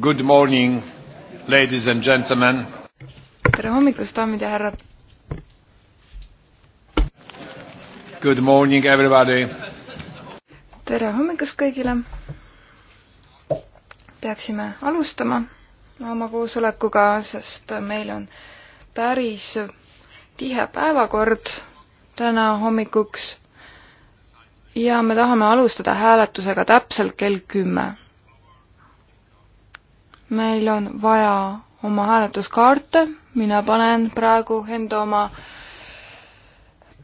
Good morning, ladies and gentlemen. tere hommikust, daamid ja härrad. Good morning, everybody. tere hommikust kõigile. peaksime alustama oma koosolekuga, sest meil on päris tihe päevakord täna hommikuks ja me tahame alustada hääletusega täpselt kell kümme meil on vaja oma hääletuskaarte, mina panen praegu enda oma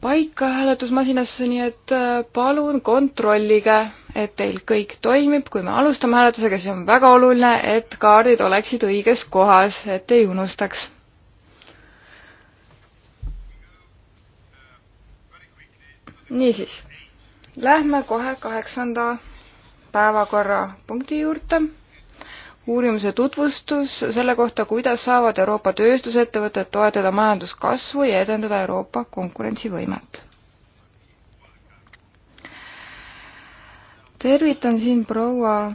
paika hääletusmasinasse, nii et äh, palun kontrollige, et teil kõik toimib, kui me alustame hääletusega, siis on väga oluline, et kaardid oleksid õiges kohas, et ei unustaks. niisiis, lähme kohe kaheksanda päevakorrapunkti juurde uurimuse tutvustus selle kohta, kuidas saavad Euroopa tööstusettevõtted toetada majanduskasvu ja edendada Euroopa konkurentsivõimet. tervitan siin proua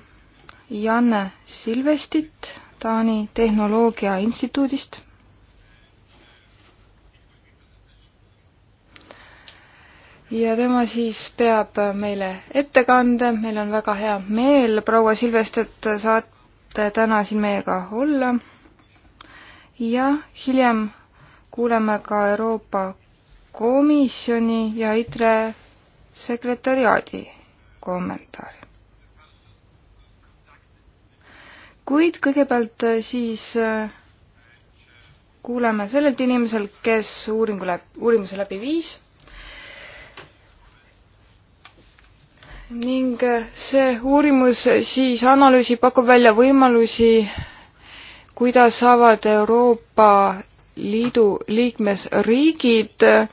Janne Silvestit Taani Tehnoloogia Instituudist ja tema siis peab meile ettekande, meil on väga hea meel, proua Silvestet saat-, täna siin meiega olla ja hiljem kuuleme ka Euroopa Komisjoni ja ITRE sekretariaadi kommentaari. kuid kõigepealt siis äh, kuuleme sellelt inimeselt, kes uuringu läbi, uurimise läbi viis ning äh, see uurimus siis analüüsib, pakub välja võimalusi, kuidas saavad Euroopa Liidu liikmesriigid äh,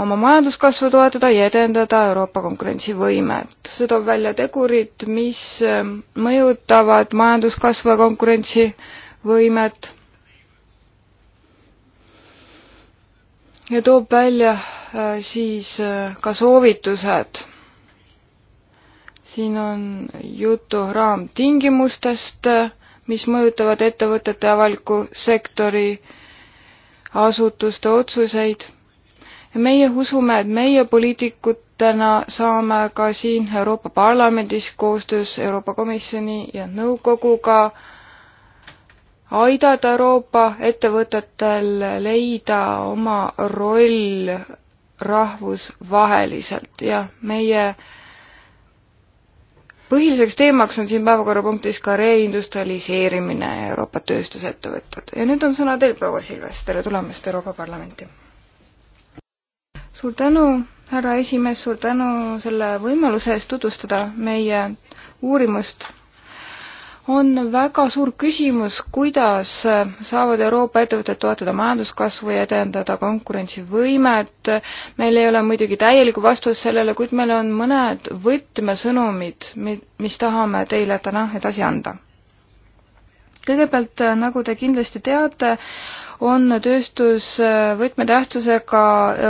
oma majanduskasvu toetada ja edendada Euroopa konkurentsivõimet. see toob välja tegurid, mis äh, mõjutavad majanduskasvu ja konkurentsivõimet ja toob välja siis ka soovitused siin on juttu raamtingimustest, mis mõjutavad ettevõtete avaliku sektori asutuste otsuseid. meie usume, et meie poliitikutena saame ka siin Euroopa Parlamendis koostöös Euroopa Komisjoni ja nõukoguga aidata Euroopa ettevõtetel leida oma roll rahvusvaheliselt ja meie põhiliseks teemaks on siin päevakorrapunktis ka reindustrialiseerimine Euroopa tööstusettevõtted. ja nüüd on sõna teil, proua Silves, tere tulemast Euroopa Parlamenti! suur tänu, härra esimees, suur tänu selle võimaluse eest tutvustada meie uurimust on väga suur küsimus, kuidas saavad Euroopa ettevõtted toetada majanduskasvu ja edendada konkurentsivõimet. meil ei ole muidugi täielikku vastust sellele, kuid meil on mõned võtmesõnumid, mis tahame teile täna edasi anda. kõigepealt, nagu te kindlasti teate, on tööstus äh, võtmetähtsusega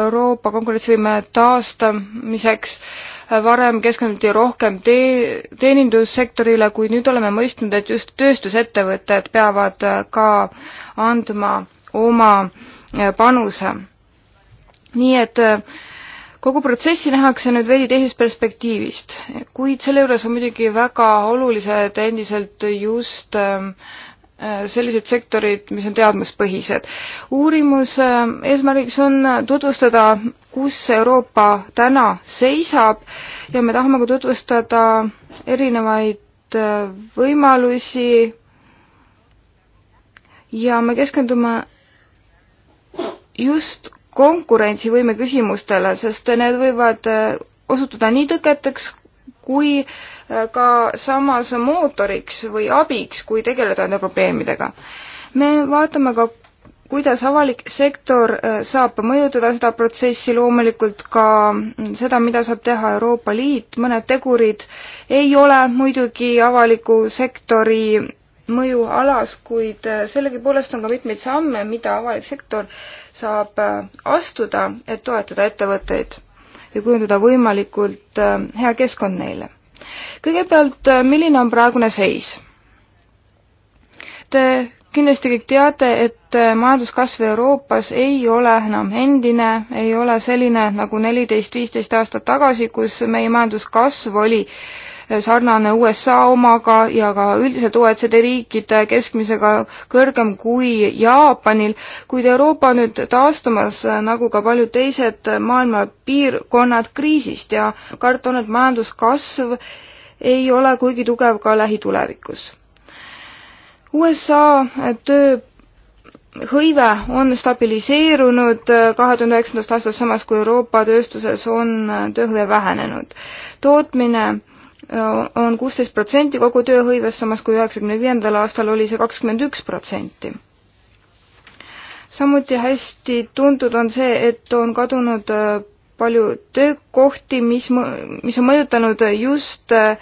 Euroopa konkurentsivõime taastamiseks. Äh, varem keskenduti rohkem tee, teenindussektorile, kuid nüüd oleme mõistnud, et just tööstusettevõtted peavad äh, ka andma oma panuse. nii et kogu protsessi nähakse nüüd veidi teisest perspektiivist, kuid selle juures on muidugi väga olulised endiselt just äh, Äh, sellised sektorid, mis on teadmuspõhised. uurimuse äh, eesmärgiks on tutvustada, kus Euroopa täna seisab ja me tahame ka tutvustada erinevaid äh, võimalusi ja me keskendume just konkurentsivõime küsimustele, sest need võivad osutuda nii tõketeks kui äh, ka samas mootoriks või abiks, kui tegeleda nende probleemidega. me vaatame ka, kuidas avalik sektor äh, saab mõjutada seda protsessi, loomulikult ka mm, seda, mida saab teha Euroopa Liit, mõned tegurid ei ole muidugi avaliku sektori mõjualas, kuid äh, sellegipoolest on ka mitmeid samme, mida avalik sektor saab äh, astuda, et toetada ettevõtteid ja kujundada võimalikult hea keskkond neile kõigepealt, äh, milline on praegune seis? Te kindlasti kõik teate, et äh, majanduskasv Euroopas ei ole enam endine, ei ole selline nagu neliteist, viisteist aastat tagasi, kus meie majanduskasv oli sarnane USA omaga ja ka üldiselt OECD riikide keskmisega kõrgem kui Jaapanil, kuid Euroopa on nüüd taastumas nagu ka paljud teised maailma piirkonnad kriisist ja karta on, et majanduskasv ei ole kuigi tugev ka lähitulevikus. USA töö hõive on stabiliseerunud kahe tuhande üheksandast aastast, samas kui Euroopa tööstuses on tööhõive vähenenud. tootmine Äh, on kuusteist protsenti kogu tööhõives, samas kui üheksakümne viiendal aastal oli see kakskümmend üks protsenti. samuti hästi tuntud on see, et on kadunud äh, palju töökohti, mis, mis on mõjutanud just äh,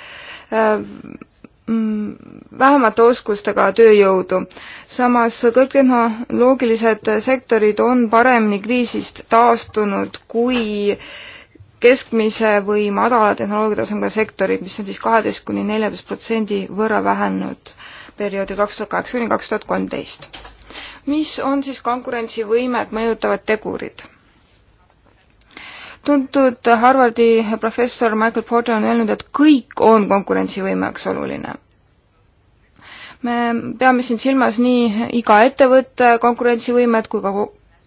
vähemate oskustega tööjõudu. samas kõrgtehnoloogilised sektorid on paremini kriisist taastunud kui äh, keskmise või madala tehnoloogiatasemega sektorid, mis on siis kaheteist kuni neljateist protsendi võrra vähenenud perioodil kaks tuhat kaheksa kuni kaks tuhat kolmteist. mis on siis konkurentsivõimet mõjutavad tegurid? tuntud Harvardi professor Michael Porter on öelnud, et kõik on konkurentsivõime jaoks oluline. me peame siin silmas nii iga ettevõtte konkurentsivõimet kui ka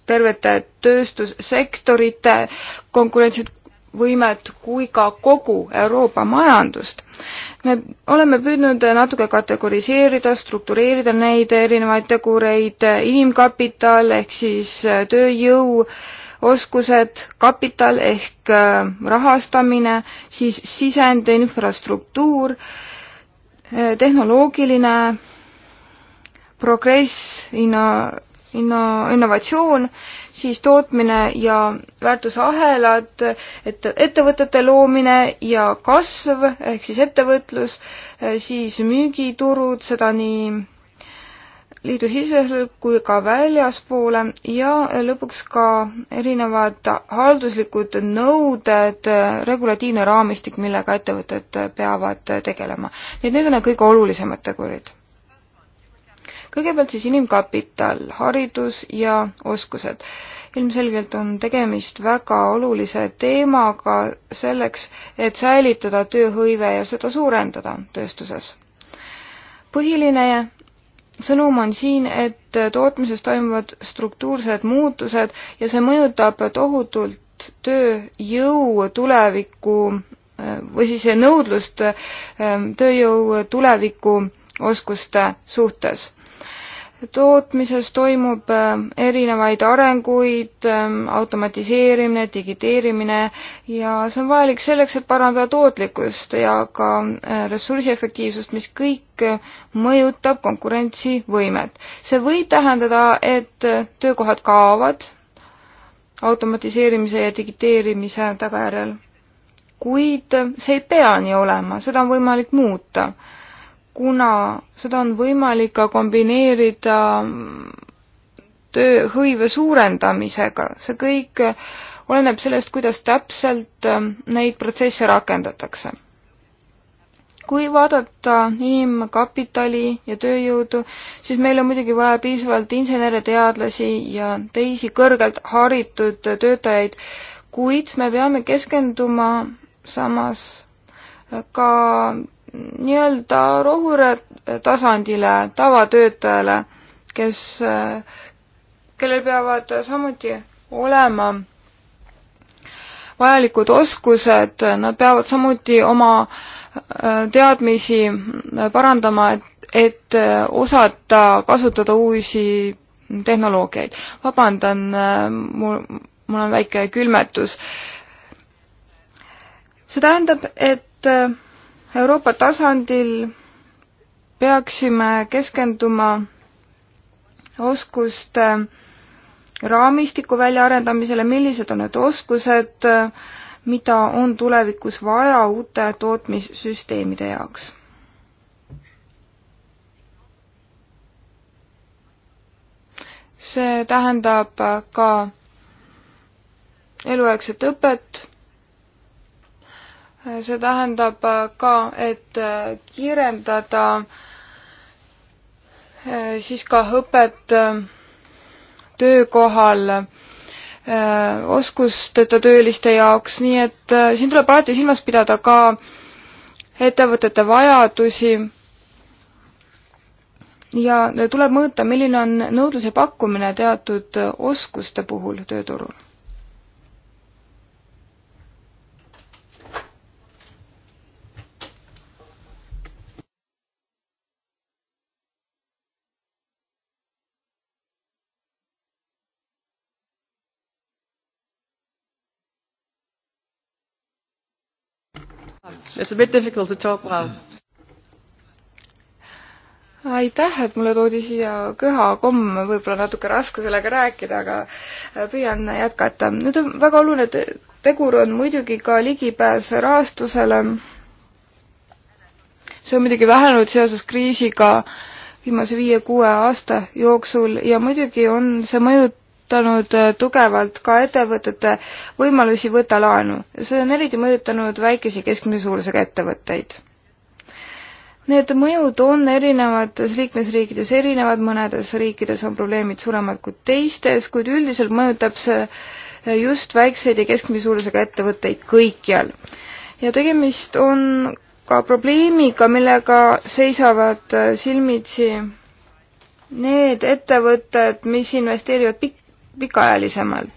tervete tööstussektorite konkurentsid konkurentsivõimet kui ka kogu Euroopa majandust. me oleme püüdnud natuke kategoriseerida, struktureerida neid erinevaid tegureid, inimkapital ehk siis tööjõu, oskused, kapital ehk äh, rahastamine, siis sisend, infrastruktuur, äh, tehnoloogiline progress, inno-, inno-, innovatsioon siis tootmine ja väärtusahelad, et ettevõtete loomine ja kasv ehk siis ettevõtlus, eh, siis müügiturud, seda nii liidusiseselt kui ka väljaspoole ja lõpuks ka erinevad halduslikud nõuded, regulatiivne raamistik, millega ettevõtted peavad tegelema. nii et need on need kõige olulisemad tegurid kõigepealt siis inimkapital, haridus ja oskused. ilmselgelt on tegemist väga olulise teemaga selleks, et säilitada tööhõive ja seda suurendada tööstuses. põhiline sõnum on siin, et tootmises toimuvad struktuursed muutused ja see mõjutab tohutult tööjõu tuleviku või siis nõudlust tööjõu tuleviku oskuste suhtes tootmises toimub äh, erinevaid arenguid, ähm, automatiseerimine, digiteerimine ja see on vajalik selleks, et parandada tootlikkust ja ka äh, ressursi efektiivsust, mis kõik äh, mõjutab konkurentsivõimet. see võib tähendada, et töökohad kaovad automatiseerimise ja digiteerimise tagajärjel, kuid see ei pea nii olema, seda on võimalik muuta kuna seda on võimalik ka kombineerida mm, tööhõive suurendamisega, see kõik oleneb sellest, kuidas täpselt mm, neid protsesse rakendatakse. kui vaadata inimkapitali ja tööjõudu, siis meil on muidugi vaja piisavalt insenere, teadlasi ja teisi kõrgelt haritud töötajaid, kuid me peame keskenduma samas ka nii-öelda rohure tasandile, tavatöötajale, kes, kellel peavad samuti olema vajalikud oskused, nad peavad samuti oma äh, teadmisi äh, parandama, et, et äh, osata kasutada uusi tehnoloogiaid. vabandan, mul, mul on väike külmetus. see tähendab, et Euroopa tasandil peaksime keskenduma oskuste raamistiku väljaarendamisele, millised on need oskused, mida on tulevikus vaja uute tootmissüsteemide jaoks. see tähendab ka eluaegset õpet see tähendab ka, et kirjeldada eh, siis ka õpet eh, töökohal eh, oskusteta tööliste jaoks, nii et siin tuleb alati silmas pidada ka ettevõtete vajadusi ja tuleb mõõta, milline on nõudluse pakkumine teatud oskuste puhul tööturul. It's a bit difficult to talk while aitäh, et mulle toodi siia köhakomm, võib-olla natuke raske sellega rääkida, aga äh, püüan jätkata. nüüd on väga oluline tegur on muidugi ka ligipääs rahastusele. see on muidugi vähenenud seoses kriisiga viimase viie-kuue aasta jooksul ja muidugi on see mõjut-, mõjutanud äh, tugevalt ka ettevõtete võimalusi võtta laenu. see on eriti mõjutanud väikese keskmise suurusega ettevõtteid. Need mõjud on erinevates liikmesriikides erinevad, mõnedes riikides on probleemid suuremad kui teistes, kuid üldiselt mõjutab see äh, just väikseid ja keskmise suurusega ettevõtteid kõikjal. ja tegemist on ka probleemiga, millega seisavad äh, silmitsi need ettevõtted, mis investeerivad pikk-, pikaajalisemalt.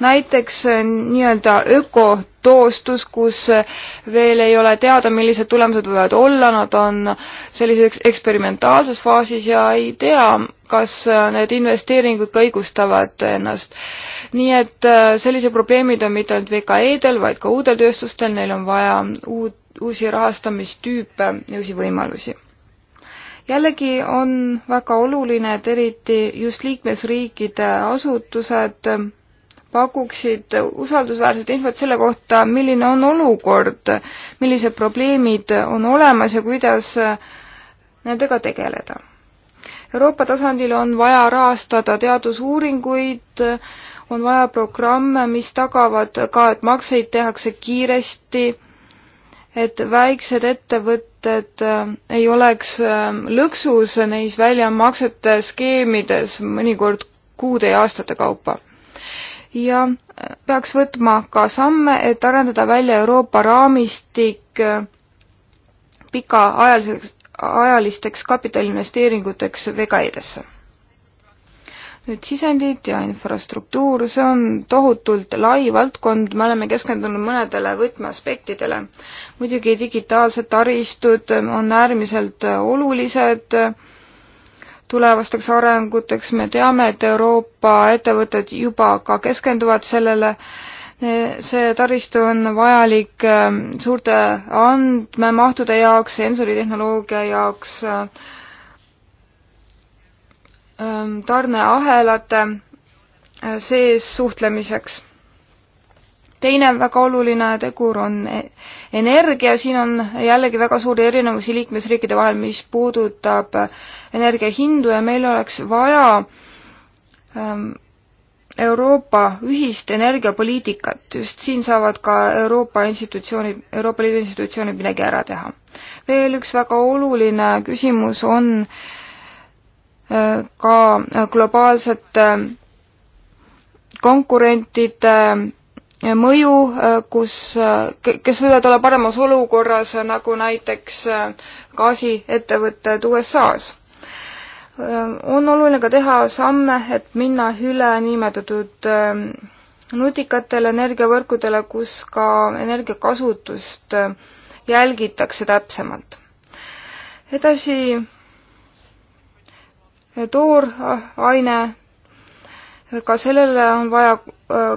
näiteks äh, nii-öelda ökotoostus, kus äh, veel ei ole teada, millised tulemused võivad olla, nad on sellises eksperimentaalses faasis ja ei tea, kas äh, need investeeringud ka õigustavad ennast. nii et sellised probleemid on mitte ainult VKE-del, vaid ka uutel tööstustel, neil on vaja uut, uusi rahastamistüüpe ja uusi võimalusi jällegi on väga oluline, et eriti just liikmesriikide asutused pakuksid usaldusväärset infot selle kohta, milline on olukord, millised probleemid on olemas ja kuidas nendega tegeleda. Euroopa tasandil on vaja rahastada teadusuuringuid, on vaja programme, mis tagavad ka, et makseid tehakse kiiresti, et väiksed ettevõtted ettevõtted äh, ei oleks ähm, lõksus neis väljamaksete skeemides mõnikord kuude ja aastate kaupa. ja äh, peaks võtma ka samme, et arendada välja Euroopa raamistik äh, pikaajaliseks, ajalisteks kapitaliinvesteeringuteks VKI-desse nüüd sisendid ja infrastruktuur, see on tohutult lai valdkond, me oleme keskendunud mõnedele võtmeaspektidele. muidugi digitaalsed taristud on äärmiselt olulised tulevasteks arenguteks, me teame, et Euroopa ettevõtted juba ka keskenduvad sellele, see taristu on vajalik eh, suurte andmemahtude jaoks, sensoritehnoloogia jaoks, eh, Ähm, tarneahelate äh, sees suhtlemiseks. teine väga oluline tegur on e-, energia, siin on jällegi väga suuri erinevusi liikmesriikide vahel, mis puudutab äh, energia hindu ja meil oleks vaja ähm, Euroopa ühist energiapoliitikat, just siin saavad ka Euroopa institutsioonid, Euroopa Liidu institutsioonid midagi ära teha. veel üks väga oluline küsimus on äh, ka globaalsete konkurentide mõju, kus, kes võivad olla paremas olukorras, nagu näiteks gaasiettevõtted USA-s. on oluline ka teha samme, et minna üle niinimetatud ähm, nutikatele energiavõrkudele, kus ka energiakasutust äh, jälgitakse täpsemalt. edasi tooraine, ka sellele on vaja äh,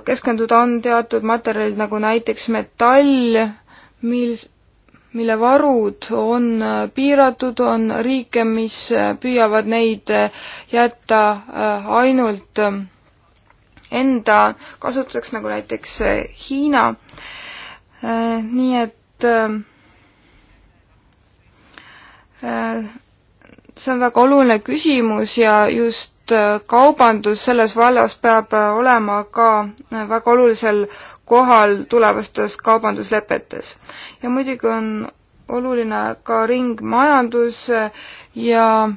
keskenduda, on teatud materjalid nagu näiteks metall, mil, mille varud on äh, piiratud, on riike, mis äh, püüavad neid jätta ainult enda kasutuseks, nagu näiteks Hiina. nii et see on väga oluline küsimus ja just äh, kaubandus selles vallas peab äh, olema ka äh, väga olulisel kohal tulevastes kaubanduslepetes. ja muidugi on oluline ka ringmajandus ja,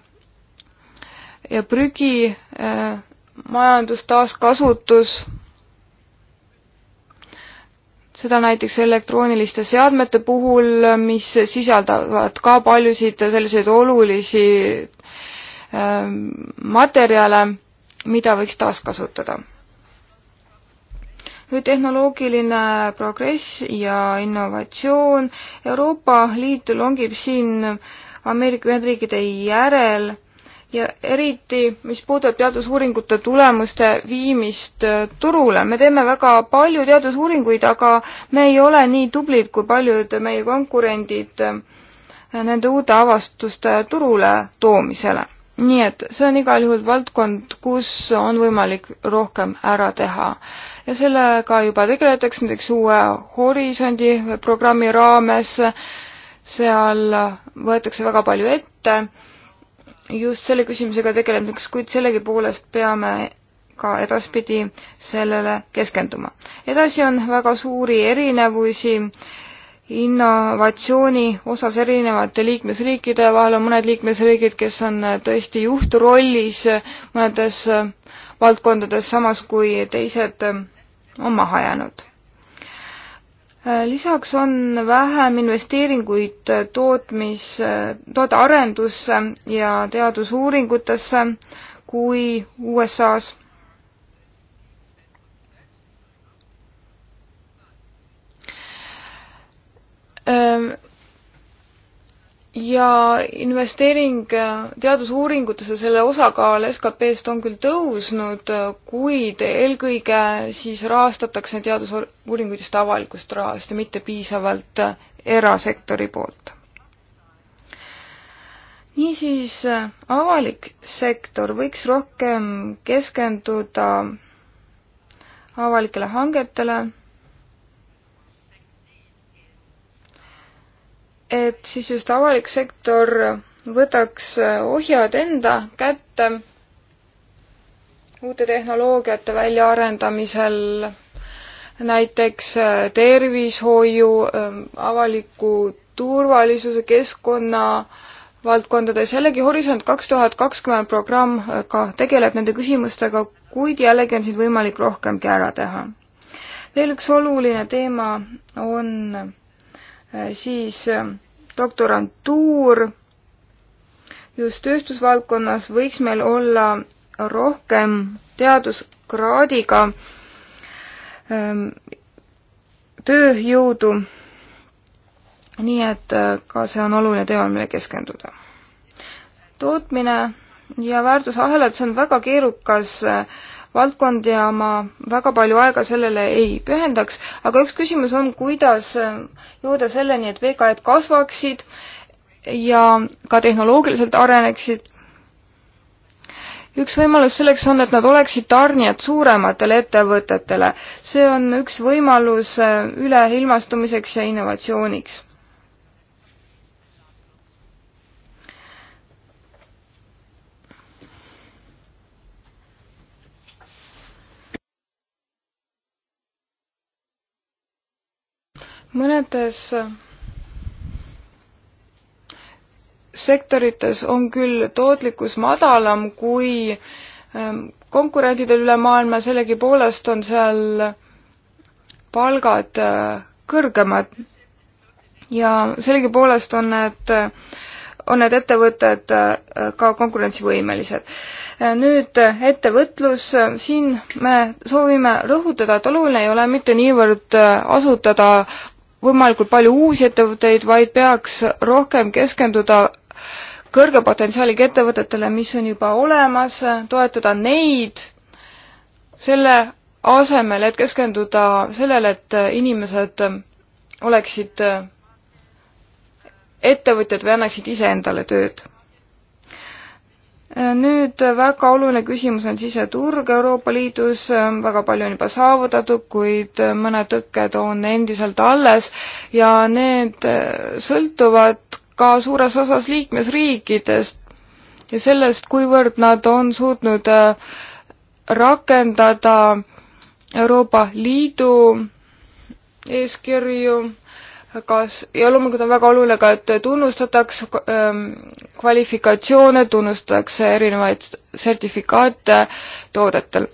ja prügimajandus, taaskasutus seda näiteks elektrooniliste seadmete puhul, mis sisaldavad ka paljusid selliseid olulisi ähm, materjale, mida võiks taaskasutada. nüüd tehnoloogiline progress ja innovatsioon. Euroopa Liit longib siin Ameerika Ühendriikide järel ja eriti, mis puudutab teadusuuringute tulemuste viimist äh, turule. me teeme väga palju teadusuuringuid, aga me ei ole nii tublid kui paljud meie konkurendid äh, nende uute avastuste turule toomisele. nii et see on igal juhul valdkond, kus on võimalik rohkem ära teha. ja sellega juba tegeletakse näiteks uue Horisondi programmi raames, seal võetakse väga palju ette just selle küsimusega tegelemiseks, kuid sellegipoolest peame ka edaspidi sellele keskenduma. edasi on väga suuri erinevusi innovatsiooni osas erinevate liikmesriikide vahel on mõned liikmesriigid, kes on tõesti juhtrollis mõnedes valdkondades, samas kui teised on maha jäänud. Äh, lisaks on vähem investeeringuid äh, tootmis, äh, tootearendusse ja teadusuuringutesse kui USA-s. ja investeering äh, teadusuuringutesse, selle osakaal SKP-st on küll tõusnud, äh, kuid eelkõige siis rahastatakse teadusuuringuid just avalikust rahast ja mitte piisavalt äh, erasektori poolt. niisiis, avalik sektor võiks rohkem keskenduda avalikele hangetele et siis just avalik sektor võtaks ohjad enda kätte uute tehnoloogiate väljaarendamisel, näiteks äh, tervishoiu, ähm, avaliku turvalisuse, keskkonna valdkondades, jällegi Horisont kaks tuhat kakskümmend programm äh, ka tegeleb nende küsimustega, kuid jällegi on siin võimalik rohkemgi ära teha. veel üks oluline teema on äh, siis doktorantuur just tööstusvaldkonnas võiks meil olla rohkem teaduskraadiga ähm, tööjõudu. nii et äh, ka see on oluline teema, millele keskenduda. tootmine ja väärtusahelad, see on väga keerukas äh, valdkond ja ma väga palju aega sellele ei pühendaks, aga üks küsimus on, kuidas äh, jõuda selleni, et VKE-d kasvaksid ja ka tehnoloogiliselt areneksid. üks võimalus selleks on, et nad oleksid tarnijad suurematele ettevõtetele. see on üks võimalus äh, üleilmastumiseks ja innovatsiooniks mõnedes sektorites on küll tootlikkus madalam kui ähm, konkurentidel üle maailma, sellegipoolest on seal palgad äh, kõrgemad. ja sellegipoolest on need, on need ettevõtted äh, ka konkurentsivõimelised. Äh, nüüd ettevõtlus, siin me soovime rõhutada, et oluline ei ole mitte niivõrd asutada võimalikult palju uusi ettevõtteid, vaid peaks rohkem keskenduda kõrge potentsiaaliga ettevõtetele, mis on juba olemas, toetada neid, selle asemel, et keskenduda sellele, et inimesed oleksid ettevõtjad või annaksid iseendale tööd nüüd väga oluline küsimus on siseturg Euroopa Liidus, väga palju on juba saavutatud, kuid mõned tõkked on endiselt alles ja need sõltuvad ka suures osas liikmesriikidest ja sellest, kuivõrd nad on suutnud äh, rakendada Euroopa Liidu eeskirju kas, ja loomulikult on väga oluline ka, et tunnustataks ähm, kvalifikatsioone, tunnustatakse erinevaid sertifikaate toodetel.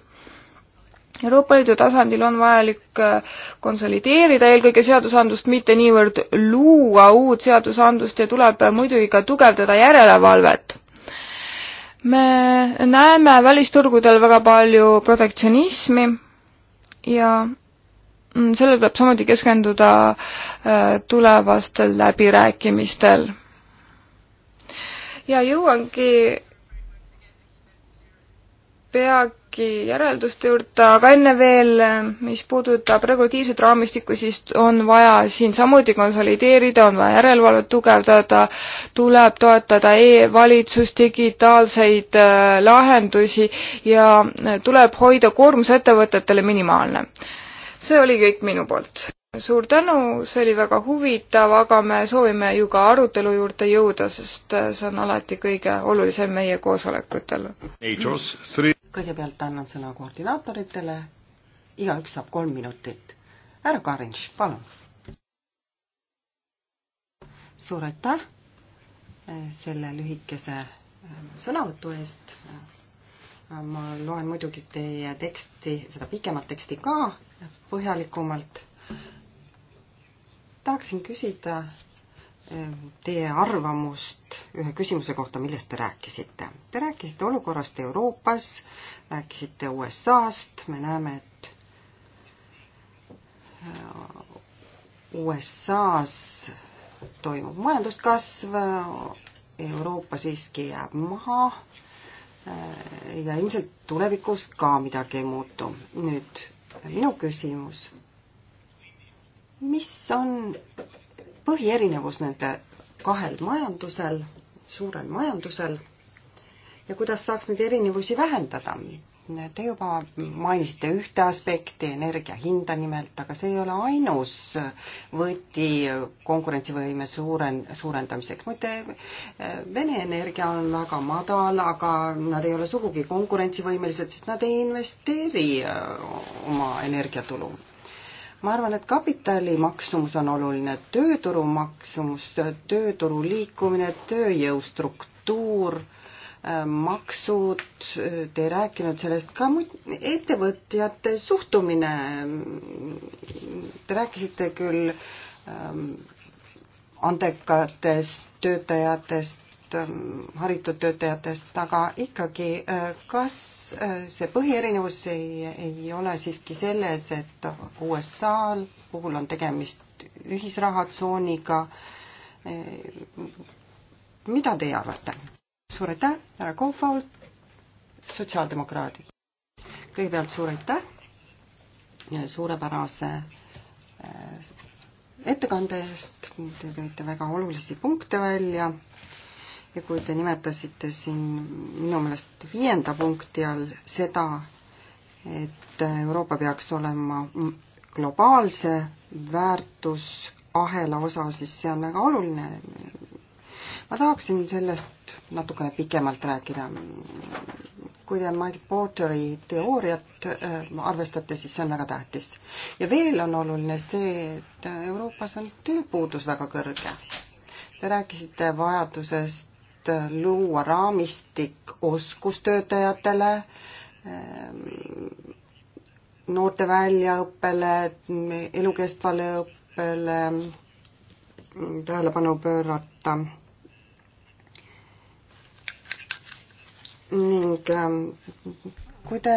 Euroopa Liidu tasandil on vajalik äh, konsolideerida eelkõige seadusandlust, mitte niivõrd luua uut seadusandlust ja tuleb muidugi ka tugevdada järelevalvet. me näeme välisturgudel väga palju protektsionismi ja Mm, sellele tuleb samuti keskenduda äh, tulevastel läbirääkimistel. ja jõuangi peagi järelduste juurde, aga enne veel, mis puudutab regulatiivset raamistikku, siis on vaja siin samuti konsolideerida, on vaja järelevalvet tugevdada, tuleb toetada e-valitsust, digitaalseid äh, lahendusi ja äh, tuleb hoida koormus ettevõtetele minimaalne see oli kõik minu poolt. suur tänu, see oli väga huvitav, aga me soovime ju ka arutelu juurde jõuda, sest äh, see on alati kõige olulisem meie koosolekutel. kõigepealt annan sõna koordinaatoritele, igaüks saab kolm minutit. härra Karinš, palun. suur aitäh äh, selle lühikese äh, sõnavõtu eest ma loen muidugi teie teksti, seda pikemat teksti ka põhjalikumalt. tahaksin küsida eh, teie arvamust ühe küsimuse kohta, millest te rääkisite. Te rääkisite olukorrast Euroopas, rääkisite USA-st, me näeme, et eh, USA-s toimub majanduskasv, Euroopa siiski jääb maha eh, ja ilmselt tulevikus ka midagi ei muutu. nüüd minu küsimus, mis on põhierinevus nende kahel majandusel, suurel majandusel ja kuidas saaks neid erinevusi vähendada? Te juba mainisite ühte aspekti, energia hinda nimelt, aga see ei ole ainus võti konkurentsivõime suuren, suurendamiseks. muide, Vene energia on väga madal, aga nad ei ole sugugi konkurentsivõimelised, sest nad ei investeeri äh, oma energiatulu ma arvan, et kapitali maksumus on oluline, tööturu maksumus, tööturu liikumine, tööjõu struktuur Äh, maksud, äh, te ei rääkinud sellest ka ettevõtjate suhtumine. Mm, te rääkisite küll ähm, andekatest töötajatest, ähm, haritud töötajatest, aga ikkagi, äh, kas see põhierinevus ei, ei ole siiski selles, et USA-l puhul on tegemist ühisrahatsooniga? mida teie arvate? suur aitäh, härra Kohval, sotsiaaldemokraadid. kõigepealt suur aitäh suurepärase äh, ettekande eest, te tõite väga olulisi punkte välja ja kui te nimetasite siin minu meelest viienda punkti all seda, et Euroopa peaks olema globaalse väärtusahela osa, siis see on väga oluline ma tahaksin sellest natukene pikemalt rääkida. kui te Mike Porteri teooriat äh, arvestate, siis see on väga tähtis. ja veel on oluline see, et Euroopas on tööpuudus väga kõrge. Te rääkisite vajadusest luua raamistik oskustöötajatele, ähm, noorte väljaõppele, elukestvale õppele mm, tähelepanu pöörata ning ähm, kui te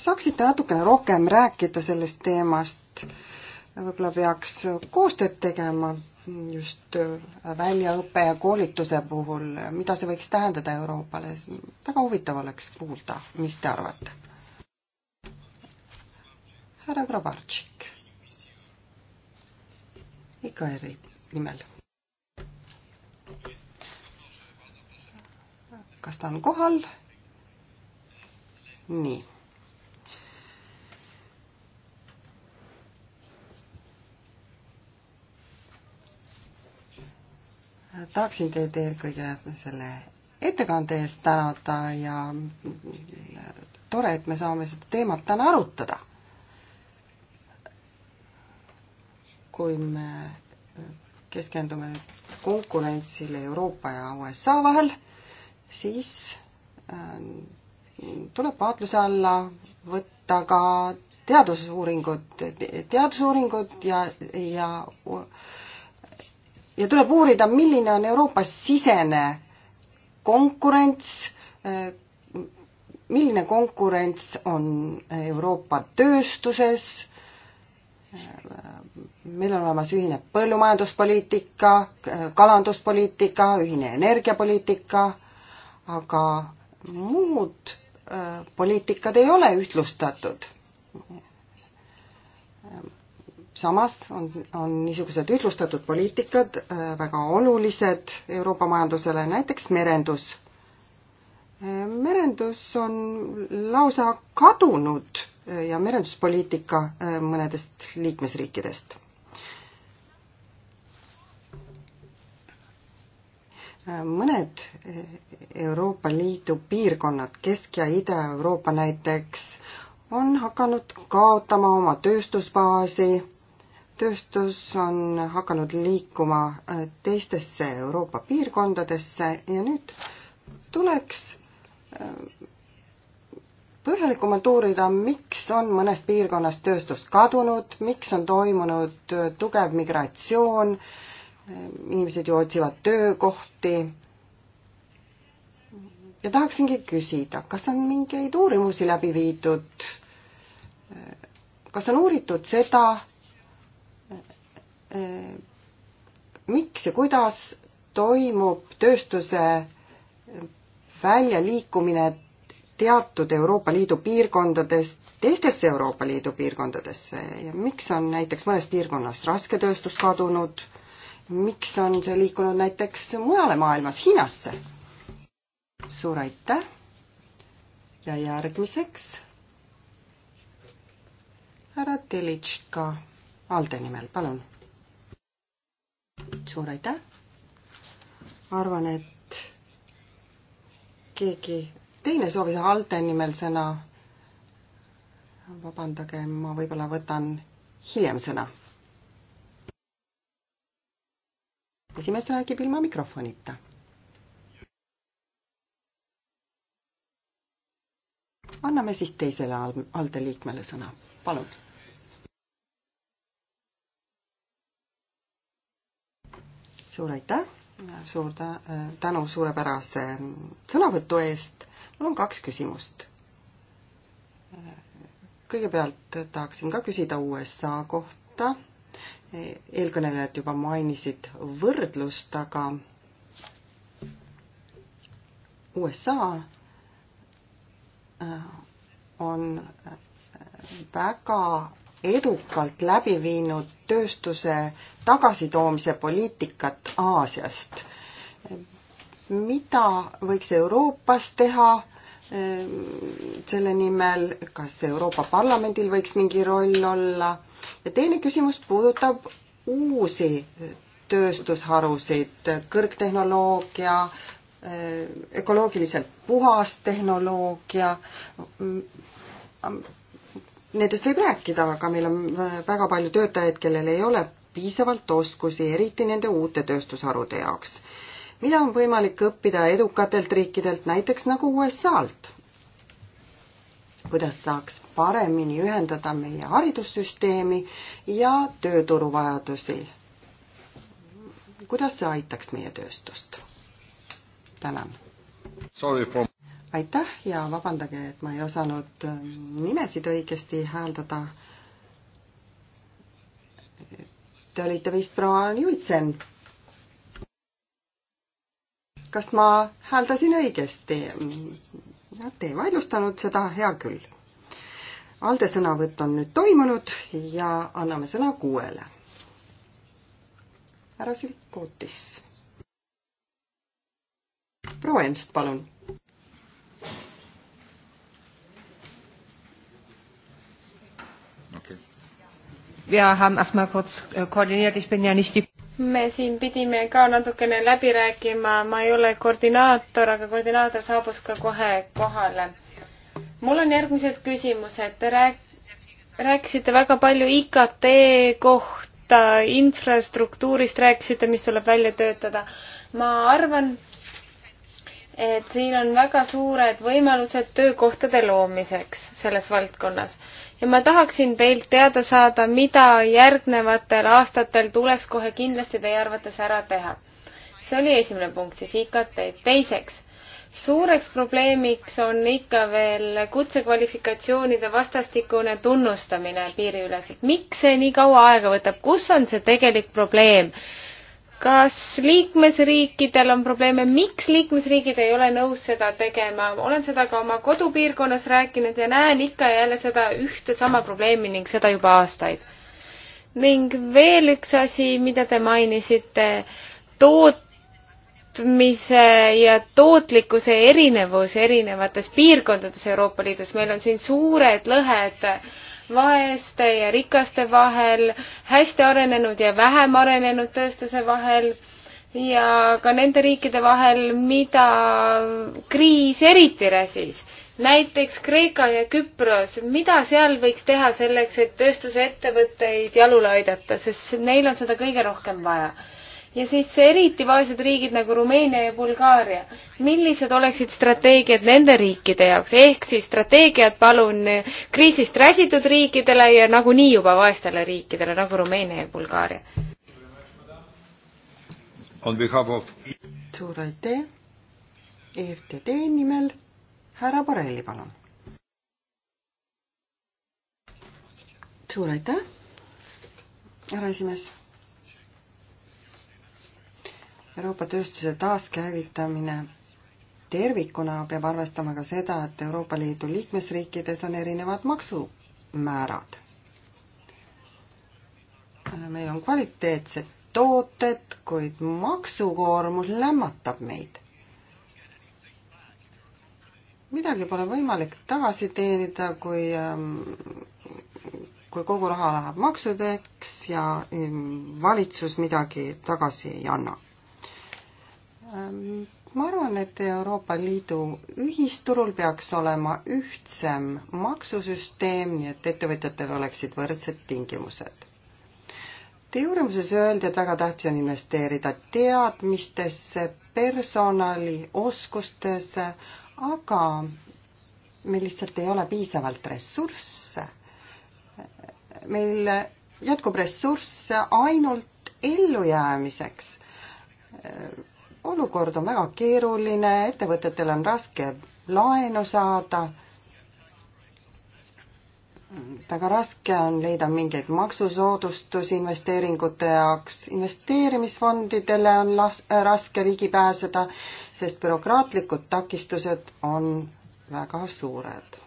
saaksite natukene rohkem rääkida sellest teemast, võib-olla peaks koostööd tegema just äh, väljaõppe ja koolituse puhul, mida see võiks tähendada Euroopale, väga huvitav oleks kuulda, mis te arvate? härra Grabartšik, IKR-i nimel. kas ta on kohal? nii. tahaksin teid eelkõige selle ettekande eest tänada ja tore, et me saame seda teemat täna arutada. kui me keskendume nüüd konkurentsile Euroopa ja USA vahel, siis äh, tuleb vaatluse alla võtta ka teadusuuringud, teadusuuringud ja, ja ja tuleb uurida, milline on Euroopa sisene konkurents, milline konkurents on Euroopa tööstuses, meil on olemas ühine põllumajanduspoliitika, kalanduspoliitika, ühine energiapoliitika, aga muud Äh, poliitikad ei ole ühtlustatud. samas on, on niisugused ühtlustatud poliitikad äh, väga olulised Euroopa majandusele, näiteks merendus. Äh, merendus on lausa kadunud ja merenduspoliitika mõnedest liikmesriikidest mõned Euroopa Liidu piirkonnad, Kesk- ja Ida-Euroopa näiteks, on hakanud kaotama oma tööstusbaasi, tööstus on hakanud liikuma äh, teistesse Euroopa piirkondadesse ja nüüd tuleks äh, põhjalikumalt uurida, miks on mõnest piirkonnast tööstust kadunud, miks on toimunud äh, tugev migratsioon äh, inimesed ju otsivad töökohti. ja tahaksingi küsida, kas on mingeid uurimusi läbi viidud? kas on uuritud seda, miks ja kuidas toimub tööstuse väljaliikumine teatud Euroopa Liidu piirkondadest teistesse Euroopa Liidu piirkondadesse ja miks on näiteks mõnes piirkonnas rasketööstus kadunud miks on see liikunud näiteks mujale maailmas, Hiinasse? suur aitäh ja järgmiseks härra Telitška ALDE nimel, palun. suur aitäh. arvan, et keegi teine soovis ALDE nimel sõna. vabandage, ma võib-olla võtan hiljem sõna esimees räägib ilma mikrofonita. anname siis teisele ALDE liikmele sõna, palun. suur aitäh, suur tänu suurepärase sõnavõtu eest. mul on kaks küsimust kõigepealt tahaksin ka küsida USA kohta eelkõnelejad juba mainisid võrdlust, aga USA äh, on äh, väga edukalt läbi viinud tööstuse tagasitoomise poliitikat Aasiast. mida võiks Euroopas teha Ehm, selle nimel, kas Euroopa Parlamendil võiks mingi roll olla ja teine küsimus puudutab uusi tööstusharusid, kõrgtehnoloogia, ökoloogiliselt ehm, puhas tehnoloogia. Mm, nendest võib rääkida, aga meil on äh, väga palju töötajaid, kellel ei ole piisavalt oskusi, eriti nende uute tööstusharude jaoks mida on võimalik õppida edukatelt riikidelt, näiteks nagu USA-lt? kuidas saaks paremini ühendada meie haridussüsteemi ja tööturu vajadusi? kuidas see aitaks meie tööstust? tänan. For... aitäh ja vabandage, et ma ei osanud äh, nimesid õigesti hääldada. Te olite vist proua Nüitsen kas ma hääldasin õigesti? Nad ei vaidlustanud seda, hea küll. Alde sõnavõtt on nüüd toimunud ja anname sõna kuuele. härra Silkutis. proua Enst, palun. Wir haben erstmal kurz äh, koordiniert, ich bin ja nicht die me siin pidime ka natukene läbi rääkima, ma ei ole koordinaator, aga koordinaator saabus ka kohe kohale. mul on järgmised küsimused, te rääk-, rääkisite väga palju IKT kohta, infrastruktuurist rääkisite, mis tuleb välja töötada. ma arvan, et siin on väga suured võimalused töökohtade loomiseks selles valdkonnas ja ma tahaksin teilt teada saada, mida järgnevatel aastatel tuleks kohe kindlasti teie arvates ära teha. see oli esimene punkt, siis IKT. teiseks, suureks probleemiks on ikka veel kutsekvalifikatsioonide vastastikune tunnustamine piiriüleselt. miks see nii kaua aega võtab, kus on see tegelik probleem? kas liikmesriikidel on probleeme, miks liikmesriigid ei ole nõus seda tegema? olen seda ka oma kodupiirkonnas rääkinud ja näen ikka ja jälle seda ühte sama probleemi ning seda juba aastaid. ning veel üks asi, mida te mainisite, tootmise ja tootlikkuse erinevus erinevates piirkondades Euroopa Liidus. meil on siin suured lõhed äh, vaeste ja rikaste vahel, hästi arenenud ja vähem arenenud tööstuse vahel ja ka nende riikide vahel, mida kriis eriti räsis. näiteks Kreeka ja Küpros, mida seal võiks teha selleks, et tööstusettevõtteid jalule aidata, sest neil on seda kõige rohkem vaja ja siis eriti vaesed riigid nagu Rumeenia ja Bulgaaria. millised oleksid strateegiad nende riikide jaoks, ehk siis strateegiad palun kriisist räsitud riikidele ja nagunii juba vaestele riikidele nagu Rumeenia ja Bulgaaria? Of... suur aitäh! EFTD nimel härra Borrelli, palun. suur aitäh, härra esimees Euroopa tööstuse taaskäivitamine tervikuna peab arvestama ka seda, et Euroopa Liidu liikmesriikides on erinevad maksumäärad. meil on kvaliteetsed tooted, kuid maksukoormus lämmatab meid. midagi pole võimalik tagasi teenida, kui ähm, kui kogu raha läheb maksudeks ja ähm, valitsus midagi tagasi ei anna Ähm, ma arvan, et Euroopa Liidu ühisturul peaks olema ühtsem maksusüsteem, nii et ettevõtjatel oleksid võrdsed tingimused. Teie uurimuses öeldi, et väga tähtis on investeerida teadmistesse, personali, oskustesse, aga meil lihtsalt ei ole piisavalt ressursse. meil jätkub ressursse ainult ellujäämiseks olukord on väga keeruline, ettevõtetel on raske laenu saada, väga raske on leida mingeid maksusoodustusi investeeringute jaoks, investeerimisfondidele on las-, äh, raske ligi pääseda, sest bürokraatlikud takistused on väga suured.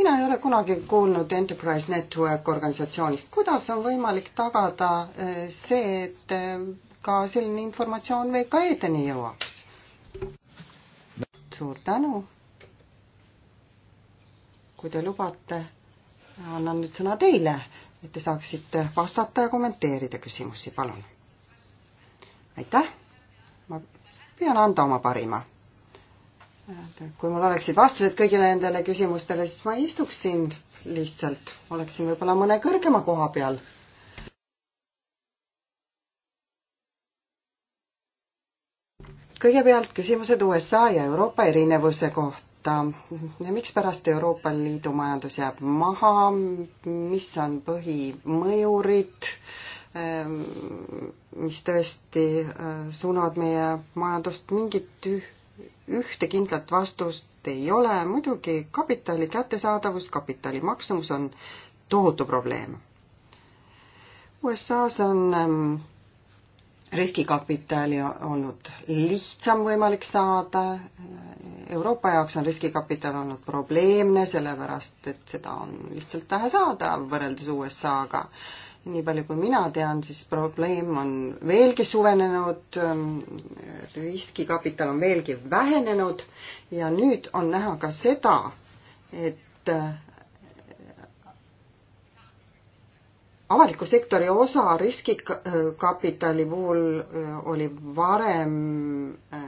mina ei ole kunagi kuulnud Enterprise Network organisatsioonist, kuidas on võimalik tagada äh, see, et äh, ka selline informatsioon VKE-deni jõuaks. suur tänu. kui te lubate, annan nüüd sõna teile, et te saaksite vastata ja kommenteerida küsimusi, palun. aitäh. ma püüan anda oma parima. kui mul oleksid vastused kõigile nendele küsimustele, siis ma ei istuks siin lihtsalt, oleksin võib-olla mõne kõrgema koha peal kõigepealt küsimused USA ja Euroopa erinevuse kohta. mikspärast Euroopa Liidu majandus jääb maha, mis on põhimõjurid, ähm, mis tõesti äh, suunavad meie majandust, mingit ühte kindlat vastust ei ole, muidugi kapitali kättesaadavus, kapitali maksumus on tohutu probleem. USA-s on ähm, riskikapitali olnud lihtsam võimalik saada. Euroopa jaoks on riskikapital olnud probleemne, sellepärast et seda on lihtsalt vähe saada võrreldes USA-ga. nii palju, kui mina tean, siis probleem on veelgi suvenenud, riskikapital on veelgi vähenenud ja nüüd on näha ka seda, et avaliku sektori osa riskikapitali puhul äh, oli varem äh,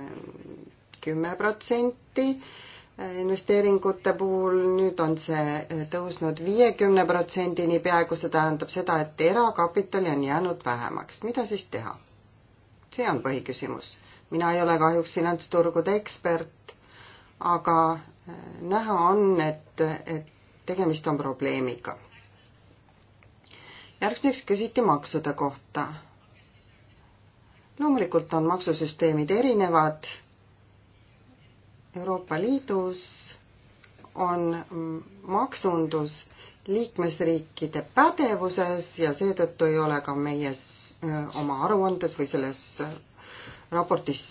kümme protsenti äh, investeeringute puhul, nüüd on see tõusnud viiekümne protsendini peaaegu, see tähendab seda, et erakapitali on jäänud vähemaks. mida siis teha? see on põhiküsimus. mina ei ole kahjuks finantsturgude ekspert, aga näha on, et, et tegemist on probleemiga järgmiseks küsiti maksude kohta. loomulikult on maksusüsteemid erinevad. Euroopa Liidus on maksundus liikmesriikide pädevuses ja seetõttu ei ole ka meie oma aruandes või selles raportis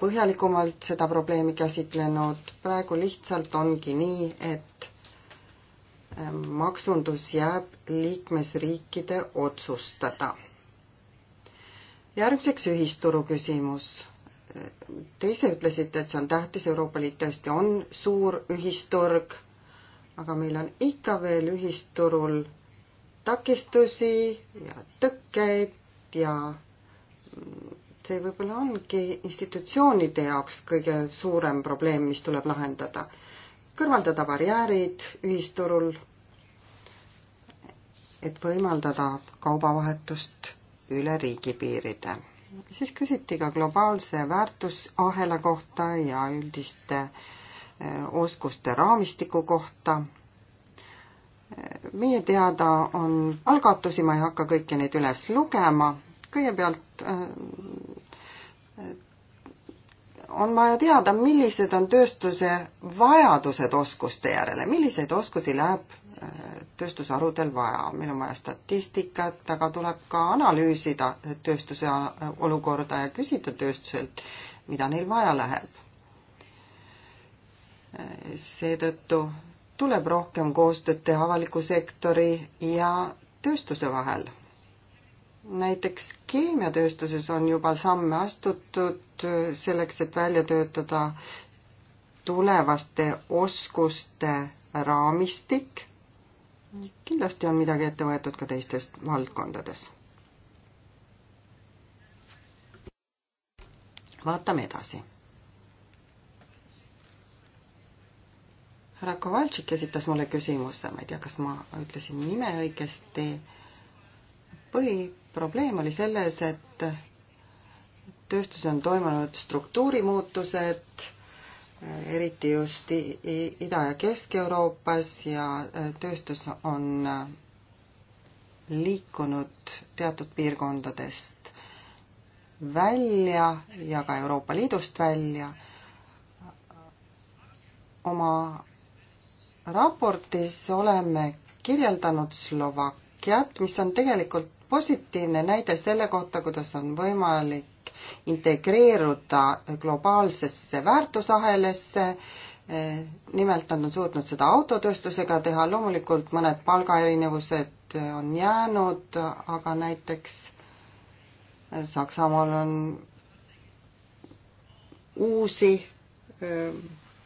põhjalikumalt seda probleemi käsitlenud. praegu lihtsalt ongi nii, et maksundus jääb liikmesriikide otsustada. järgmiseks ühisturu küsimus. Te ise ütlesite, et see on tähtis, Euroopa Liit tõesti on suur ühisturg, aga meil on ikka veel ühisturul takistusi ja tõkkeid ja see võib-olla ongi institutsioonide jaoks kõige suurem probleem, mis tuleb lahendada kõrvaldada barjäärid ühisturul, et võimaldada kaubavahetust üle riigipiiride. siis küsiti ka globaalse väärtusahela kohta ja üldiste eh, oskuste raamistiku kohta. meie teada on algatusi, ma ei hakka kõiki neid üles lugema, kõigepealt eh, on vaja teada, millised on tööstuse vajadused oskuste järele, milliseid oskusi läheb äh, tööstusharudel vaja, meil on vaja statistikat, aga tuleb ka analüüsida tööstuse äh, olukorda ja küsida tööstuselt, mida neil vaja läheb. Äh, seetõttu tuleb rohkem koostööd teha avaliku sektori ja tööstuse vahel näiteks keemiatööstuses on juba samme astutud selleks, et välja töötada tulevaste oskuste raamistik. kindlasti on midagi ette võetud ka teistes valdkondades. vaatame edasi. härra Kovaltšik esitas mulle küsimuse, ma ei tea, kas ma ütlesin nime õigesti põhiprobleem oli selles, et tööstus on toimunud struktuurimuutused, eriti just Ida- ja Kesk-Euroopas ja äh, tööstus on äh, liikunud teatud piirkondadest välja ja ka Euroopa Liidust välja. oma raportis oleme kirjeldanud Slovakkiat, mis on tegelikult positiivne näide selle kohta, kuidas on võimalik integreeruda globaalsesse väärtusahelesse. Eh, nimelt nad on suutnud seda autotööstusega teha, loomulikult mõned palgaerinevused on jäänud, aga näiteks eh, Saksamaal on uusi eh,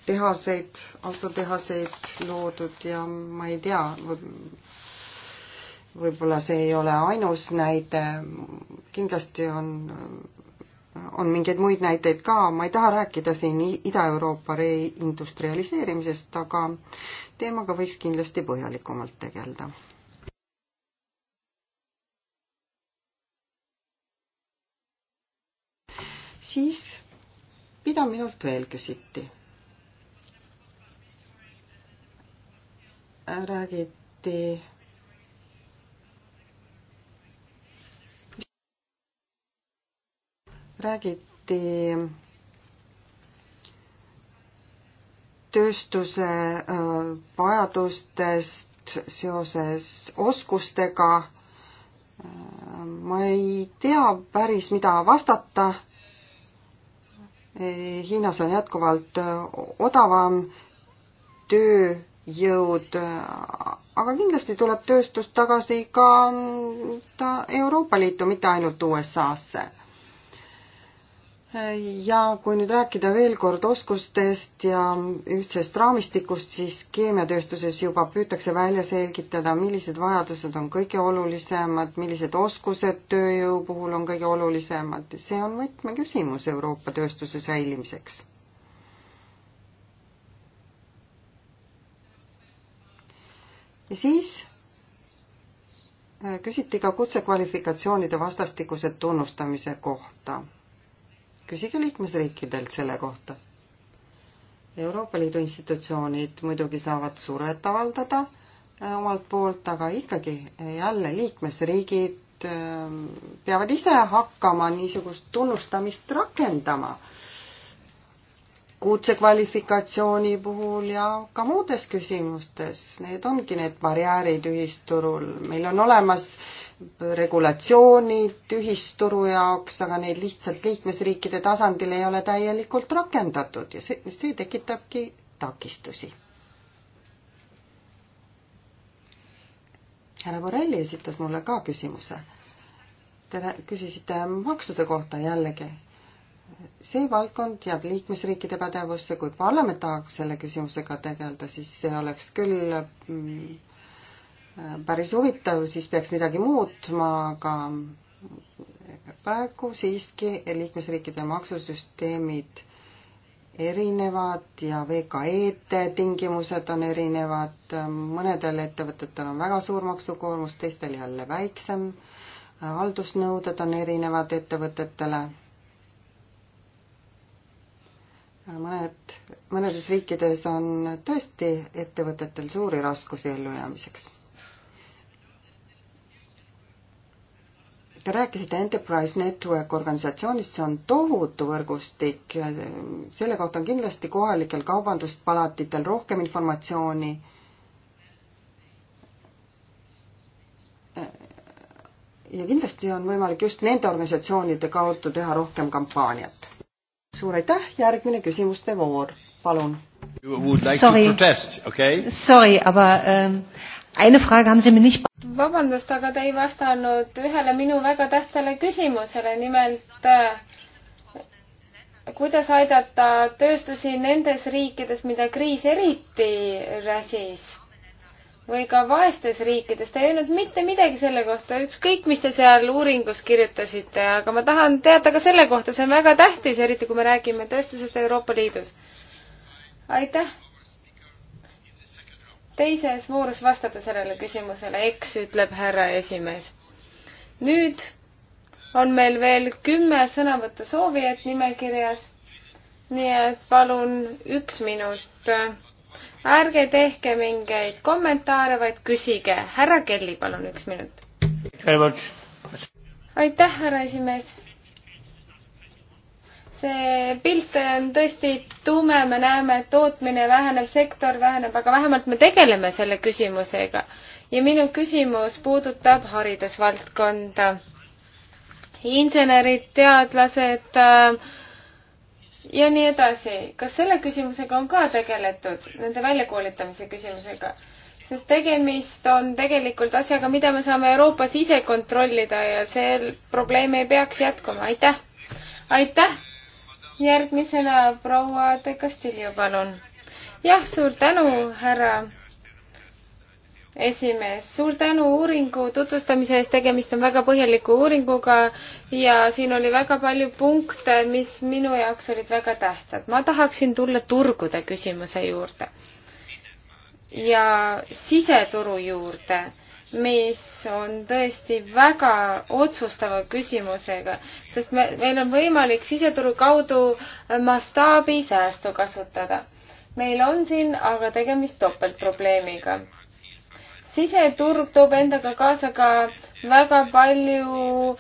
tehaseid, autotehaseid loodud ja ma ei tea, võib-olla see ei ole ainus näide, kindlasti on, on mingeid muid näiteid ka, ma ei taha rääkida siin Ida-Euroopa reindustrialiseerimisest, aga teemaga võiks kindlasti põhjalikumalt tegeleda. siis, mida minult veel küsiti? räägiti räägiti tööstuse äh, vajadustest seoses oskustega. Äh, ma ei tea päris, mida vastata. Hiinas on jätkuvalt äh, odavam tööjõud, aga kindlasti tuleb tööstus tagasi ka mm, ta Euroopa Liitu, mitte ainult USA-sse ja kui nüüd rääkida veel kord oskustest ja ühtsest raamistikust, siis keemiatööstuses juba püütakse välja selgitada, millised vajadused on kõige olulisemad, millised oskused tööjõu puhul on kõige olulisemad. see on võtmeküsimus Euroopa tööstuse säilimiseks. ja siis äh, küsiti ka kutsekvalifikatsioonide vastastikuse tunnustamise kohta küsige liikmesriikidelt selle kohta. Euroopa Liidu institutsioonid muidugi saavad suret avaldada äh, omalt poolt, aga ikkagi äh, jälle liikmesriigid äh, peavad ise hakkama niisugust tunnustamist rakendama kutsekvalifikatsiooni puhul ja ka muudes küsimustes. Need ongi need barjäärid ühisturul. meil on olemas regulatsioonid ühisturu jaoks, aga neid lihtsalt liikmesriikide tasandil ei ole täielikult rakendatud ja see, see tekitabki takistusi. härra Borrelli esitas mulle ka küsimuse. Te küsisite maksude kohta jällegi see valdkond jääb liikmesriikide pädevusse, kui parlament tahaks selle küsimusega tegeleda, siis see oleks küll mm, päris huvitav, siis peaks midagi muutma, aga praegu siiski liikmesriikide maksusüsteemid erinevad ja VKE-de tingimused on erinevad, mõnedel ettevõtetel on väga suur maksukoormus, teistel jälle väiksem, haldusnõuded on erinevad ettevõtetele mõned, mõnedes riikides on tõesti ettevõtetel suuri raskusi ellujäämiseks. Te rääkisite Enterprise Network organisatsioonist, see on tohutu võrgustik, selle kohta on kindlasti kohalikel kaubanduspalatitel rohkem informatsiooni. ja kindlasti on võimalik just nende organisatsioonide kaudu teha rohkem kampaaniat suur aitäh, järgmine küsimuste voor, palun. Like sorry, okay? sorry, aga um, ähm, eine Frage haben Sie mir nicht vabandust, aga te ei vastanud ühele minu väga tähtsale küsimusele, nimelt äh, kuidas aidata tööstusi nendes riikides, mida kriis eriti räsis? või ka vaestes riikides, te ei öelnud mitte midagi selle kohta, ükskõik, mis te seal uuringus kirjutasite, aga ma tahan teada ka selle kohta, see on väga tähtis, eriti kui me räägime tööstusest Euroopa Liidus. aitäh! teises voorus vastate sellele küsimusele, eks, ütleb härra esimees. nüüd on meil veel kümme sõnavõttu soovijat nimekirjas, nii et palun üks minut ärge tehke mingeid kommentaare, vaid küsige. härra Kelly, palun üks minut. aitäh, härra esimees see pilt on tõesti tume, me näeme, et tootmine väheneb, sektor väheneb, aga vähemalt me tegeleme selle küsimusega. ja minu küsimus puudutab haridusvaldkonda. insenerid, teadlased äh,, ja nii edasi. kas selle küsimusega on ka tegeletud, nende väljakoolitamise küsimusega? sest tegemist on tegelikult asjaga, mida me saame Euroopas ise kontrollida ja see probleem ei peaks jätkuma. aitäh! aitäh! järgmisena proua De Castillo, palun. jah, suur tänu, härra esimees, suur tänu uuringu tutvustamise eest, tegemist on väga põhjaliku uuringuga ja siin oli väga palju punkte, mis minu jaoks olid väga tähtsad. ma tahaksin tulla turgude küsimuse juurde ja siseturu juurde mis on tõesti väga otsustava küsimusega, sest me, meil on võimalik siseturu kaudu mastaabisäästu kasutada. meil on siin aga tegemist topeltprobleemiga siseturg toob endaga kaasa ka väga palju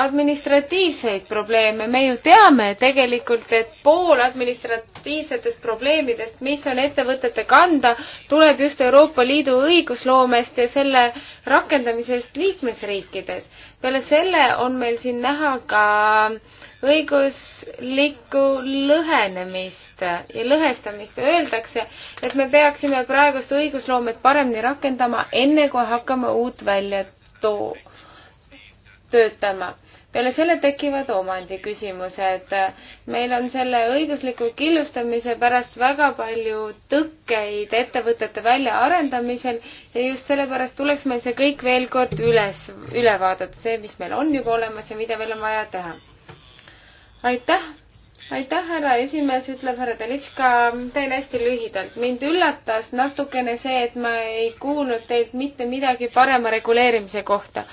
administratiivseid probleeme, me ju teame tegelikult, et pool administratiivsetest probleemidest, mis on ettevõtete kanda, tuleb just Euroopa Liidu õigusloomest ja selle rakendamisest liikmesriikides. peale selle on meil siin näha ka äh, õiguslikku lõhenemist ja lõhestamist. Öeldakse, et me peaksime praegust õigusloomet paremini rakendama, enne kui hakkame uut välja too-, töötama. peale selle tekivad omandiküsimused. meil on selle õigusliku killustamise pärast väga palju tõkkeid ettevõtete väljaarendamisel ja just sellepärast tuleks meil see kõik veel kord üles, üle vaadata, see, mis meil on juba olemas ja mida veel on vaja teha aitäh, aitäh, härra esimees, ütleb härra Delitška, teen hästi lühidalt. mind üllatas natukene see, et ma ei kuulnud teilt mitte midagi parema reguleerimise kohta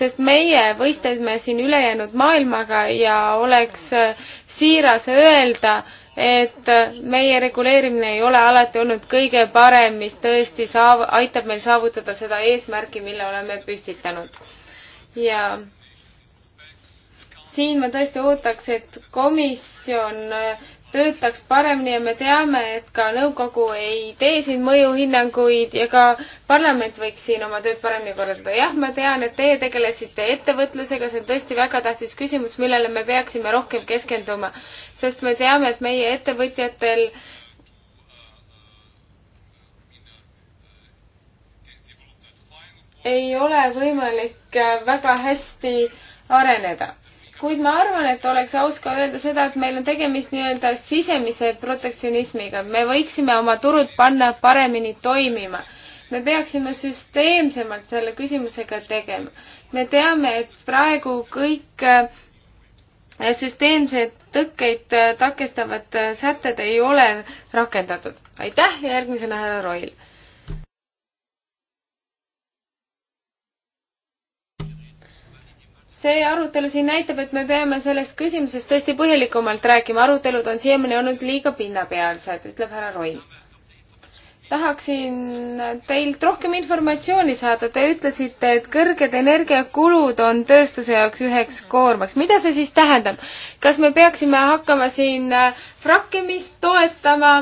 sest meie võistlesime siin ülejäänud maailmaga ja oleks äh, siiras öelda, et äh, meie reguleerimine ei ole alati olnud kõige parem, mis tõesti saav-, aitab meil saavutada seda eesmärki, mille oleme püstitanud. ja siin ma tõesti ootaks, et komisjon äh, töötaks paremini ja me teame, et ka nõukogu ei tee siin mõjuhinnanguid ja ka parlament võiks siin oma tööd paremini korraldada. jah, ma tean, et teie tegelesite ettevõtlusega, see on tõesti väga tähtis küsimus, millele me peaksime rohkem keskenduma, sest me teame, et meie ettevõtjatel ei ole võimalik äh, väga hästi areneda kuid ma arvan, et oleks aus ka öelda seda, et meil on tegemist nii-öelda sisemise protektsionismiga. me võiksime oma turud panna paremini toimima. me peaksime süsteemsemalt selle küsimusega tegema. me teame, et praegu kõik äh, süsteemsed tõkkeid äh, takistavad äh, sätted ei ole rakendatud. aitäh ja järgmisena härra Roil. see arutelu siin näitab, et me peame sellest küsimusest tõesti põhjalikumalt rääkima, arutelud on siiamaani olnud liiga pinnapealsed, ütleb härra Roil. tahaksin teilt rohkem informatsiooni saada, te ütlesite, et kõrged energiakulud on tööstuse jaoks üheks koormaks, mida see siis tähendab? kas me peaksime hakkama siin äh, frakkimist toetama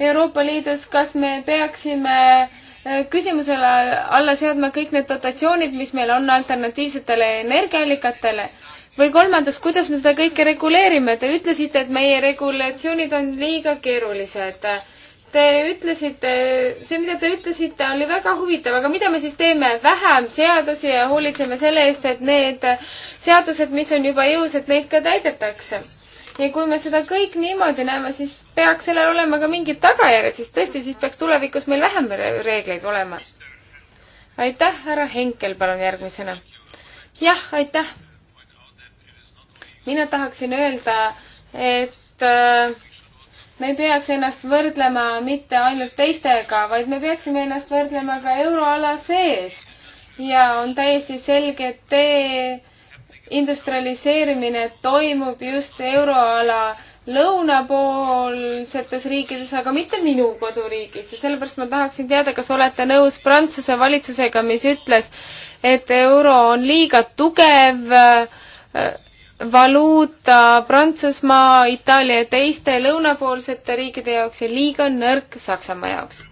Euroopa Liidus, kas me peaksime äh, Äh, küsimusele alla seadma kõik need dotatsioonid, mis meil on alternatiivsetele energiaallikatele? või kolmandaks, kuidas me seda kõike reguleerime? Te ütlesite, et meie regulatsioonid on liiga keerulised. Te ütlesite, see, mida te ütlesite, oli väga huvitav, aga mida me siis teeme? vähem seadusi ja hoolitseme selle eest, et need seadused, mis on juba jõus, et neid ka täidetakse ja kui me seda kõik niimoodi näeme, siis peaks sellel olema ka mingid tagajärjed, sest tõesti, siis peaks tulevikus meil vähem reegleid olema. aitäh, härra Henkel, palun järgmisena. jah, aitäh. mina tahaksin öelda, et äh, me ei peaks ennast võrdlema mitte ainult teistega, vaid me peaksime ennast võrdlema ka euroala sees. ja on täiesti selge, et tee industrialiseerimine toimub just euroala lõunapoolsetes riikides, aga mitte minu koduriigis ja sellepärast ma tahaksin teada, kas olete nõus Prantsuse valitsusega, mis ütles, et euro on liiga tugev äh, valuuta Prantsusmaa, Itaalia ja teiste lõunapoolsete riikide jaoks ja liiga nõrk Saksamaa jaoks.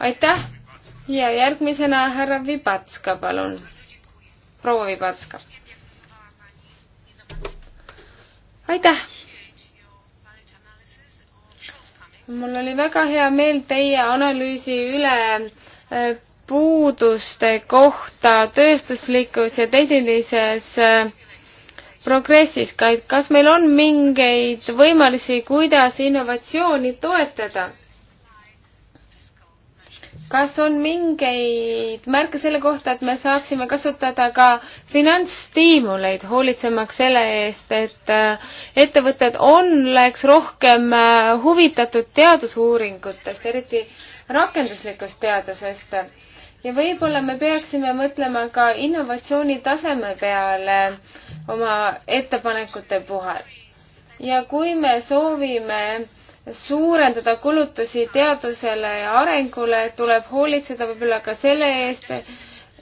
aitäh ja järgmisena härra Vibatska, palun. proua Vibatska aitäh! mul oli väga hea meel teie analüüsi üle äh, puuduste kohta tööstuslikus ja tehnilises äh, progressis, kas meil on mingeid võimalusi, kuidas innovatsiooni toetada? kas on mingeid märke selle kohta, et me saaksime kasutada ka finantsstiimuleid, hoolitsemaks selle eest, et äh, ettevõtted oleks rohkem äh, huvitatud teadusuuringutest, eriti rakenduslikust teadusest. ja võib-olla me peaksime mõtlema ka innovatsiooni taseme peale oma ettepanekute puhul. ja kui me soovime suurendada kulutusi teadusele ja arengule, tuleb hoolitseda võib-olla ka selle eest,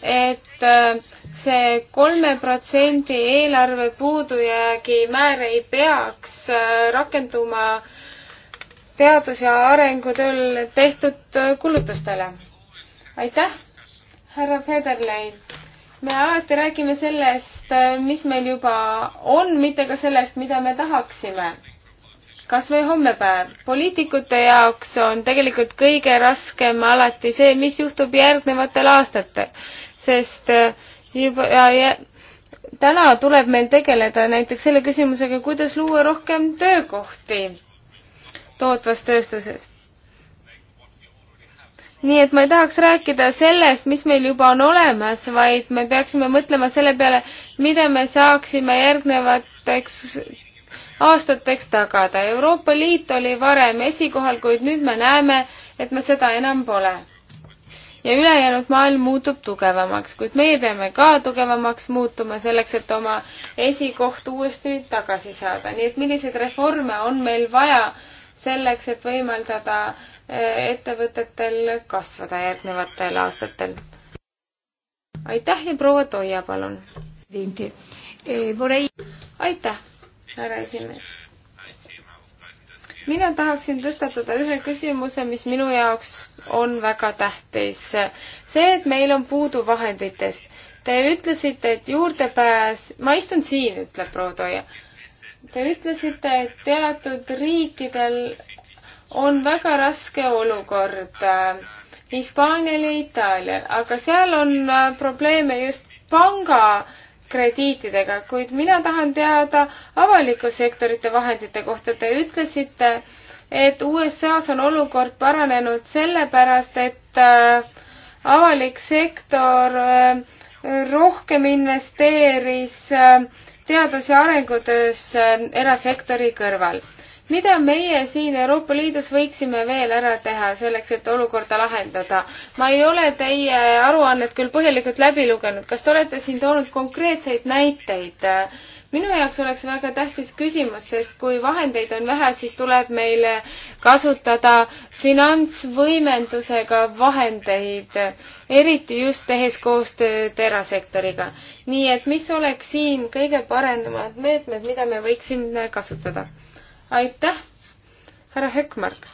et äh, see kolme protsendi eelarve puudujäägi määr ei peaks äh, rakenduma teadus- ja arengutööl tehtud äh, kulutustele. aitäh, härra Federlein! me alati räägime sellest, mis meil juba on, mitte ka sellest, mida me tahaksime kas või homme päev. poliitikute jaoks on tegelikult kõige raskem alati see, mis juhtub järgnevatel aastatel, sest äh, juba ja, ja täna tuleb meil tegeleda näiteks selle küsimusega, kuidas luua rohkem töökohti tootvas tööstuses nii et ma ei tahaks rääkida sellest, mis meil juba on olemas, vaid me peaksime mõtlema selle peale, mida me saaksime järgnevateks aastateks tagada. Euroopa Liit oli varem esikohal, kuid nüüd me näeme, et me seda enam pole. ja ülejäänud maailm muutub tugevamaks, kuid meie peame ka tugevamaks muutuma selleks, et oma esikoht uuesti tagasi saada. nii et milliseid reforme on meil vaja selleks, et võimaldada eh, ettevõtetel kasvada järgnevatel aastatel? aitäh ja proua Toia, palun! Eh, aitäh! härra esimees. mina tahaksin tõstatada ühe küsimuse, mis minu jaoks on väga tähtis. see, et meil on puudu vahenditest. Te ütlesite, et juurdepääs, ma istun siin, ütleb Roodoja. Te ütlesite, et teatud riikidel on väga raske olukord Hispaanial ja Itaalial, aga seal on äh, probleeme just panga äh, krediitidega, kuid mina tahan teada avaliku sektorite vahendite kohta. Te ütlesite, et USA-s on olukord paranenud sellepärast, et äh, avalik sektor äh, rohkem investeeris äh, teadus- ja arengutöösse erasektori kõrval mida meie siin Euroopa Liidus võiksime veel ära teha selleks, et olukorda lahendada? ma ei ole teie aruannet küll põhjalikult läbi lugenud, kas te olete siin toonud konkreetseid näiteid? minu jaoks oleks väga tähtis küsimus, sest kui vahendeid on vähe, siis tuleb meil kasutada finantsvõimendusega vahendeid, eriti just tehes koostööd erasektoriga. nii et mis oleks siin kõige paremad meetmed, mida me võiksime kasutada? aitäh, härra Hökmark.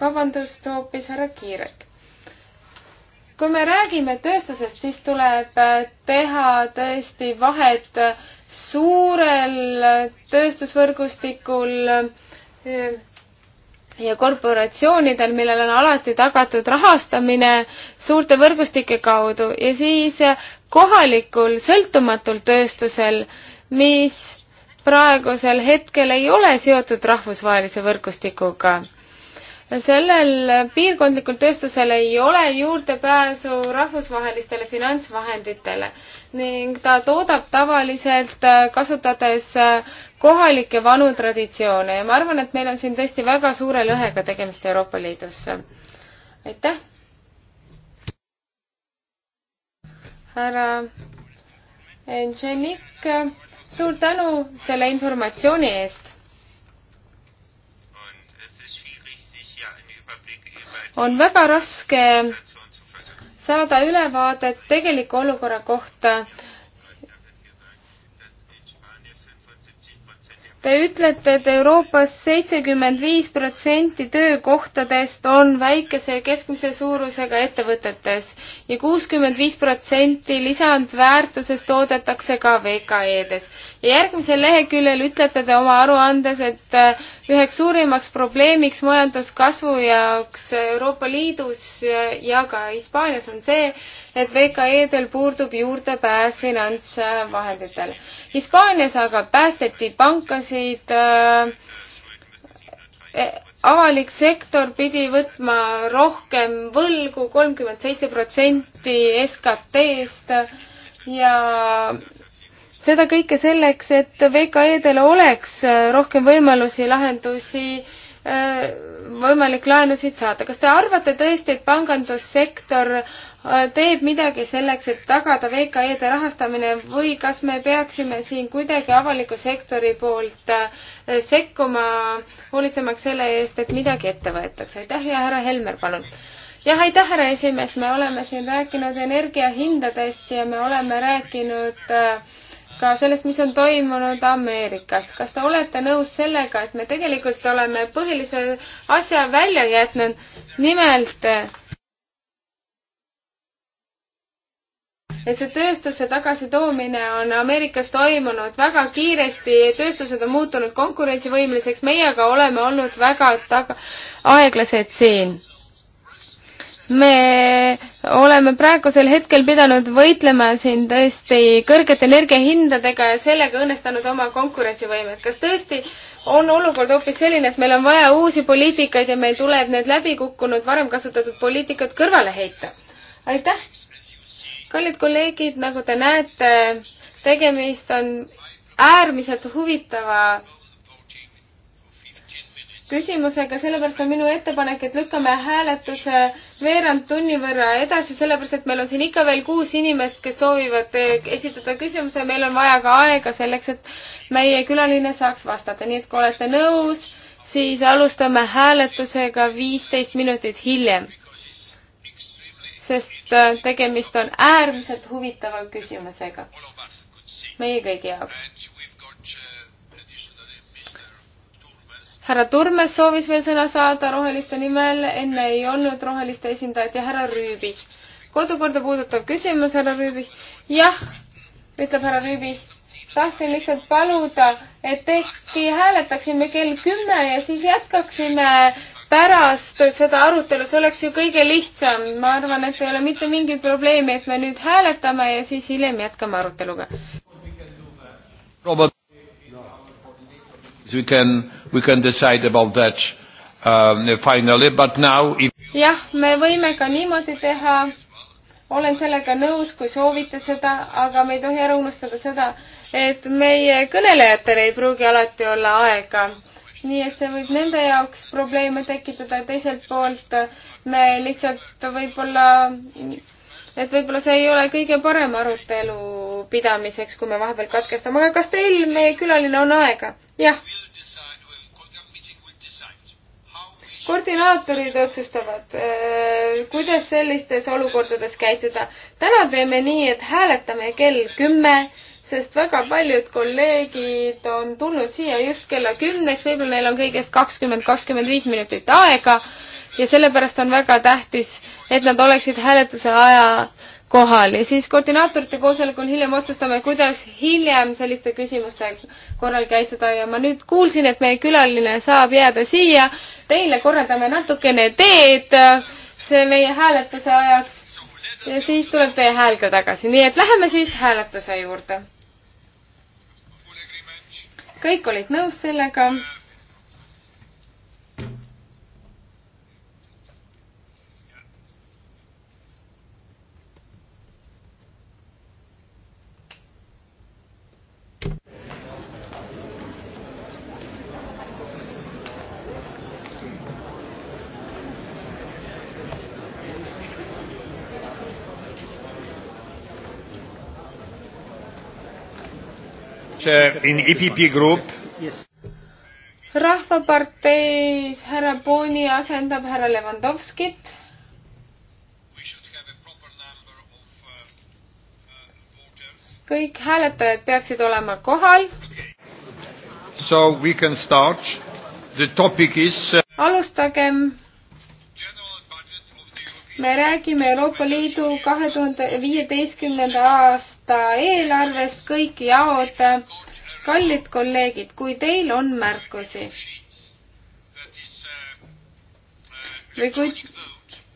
vabandust, hoopis härra Kiirek. kui me räägime tööstusest, siis tuleb äh, teha tõesti vahet äh, suurel äh, tööstusvõrgustikul ja korporatsioonidel, millel on alati tagatud rahastamine suurte võrgustike kaudu ja siis kohalikul sõltumatul tööstusel, mis praegusel hetkel ei ole seotud rahvusvahelise võrgustikuga. sellel piirkondlikul tööstusel ei ole juurdepääsu rahvusvahelistele finantsvahenditele ning ta toodab tavaliselt äh, kasutades äh, kohalikke vanu traditsioone ja ma arvan, et meil on siin tõesti väga suure lõhega tegemist Euroopa Liidus. aitäh! härra Enženik suur tänu selle informatsiooni eest. on väga raske saada ülevaadet tegeliku olukorra kohta Te ütlete, et Euroopas seitsekümmend viis protsenti töökohtadest on väikese ja keskmise suurusega ettevõtetes ja kuuskümmend viis protsenti lisandväärtusest toodetakse ka VKE-des ja järgmisel leheküljel ütlete te oma aruandes, et äh, üheks suurimaks probleemiks majanduskasvu jaoks Euroopa Liidus ja ka Hispaanias on see, et VKE-del puudub juurdepääs finantsvahenditele. Hispaanias aga päästeti pankasid äh, avalik sektor pidi võtma rohkem võlgu, kolmkümmend seitse protsenti SKT-st ja seda kõike selleks, et VKE-del oleks äh, rohkem võimalusi, lahendusi, äh, võimalik laenusid saada. kas te arvate tõesti, et pangandussektor äh, teeb midagi selleks, et tagada VKE-de rahastamine või kas me peaksime siin kuidagi avaliku sektori poolt sekkuma, hoolitsemaks selle eest, et midagi ette võetakse? aitäh ja härra Helmer, palun jah, aitäh, härra esimees, me oleme siin rääkinud energiahindadest ja me oleme rääkinud äh, ka sellest, mis on toimunud Ameerikas. kas te olete nõus sellega, et me tegelikult oleme põhilise asja välja jätnud, nimelt et see tööstuse tagasitoomine on Ameerikas toimunud väga kiiresti, tööstused on muutunud konkurentsivõimeliseks, meie aga oleme olnud väga taga, aeglased siin me oleme praegusel hetkel pidanud võitlema siin tõesti kõrgete energiahindadega ja sellega õnnestanud oma konkurentsivõimet. kas tõesti on olukord hoopis selline, et meil on vaja uusi poliitikaid ja meil tuleb need läbikukkunud varem kasutatud poliitikad kõrvale heita? aitäh! kallid kolleegid, nagu te näete, tegemist on äärmiselt huvitava küsimusega, sellepärast on minu ettepanek, et lükkame hääletuse veerand tunni võrra edasi, sellepärast et meil on siin ikka veel kuus inimest, kes soovivad eh, esitada küsimuse, meil on vaja ka aega selleks, et meie külaline saaks vastata, nii et kui olete nõus, siis alustame hääletusega viisteist minutit hiljem. sest eh, tegemist on äärmiselt huvitava küsimusega meie kõigi jaoks härra Turmes soovis veel sõna saada roheliste nimel, enne ei olnud roheliste esindajat ja härra Rüübi. kodukorda puudutav küsimus, härra Rüübi. jah, ütleb härra Rüübi. tahtsin lihtsalt paluda, et äkki hääletaksime kell kümme ja siis jätkaksime pärast seda arutelu, see oleks ju kõige lihtsam. ma arvan, et ei ole mitte mingit probleemi, et me nüüd hääletame ja siis hiljem jätkame aruteluga. robot we can, we can decide about that um, finally, but now if jah, me võime ka niimoodi teha, olen sellega nõus, kui soovite seda, aga me ei tohi ära unustada seda, et meie kõnelejatel ei pruugi alati olla aega nii et see võib nende jaoks probleeme tekitada ja teiselt poolt me lihtsalt võib-olla, et võib-olla see ei ole kõige parem arutelu pidamiseks, kui me vahepeal katkestame, aga kas teil, meie külaline, on aega? jah. koordinaatorid otsustavad, äh, kuidas sellistes olukordades käituda. täna teeme nii, et hääletame kell kümme, sest väga paljud kolleegid on tulnud siia just kella kümneks, võib-olla neil on kõigest kakskümmend, kakskümmend viis minutit aega ja sellepärast on väga tähtis, et nad oleksid hääletuse aja kohal ja siis koordinaatorite koosolekul hiljem otsustame, kuidas hiljem selliste küsimuste korral käituda ja ma nüüd kuulsin, et meie külaline saab jääda siia. Teile korraldame natukene teed äh, see meie hääletuse ajaks ja siis tuleb teie hääl ka tagasi, nii et läheme siis hääletuse juurde. kõik olid nõus sellega Äh, in EPP Group. rahvaparteis härra Boni asendab härra Levandovskit. kõik hääletajad peaksid olema kohal. So we can start. The topic is. Äh, alustagem me räägime Euroopa Liidu kahe tuhande viieteistkümnenda aasta eelarvest, kõik jaod. kallid kolleegid, kui teil on märkusi või kui,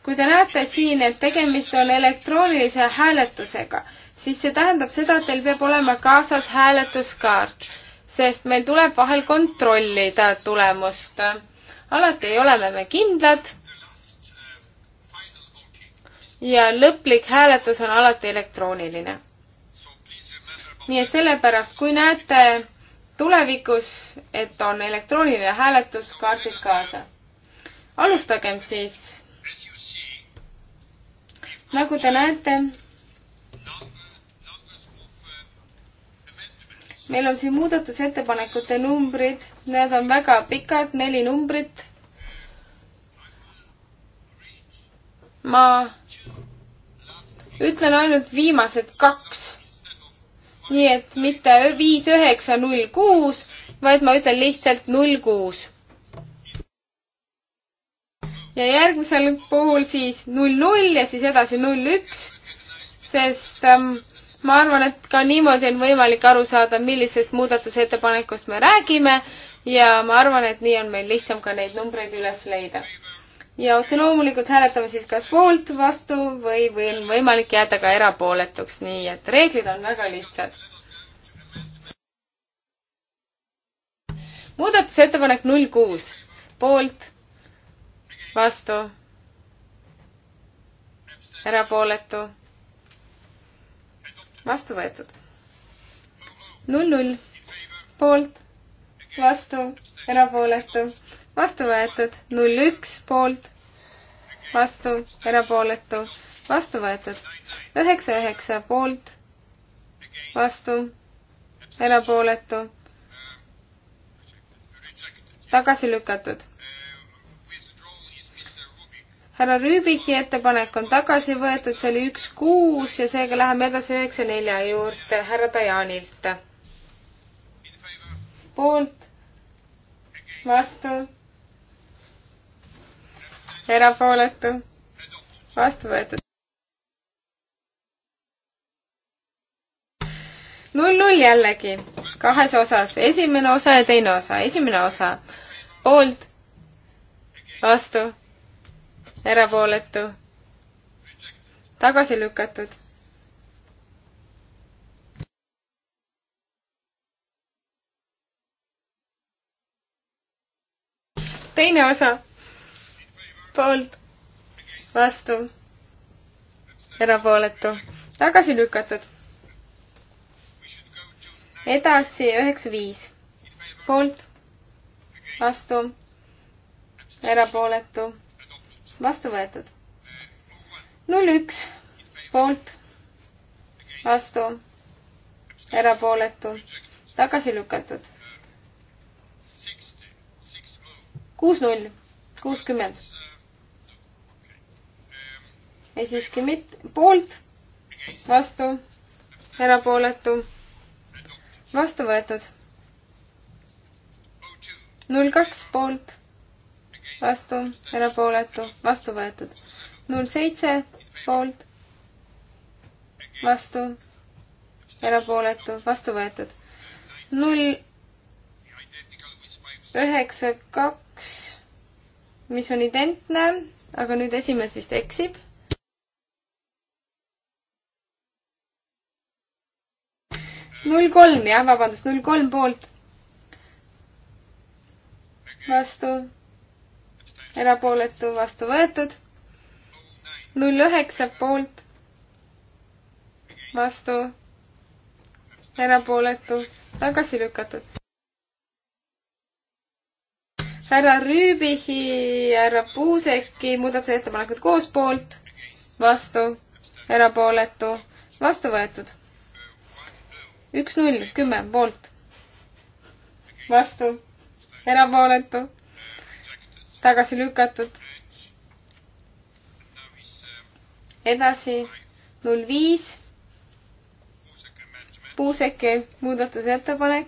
kui te näete siin, et tegemist on elektroonilise hääletusega, siis see tähendab seda, et teil peab olema kaasas hääletuskaart, sest meil tuleb vahel kontrollida tulemust. alati ei ole me kindlad ja lõplik hääletus on alati elektrooniline. nii et sellepärast, kui näete tulevikus, et on elektrooniline hääletus, kaardid kaasa. alustagem siis. nagu te näete, meil on siin muudatusettepanekute numbrid, need on väga pikad, neli numbrit ma ütlen ainult viimased kaks. nii et mitte viis üheksa null kuus, vaid ma ütlen lihtsalt null kuus. ja järgmisel puhul siis null null ja siis edasi null üks, sest ähm, ma arvan, et ka niimoodi on võimalik aru saada, millisest muudatusettepanekust me räägime ja ma arvan, et nii on meil lihtsam ka neid numbreid üles leida ja otse loomulikult hääletame siis kas poolt, vastu või, või on võimalik jääda ka erapooletuks, nii et reeglid on väga lihtsad. muudatusettepanek null kuus, poolt, vastu, erapooletu, vastu võetud. null null, poolt, vastu, erapooletu, vastu võetud, null üks poolt, vastu, erapooletu, vastu võetud, üheksa üheksa poolt, vastu, erapooletu, tagasi lükatud. härra Rüübichi ettepanek on tagasi võetud, see oli üks kuus ja seega läheme edasi üheksa nelja juurde härra Dajanilt. poolt, vastu erapooletu, vastu võetud. null null jällegi, kahes osas, esimene osa ja teine osa, esimene osa, poolt, vastu, erapooletu, tagasi lükatud teine osa poolt, vastu, erapooletu, tagasi lükatud. edasi üheksa viis, poolt, vastu, erapooletu, vastu võetud. null üks, poolt, vastu, erapooletu, tagasi lükatud kuus null, kuuskümmend ei siiski mitte, poolt, vastu, erapooletu, vastu võetud. null kaks poolt, vastu, erapooletu, vastu võetud. null seitse poolt, vastu, erapooletu, vastu võetud. null üheksa kaks, mis on identne, aga nüüd esimees vist eksib null kolm jah, vabandust, null kolm poolt. vastu. erapooletu, vastu võetud. null üheksa poolt. vastu. erapooletu, tagasi lükatud härra Rüübihi, härra Puuseki muudatusettepanekud koos poolt, vastu, erapooletu, vastu võetud üks, null, kümme poolt. vastu, erapooletu, tagasi lükatud. edasi null viis. Puuseki muudatusettepanek.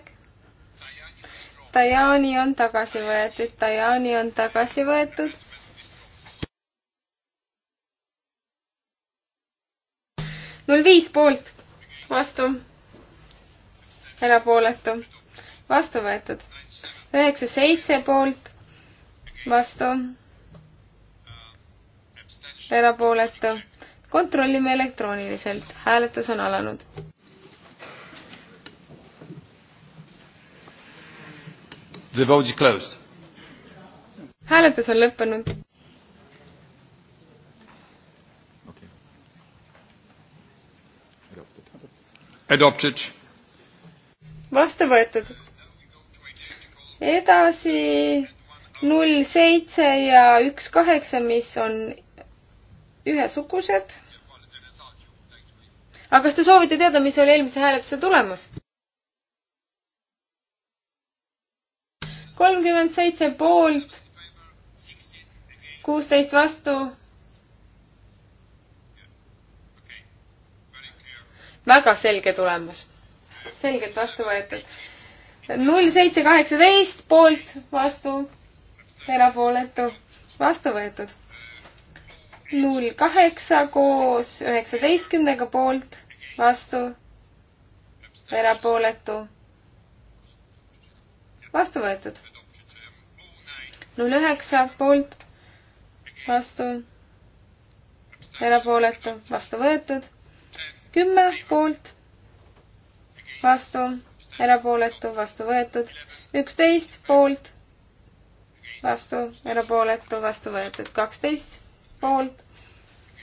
Tajani on tagasi võetud, Tajani on tagasi võetud null viis poolt, vastu, erapooletu, vastu võetud. üheksa, seitse poolt, vastu, erapooletu. kontrollime elektrooniliselt, hääletus on alanud. The vote is closed. hääletus on lõppenud. Adopted vastu võetud. edasi null seitse ja üks kaheksa, mis on ühesugused. aga kas te soovite teada, mis oli eelmise hääletuse tulemus? kolmkümmend seitse poolt, kuusteist vastu. väga selge tulemus selgelt vastu võetud. null seitse kaheksateist poolt, vastu, erapooletu, vastu võetud. null kaheksa koos üheksateistkümnega poolt, vastu, erapooletu, vastu võetud. null üheksa poolt, vastu, erapooletu, vastu võetud kümme poolt, vastu, erapooletu, vastu võetud, üksteist poolt, vastu, erapooletu, vastu võetud, kaksteist poolt,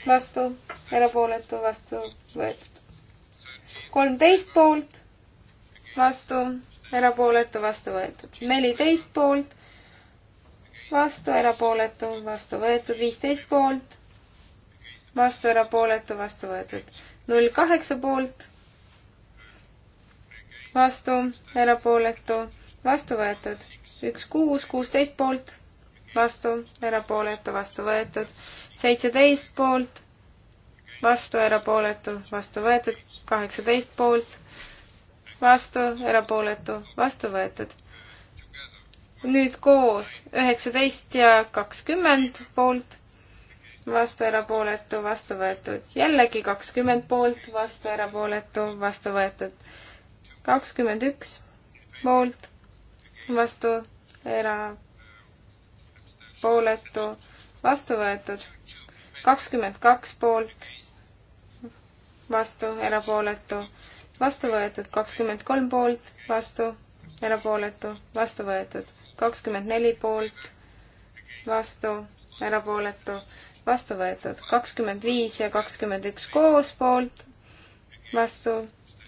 vastu, erapooletu, vastu võetud, kolmteist poolt, vastu, erapooletu, vastu võetud, neliteist poolt, vastu, erapooletu, vastu võetud, viisteist poolt, vastu, erapooletu, vastu võetud, null kaheksa poolt vastu, erapooletu, vastu võetud. üks kuus, kuusteist poolt, vastu, erapooletu, vastu võetud. seitseteist poolt, vastu, erapooletu, vastu võetud. kaheksateist poolt, vastu, erapooletu, vastu võetud. nüüd koos üheksateist ja kakskümmend poolt vastu erapooletu, vastu võetud. jällegi kakskümmend poolt, vastu erapooletu, vastu võetud kakskümmend üks poolt, vastu, erapooletu, vastu võetud. kakskümmend kaks poolt, vastu, erapooletu, vastu võetud. kakskümmend kolm poolt, vastu, erapooletu, vastu võetud. kakskümmend neli poolt, vastu, erapooletu, vastu võetud. kakskümmend viis ja kakskümmend üks koos poolt, vastu,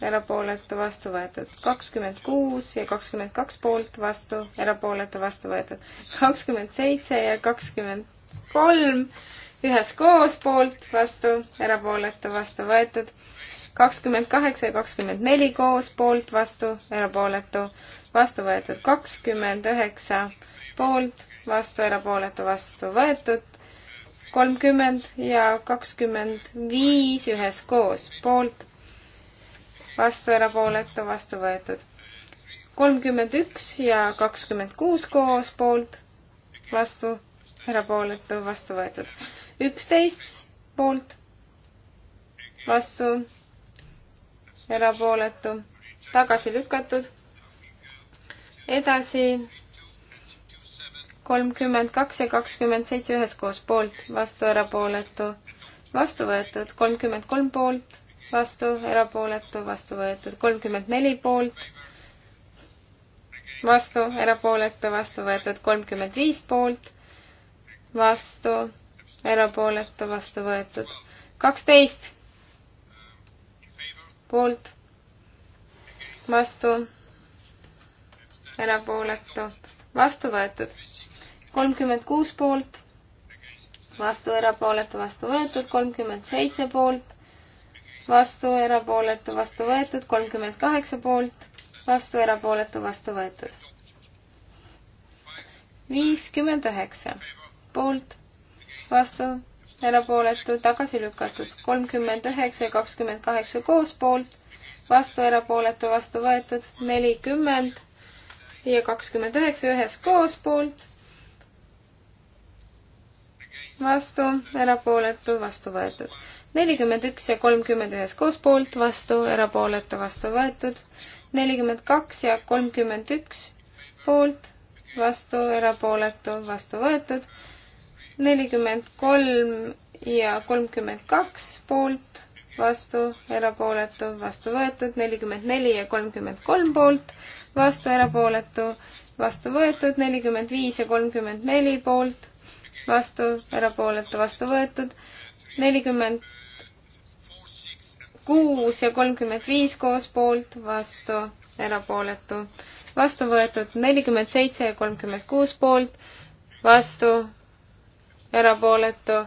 erapooletu, vastu võetud. kakskümmend kuus ja kakskümmend kaks poolt, vastu, erapooletu, vastu võetud. kakskümmend seitse ja kakskümmend kolm üheskoos poolt, vastu, erapooletu, vastu võetud. kakskümmend kaheksa ja kakskümmend neli koos poolt, vastu, erapooletu, vastu võetud. kakskümmend üheksa poolt, vastu, erapooletu, vastu võetud. kolmkümmend ja kakskümmend viis üheskoos poolt, vastu erapooletu, vastu võetud. kolmkümmend üks ja kakskümmend kuus koos poolt, vastu erapooletu, vastu võetud. üksteist poolt, vastu erapooletu, tagasi lükatud. edasi kolmkümmend kaks ja kakskümmend seitse üheskoos poolt, vastu erapooletu, vastu võetud, kolmkümmend kolm poolt vastu, erapooletu, vastu võetud. kolmkümmend neli poolt, vastu, erapooletu, vastu võetud. kolmkümmend viis poolt, vastu, erapooletu, vastu võetud. kaksteist poolt, vastu, erapooletu, vastu võetud. kolmkümmend kuus poolt, vastu, erapooletu, vastu võetud. kolmkümmend seitse poolt vastu, erapooletu, vastu võetud, kolmkümmend kaheksa poolt, vastu, erapooletu, vastu võetud. viiskümmend üheksa poolt, vastu, erapooletu, tagasi lükatud, kolmkümmend üheksa ja kakskümmend kaheksa koos poolt, vastu, erapooletu, vastu võetud, nelikümmend ja kakskümmend üheksa üheskoos poolt, vastu, erapooletu, vastu võetud nelikümmend üks ja kolmkümmend üheskoos poolt, vastu, erapooletu, vastu võetud. nelikümmend kaks ja kolmkümmend üks poolt, vastu, erapooletu, vastu võetud. nelikümmend kolm ja kolmkümmend kaks poolt, vastu, erapooletu, vastu võetud. nelikümmend neli ja kolmkümmend kolm poolt, vastu, erapooletu, vastu võetud. nelikümmend viis ja kolmkümmend neli poolt, vastu, erapooletu, vastu võetud. nelikümmend kuus ja kolmkümmend viis koos poolt, vastu, erapooletu. vastu võetud nelikümmend seitse ja kolmkümmend kuus poolt, vastu, erapooletu.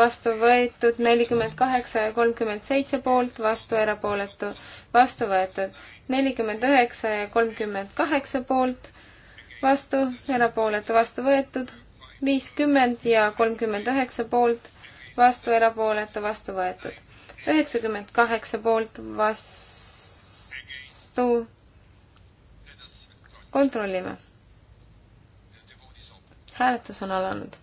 vastu võetud nelikümmend kaheksa ja kolmkümmend seitse poolt, vastu, erapooletu. vastu võetud nelikümmend üheksa ja kolmkümmend kaheksa poolt, vastu, erapooletu, vastu võetud viiskümmend ja kolmkümmend üheksa poolt, vastu, erapooletu, vastu võetud üheksakümmend kaheksa poolt vastu. kontrollime. hääletus on alanud.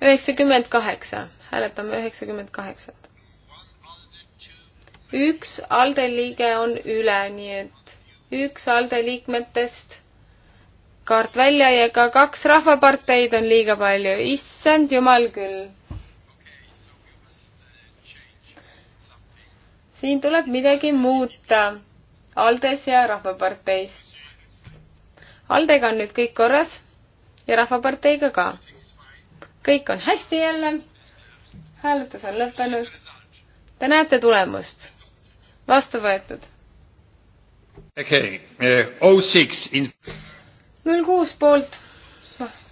üheksakümmend kaheksa, hääletame üheksakümmend kaheksat. üks ALDE liige on üle, nii et üks ALDE liikmetest kaart välja ja ka kaks rahvaparteid on liiga palju, issand jumal küll siin tuleb midagi muuta Aldes ja Rahvaparteis. Aldega on nüüd kõik korras ja Rahvaparteiga ka. kõik on hästi jälle. hääletus on lõppenud. Te näete tulemust. vastu võetud. okei okay., eh, O oh six in. null kuus poolt,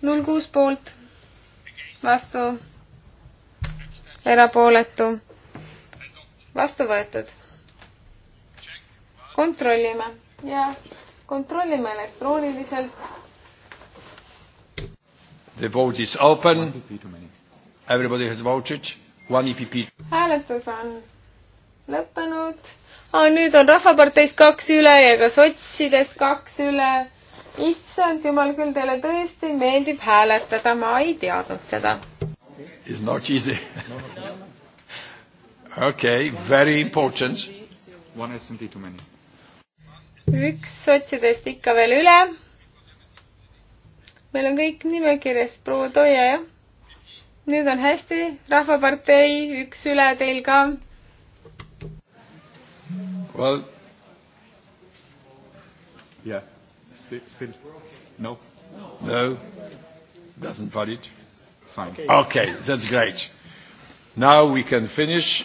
null kuus poolt, vastu, erapooletu vastu võetud. kontrollime ja kontrollime elektrooniliselt. The vote is open. Everybody has voted. One EPP. hääletus on lõppenud ah,. nüüd on Rahvaparteist kaks üle ja ka sotsidest kaks üle. issand jumal küll, teile tõesti meeldib hääletada, ma ei teadnud seda. It's not easy okei okay,, very important. One SMD too many. üks sotsidest ikka veel üle. meil on kõik nimekirjas, proua Toia, jah? nüüd on hästi, Rahvapartei üks üle teil ka. Well. Yeah, still, still. no. No, doesn't valid. Fine. Okay, okay that's great. Now we can finish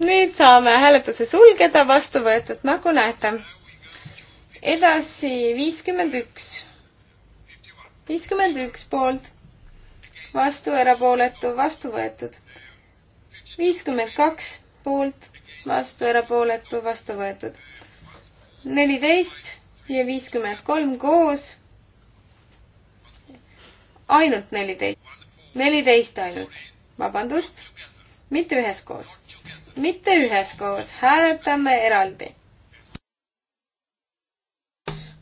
nüüd saame hääletuse sulgeda, vastu võetud, nagu näete. edasi viiskümmend üks. viiskümmend üks poolt, vastu, erapooletu, vastu võetud. viiskümmend kaks poolt, vastu, erapooletu, vastu võetud. neliteist ja viiskümmend kolm koos. ainult neliteist, neliteist ainult, vabandust, mitte üheskoos mitte üheskoos, hääletame eraldi.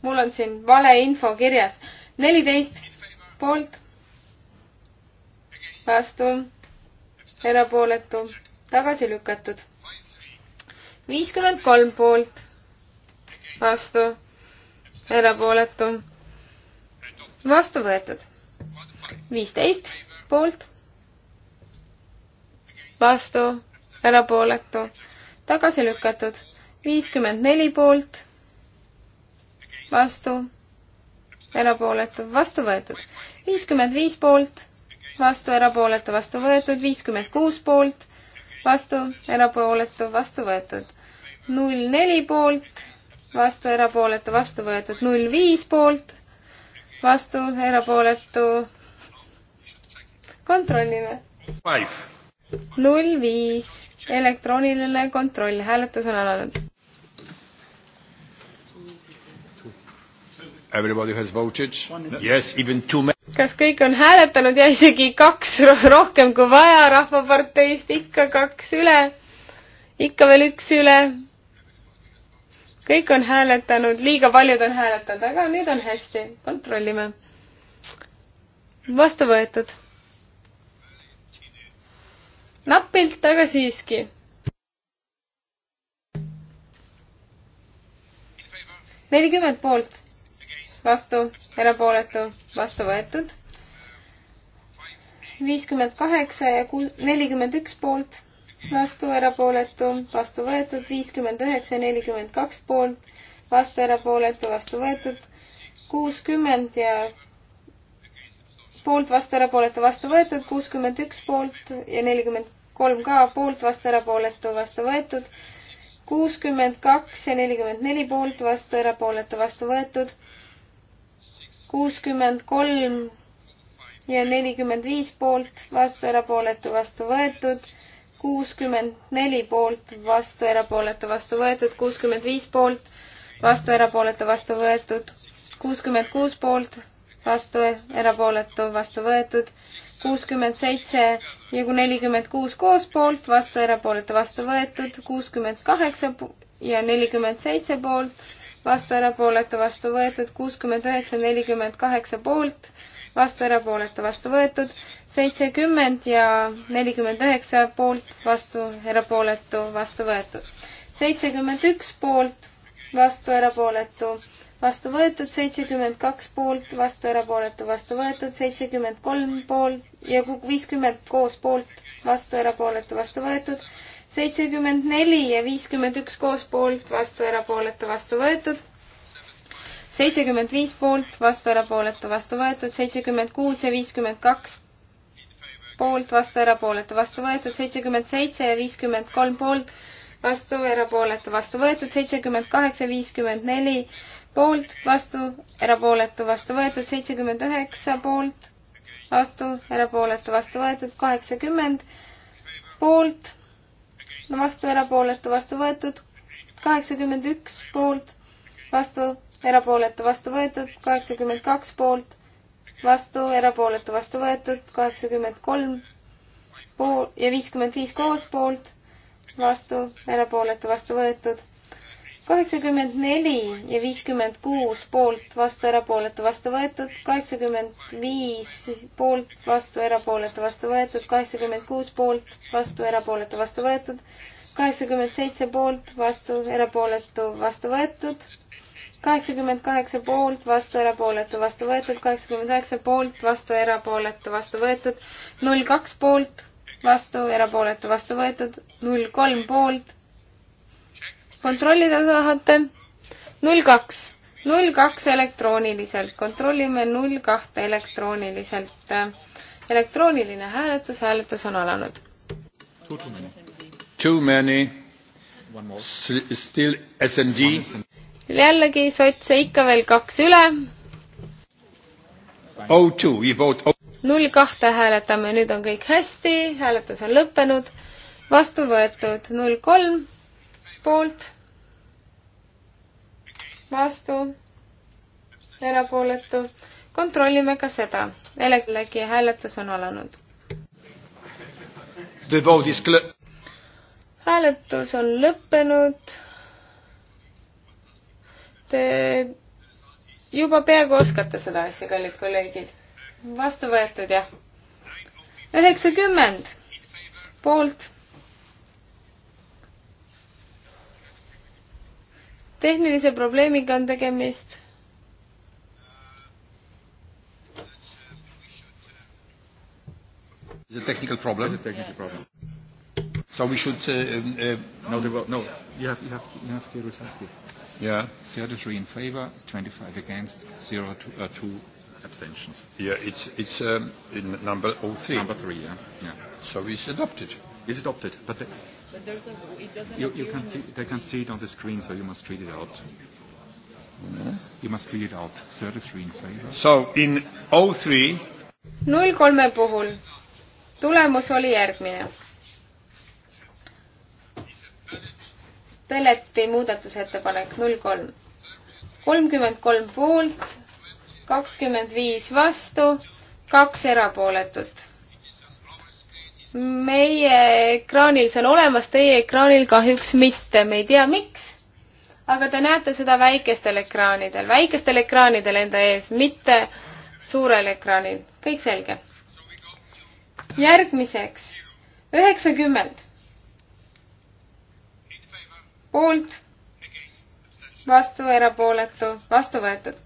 mul on siin valeinfo kirjas. neliteist poolt, vastu, erapooletu, tagasi lükatud. viiskümmend kolm poolt, vastu, erapooletu, vastu võetud. viisteist poolt, vastu erapooletu, tagasi lükatud. viiskümmend neli poolt, vastu, erapooletu, vastu võetud. viiskümmend viis poolt, vastu, erapooletu, vastu võetud. viiskümmend kuus poolt, vastu, erapooletu, vastu võetud. null neli poolt, vastu, erapooletu, vastu võetud. null viis poolt, vastu, erapooletu. kontrollime. Five null viis, elektrooniline kontroll, hääletus on alanud. Everybody has voted. Yes, even two men. kas kõik on hääletanud ja isegi kaks rohkem kui vaja, Rahvaparteist ikka kaks üle, ikka veel üks üle. kõik on hääletanud, liiga paljud on hääletanud, aga nüüd on hästi, kontrollime. vastu võetud napilt, aga siiski. nelikümmend poolt, vastu, erapooletu, vastu võetud. viiskümmend kaheksa ja nelikümmend üks poolt, vastu, erapooletu, vastu võetud, viiskümmend üheksa ja nelikümmend kaks poolt, vastu, erapooletu, vastu võetud, kuuskümmend ja poolt, vastu, erapooletu, vastu võetud, kuuskümmend üks poolt ja nelikümmend kolm ka poolt, vastu, erapooletu, vastu võetud. kuuskümmend kaks ja nelikümmend neli poolt, vastu, erapooletu, vastu võetud. kuuskümmend kolm ja nelikümmend viis poolt, vastu, erapooletu, vastu võetud. kuuskümmend neli poolt, vastu, erapooletu, vastu võetud. kuuskümmend viis poolt, vastu, erapooletu, vastu võetud. kuuskümmend kuus poolt, vastu, erapooletu, vastu võetud kuuskümmend seitse ja kui nelikümmend kuus koos poolt, vastu erapooletu vastu võetud, kuuskümmend kaheksa ja nelikümmend seitse poolt, vastu erapooletu vastu võetud, kuuskümmend üheksa, nelikümmend kaheksa poolt, vastu erapooletu vastu võetud, seitsekümmend ja nelikümmend üheksa poolt, vastu erapooletu vastu võetud, seitsekümmend üks poolt, vastu erapooletu vastu võetud, seitsekümmend kaks poolt, vastu erapooletu, vastu võetud, seitsekümmend kolm poolt ja viiskümmend koos poolt, vastu erapooletu, vastu võetud, seitsekümmend neli ja viiskümmend üks koos poolt, vastu erapooletu, vastu võetud, seitsekümmend viis poolt, vastu erapooletu, vastu võetud, seitsekümmend kuus ja viiskümmend kaks poolt, vastu erapooletu, vastu võetud, seitsekümmend seitse ja viiskümmend kolm poolt, vastu erapooletu, vastu võetud, seitsekümmend kaheksa, viiskümmend neli poolt, vastu, erapooletu, vastu võetud, seitsekümmend üheksa poolt, vastu, erapooletu, vastu võetud, kaheksakümmend poolt, vastu, erapooletu, vastu võetud, kaheksakümmend üks poolt, vastu, erapooletu, vastu võetud, kaheksakümmend kaks poolt, vastu, erapooletu, vastu võetud, kaheksakümmend kolm pool ja viiskümmend viis koos poolt, vastu, erapooletu, vastu võetud kaheksakümmend neli ja viiskümmend kuus poolt, vastu, erapooletu, vastu võetud, kaheksakümmend viis poolt, vastu, erapooletu, vastu võetud, kaheksakümmend kuus poolt, vastu, erapooletu, vastu võetud, kaheksakümmend seitse poolt, vastu, erapooletu, vastu võetud, kaheksakümmend kaheksa poolt, vastu, erapooletu, vastu võetud, kaheksakümmend üheksa poolt, vastu, erapooletu, vastu võetud, null kaks poolt, vastu, erapooletu, vastu võetud, null kolm poolt kontrollida tahate? null kaks, null kaks elektrooniliselt, kontrollime null kahte elektrooniliselt. elektrooniline hääletus, hääletus on alanud. Too many, still SMD. jällegi sotse ikka veel kaks üle. Oh, oh. null kahte hääletame, nüüd on kõik hästi, hääletus on lõppenud, vastu võetud null kolm poolt, vastu, erapooletu. kontrollime ka seda. jällegi hääletus on alanud. hääletus on lõppenud. Te juba peaaegu oskate seda asja, kallid kolleegid. vastu võetud, jah. üheksakümmend poolt tehnilise probleemiga on tegemist. The technical problem. The technical problem. So we should uh, um, uh, no, there were, no. You have you have you have the result here. Yeah, 33 in favor, 25 against, zero to, uh, two abstentions. Yeah, it's it's um, in number 03. Number three, yeah. yeah. So it's adopted. It's adopted, but the, But there's a, it doesn't you, you can see, the they can see it on the screen, so you must read it out. No. You must read it out. 33 in favor. So in 03. 03 puhul tulemus oli järgmine. Peleti muudatusettepanek 03. 33 poolt, 25 vastu, kaks erapooletut meie ekraanil see on olemas, teie ekraanil kahjuks mitte, me ei tea, miks. aga te näete seda väikestel ekraanidel, väikestel ekraanidel enda ees, mitte suurel ekraanil, kõik selge. järgmiseks üheksakümmend. poolt, vastu, erapooletu, vastu võetud.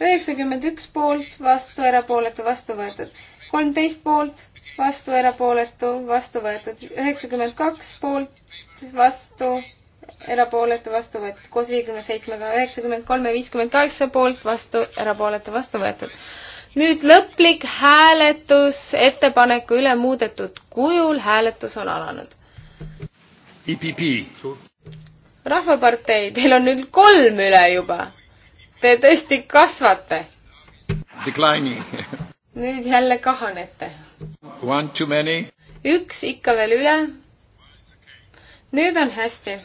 üheksakümmend üks poolt, vastu, erapooletu, vastu võetud. kolmteist poolt vastu, erapooletu, vastu võetud. üheksakümmend kaks poolt, vastu, erapooletu, vastu võetud. koos viiekümne seitsmega üheksakümmend kolm ja viiskümmend kaheksa poolt, vastu, erapooletu, vastu võetud. nüüd lõplik hääletus ettepaneku üle muudetud kujul. hääletus on alanud. EPP. rahvapartei, teil on nüüd kolm üle juba. Te tõesti kasvate. Declining nüüd jälle kahanete. üks ikka veel üle. nüüd on hästi.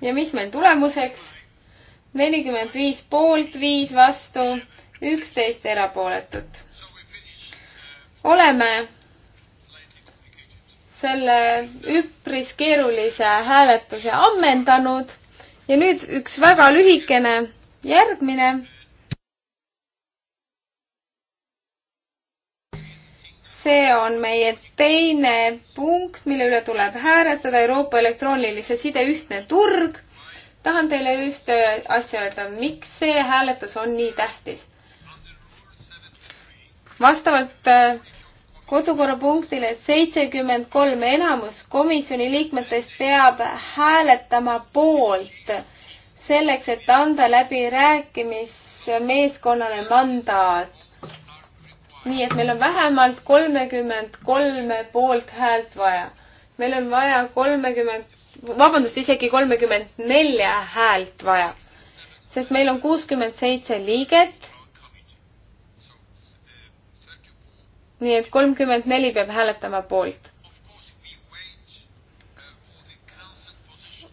ja mis meil tulemuseks? nelikümmend viis poolt, viis vastu, üksteist erapooletut. oleme selle üpris keerulise hääletuse ammendanud ja nüüd üks väga lühikene järgmine see on meie teine punkt, mille üle tuleb hääletada, Euroopa elektroonilise side ühtne turg. tahan teile ühte asja öelda, miks see hääletus on nii tähtis? vastavalt äh, kodukorrapunktile seitsekümmend kolm enamus komisjoni liikmetest peab hääletama poolt selleks, et anda läbirääkimismeeskonnale mandaat nii et meil on vähemalt kolmekümmend kolme poolthäält vaja. meil on vaja kolmekümmend, vabandust, isegi kolmekümmend nelja häält vaja, sest meil on kuuskümmend seitse liiget. nii et kolmkümmend neli peab hääletama poolt.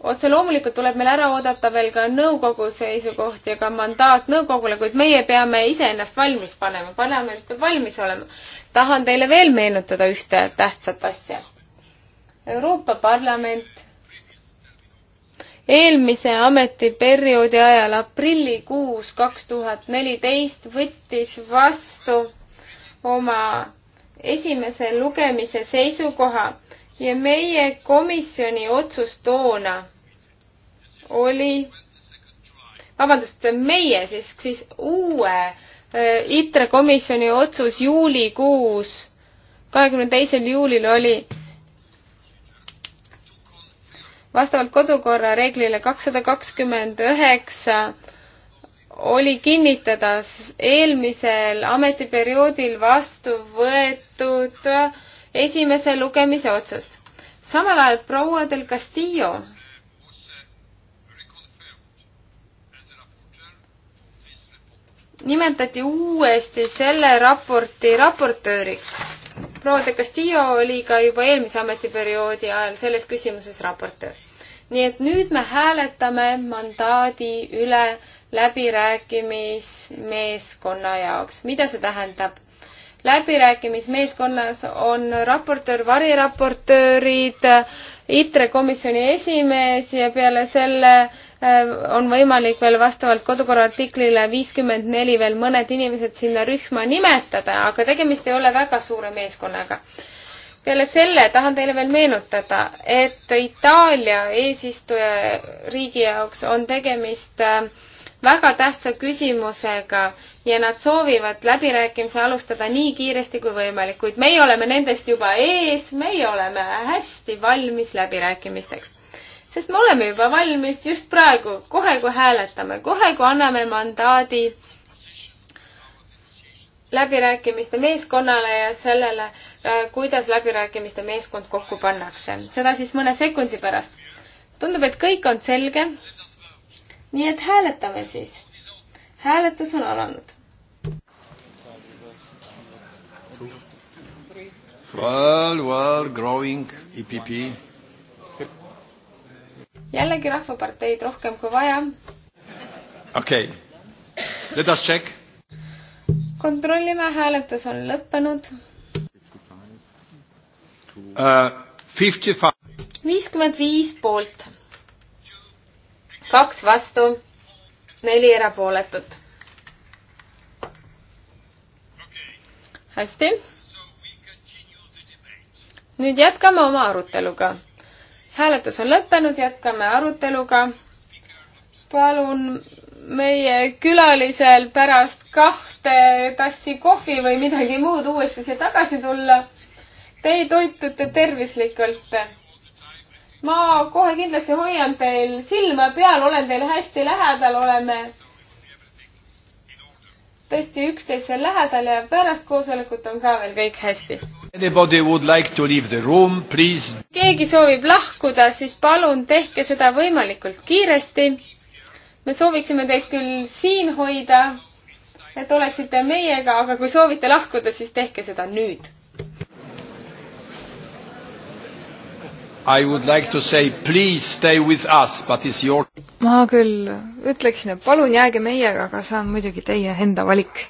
otse loomulikult tuleb meil ära oodata veel ka nõukogu seisukoht ja ka mandaat nõukogule, kuid meie peame iseennast valmis panema, parlament peab valmis olema. tahan teile veel meenutada ühte tähtsat asja. Euroopa Parlament eelmise ametiperioodi ajal aprillikuus kaks tuhat neliteist võttis vastu oma esimese lugemise seisukoha ja meie komisjoni otsus toona oli, vabandust, meie siis, siis uue äh, ITRE komisjoni otsus juulikuus, kahekümne teisel juulil oli vastavalt kodukorra reeglile kakssada kakskümmend üheksa oli kinnitada eelmisel ametiperioodil vastu võetud äh, esimese lugemise otsust. samal ajal proua del Castillo nimetati uuesti selle raporti raportööriks. proua de Castillo oli ka juba eelmise ametiperioodi ajal selles küsimuses raportöör. nii et nüüd me hääletame mandaadi üle läbirääkimismeeskonna jaoks. mida see tähendab? läbirääkimismeeskonnas on raportöör, variraportöörid, ITRE komisjoni esimees ja peale selle äh, on võimalik veel vastavalt kodukorra artiklile viiskümmend neli veel mõned inimesed sinna rühma nimetada, aga tegemist ei ole väga suure meeskonnaga. peale selle tahan teile veel meenutada, et Itaalia eesistuja riigi jaoks on tegemist äh, väga tähtsa küsimusega ja nad soovivad läbirääkimise alustada nii kiiresti kui võimalik, kuid meie oleme nendest juba ees, meie oleme hästi valmis läbirääkimisteks. sest me oleme juba valmis just praegu, kohe kui hääletame, kohe kui anname mandaadi läbirääkimiste meeskonnale ja sellele, äh, kuidas läbirääkimiste meeskond kokku pannakse. seda siis mõne sekundi pärast. tundub, et kõik on selge nii et hääletame siis. hääletus on alanud. Well, well, growing EPP. jällegi Rahvaparteid rohkem kui vaja. okei okay., let us check. kontrollime, hääletus on lõppenud. Uh, viiskümmend viis poolt kaks vastu, neli erapooletut. hästi. nüüd jätkame oma aruteluga. hääletus on lõppenud, jätkame aruteluga. palun meie külalisel pärast kahte tassi kohvi või midagi muud uuesti siia tagasi tulla. Te toitute tervislikult ma kohe kindlasti hoian teil silma peal, olen teil hästi lähedal, oleme tõesti üksteise lähedal ja pärast koosolekut on ka veel kõik hästi. Like room, keegi soovib lahkuda, siis palun tehke seda võimalikult kiiresti. me sooviksime teid küll siin hoida, et oleksite meiega, aga kui soovite lahkuda, siis tehke seda nüüd I would like to say please stay with us, but it's your ma küll ütleksin, et palun jääge meiega, aga see on muidugi teie enda valik.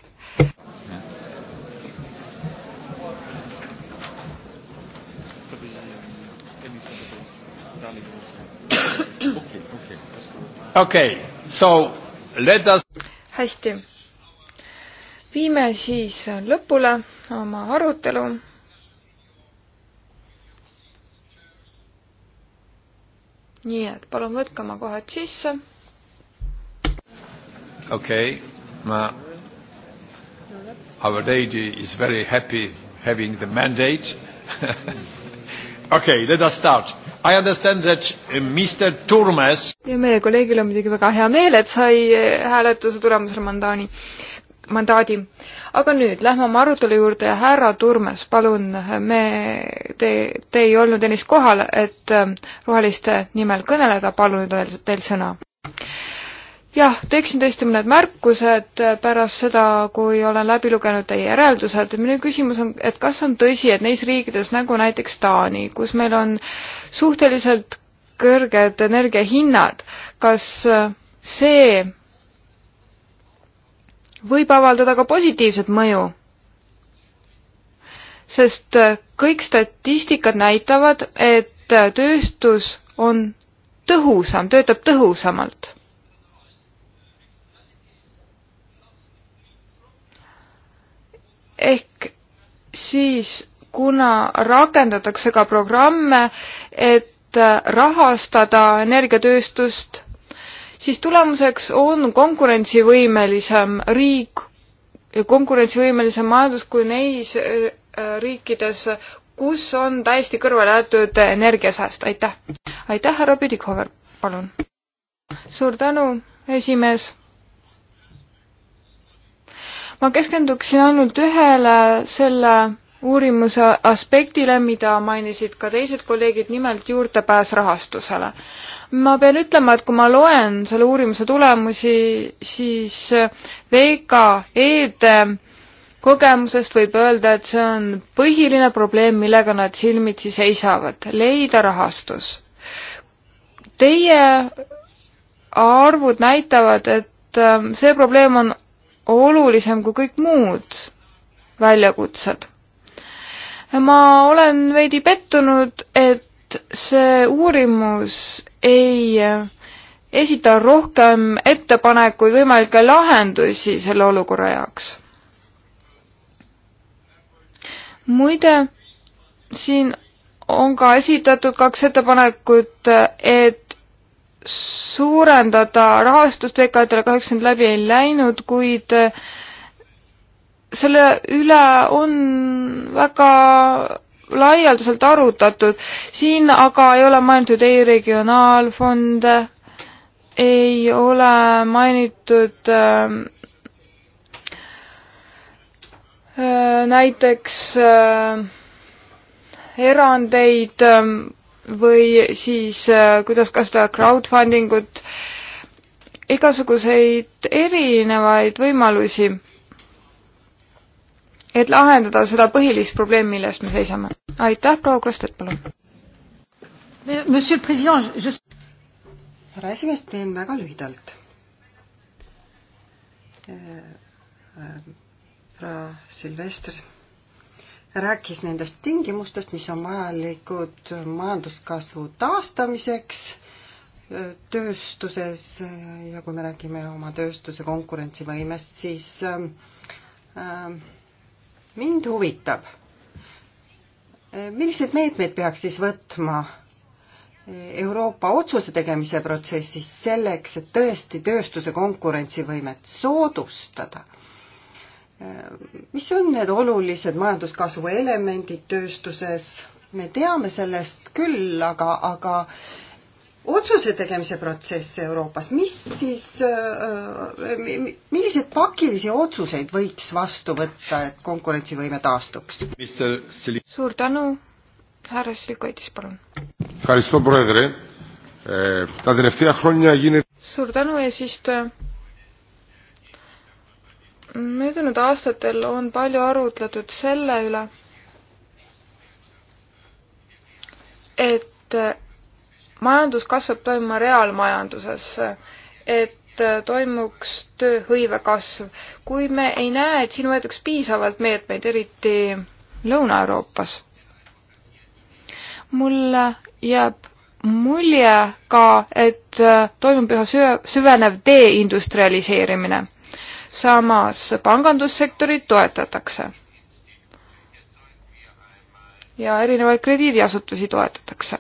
okei okay,, so let us hästi. viime siis lõpule oma arutelu nii et palun võtke oma kohad sisse. okei okay., ma, our lady is very happy having the mandate okei okay,, let us start. I understand that uh, Mr Turmes. ja meie kolleegil on muidugi väga hea meel, et sai äh, hääletuse tulemusel mandaani mandaadi. aga nüüd lähme oma arutelu juurde ja härra Turmes, palun, me, te, te ei olnud ennist kohal, et ähm, roheliste nimel kõneleda, palun teil, teil sõna. jah, teeksin tõesti mõned märkused pärast seda, kui olen läbi lugenud teie järeldused. minu küsimus on, et kas on tõsi, et neis riikides nagu näiteks Taani, kus meil on suhteliselt kõrged energiahinnad, kas äh, see võib avaldada ka positiivset mõju, sest äh, kõik statistikad näitavad, et äh, tööstus on tõhusam, töötab tõhusamalt. ehk siis, kuna rakendatakse ka programme, et äh, rahastada energiatööstust siis tulemuseks on konkurentsivõimelisem riik, konkurentsivõimelisem majandus kui neis äh, riikides, kus on täiesti kõrvale jäetud energiasääst, aitäh. aitäh, härra Püdikhover, palun. suur tänu, esimees. ma keskenduksin ainult ühele selle uurimuse aspektile, mida mainisid ka teised kolleegid, nimelt juurdepääs rahastusele ma pean ütlema, et kui ma loen selle uurimuse tulemusi, siis VKE-de kogemusest võib öelda, et see on põhiline probleem, millega nad silmitsi seisavad, leida rahastus. Teie arvud näitavad, et ähm, see probleem on olulisem kui kõik muud väljakutsed. ma olen veidi pettunud, et et see uurimus ei esita rohkem ettepanekuid võimalikke lahendusi selle olukorra jaoks. muide, siin on ka esitatud kaks ettepanekut, et suurendada rahastust VKT-le kahjuks nüüd läbi ei läinud, kuid selle üle on väga laialdaselt arutatud. siin aga ei ole mainitud ei regionaalfonde, ei ole mainitud ähm, äh, näiteks äh, erandeid äh, või siis äh, kuidas kasutada crowdfunding ut, igasuguseid erinevaid võimalusi, et lahendada seda põhilist probleemi, milles me seisame aitäh, proua Krustet, palun. härra esimees, teen väga lühidalt. härra äh, äh, Silvester rääkis nendest tingimustest, mis on vajalikud majanduskasvu taastamiseks äh, tööstuses ja kui me räägime oma tööstuse konkurentsivõimest, siis mind huvitab milliseid meetmeid peaks siis võtma Euroopa otsuse tegemise protsessis selleks, et tõesti tööstuse konkurentsivõimet soodustada? mis on need olulised majanduskasvu elemendid tööstuses? me teame sellest küll, aga, aga otsuse tegemise protsess Euroopas, mis siis, äh, milliseid pakilisi otsuseid võiks vastu võtta, et konkurentsivõime taastuks? suur tänu, härra Silikoitis, palun. Eh, suur tänu, eesistuja. möödunud aastatel on palju arutletud selle üle, et majanduskasv peab toimuma reaalmajanduses, et toimuks tööhõive kasv. kui me ei näe, et siin võetakse piisavalt meetmeid, eriti Lõuna-Euroopas, mulle jääb mulje ka, et toimub üha süvenev deindustrialiseerimine. samas pangandussektorit toetatakse ja erinevaid krediidiasutusi toetatakse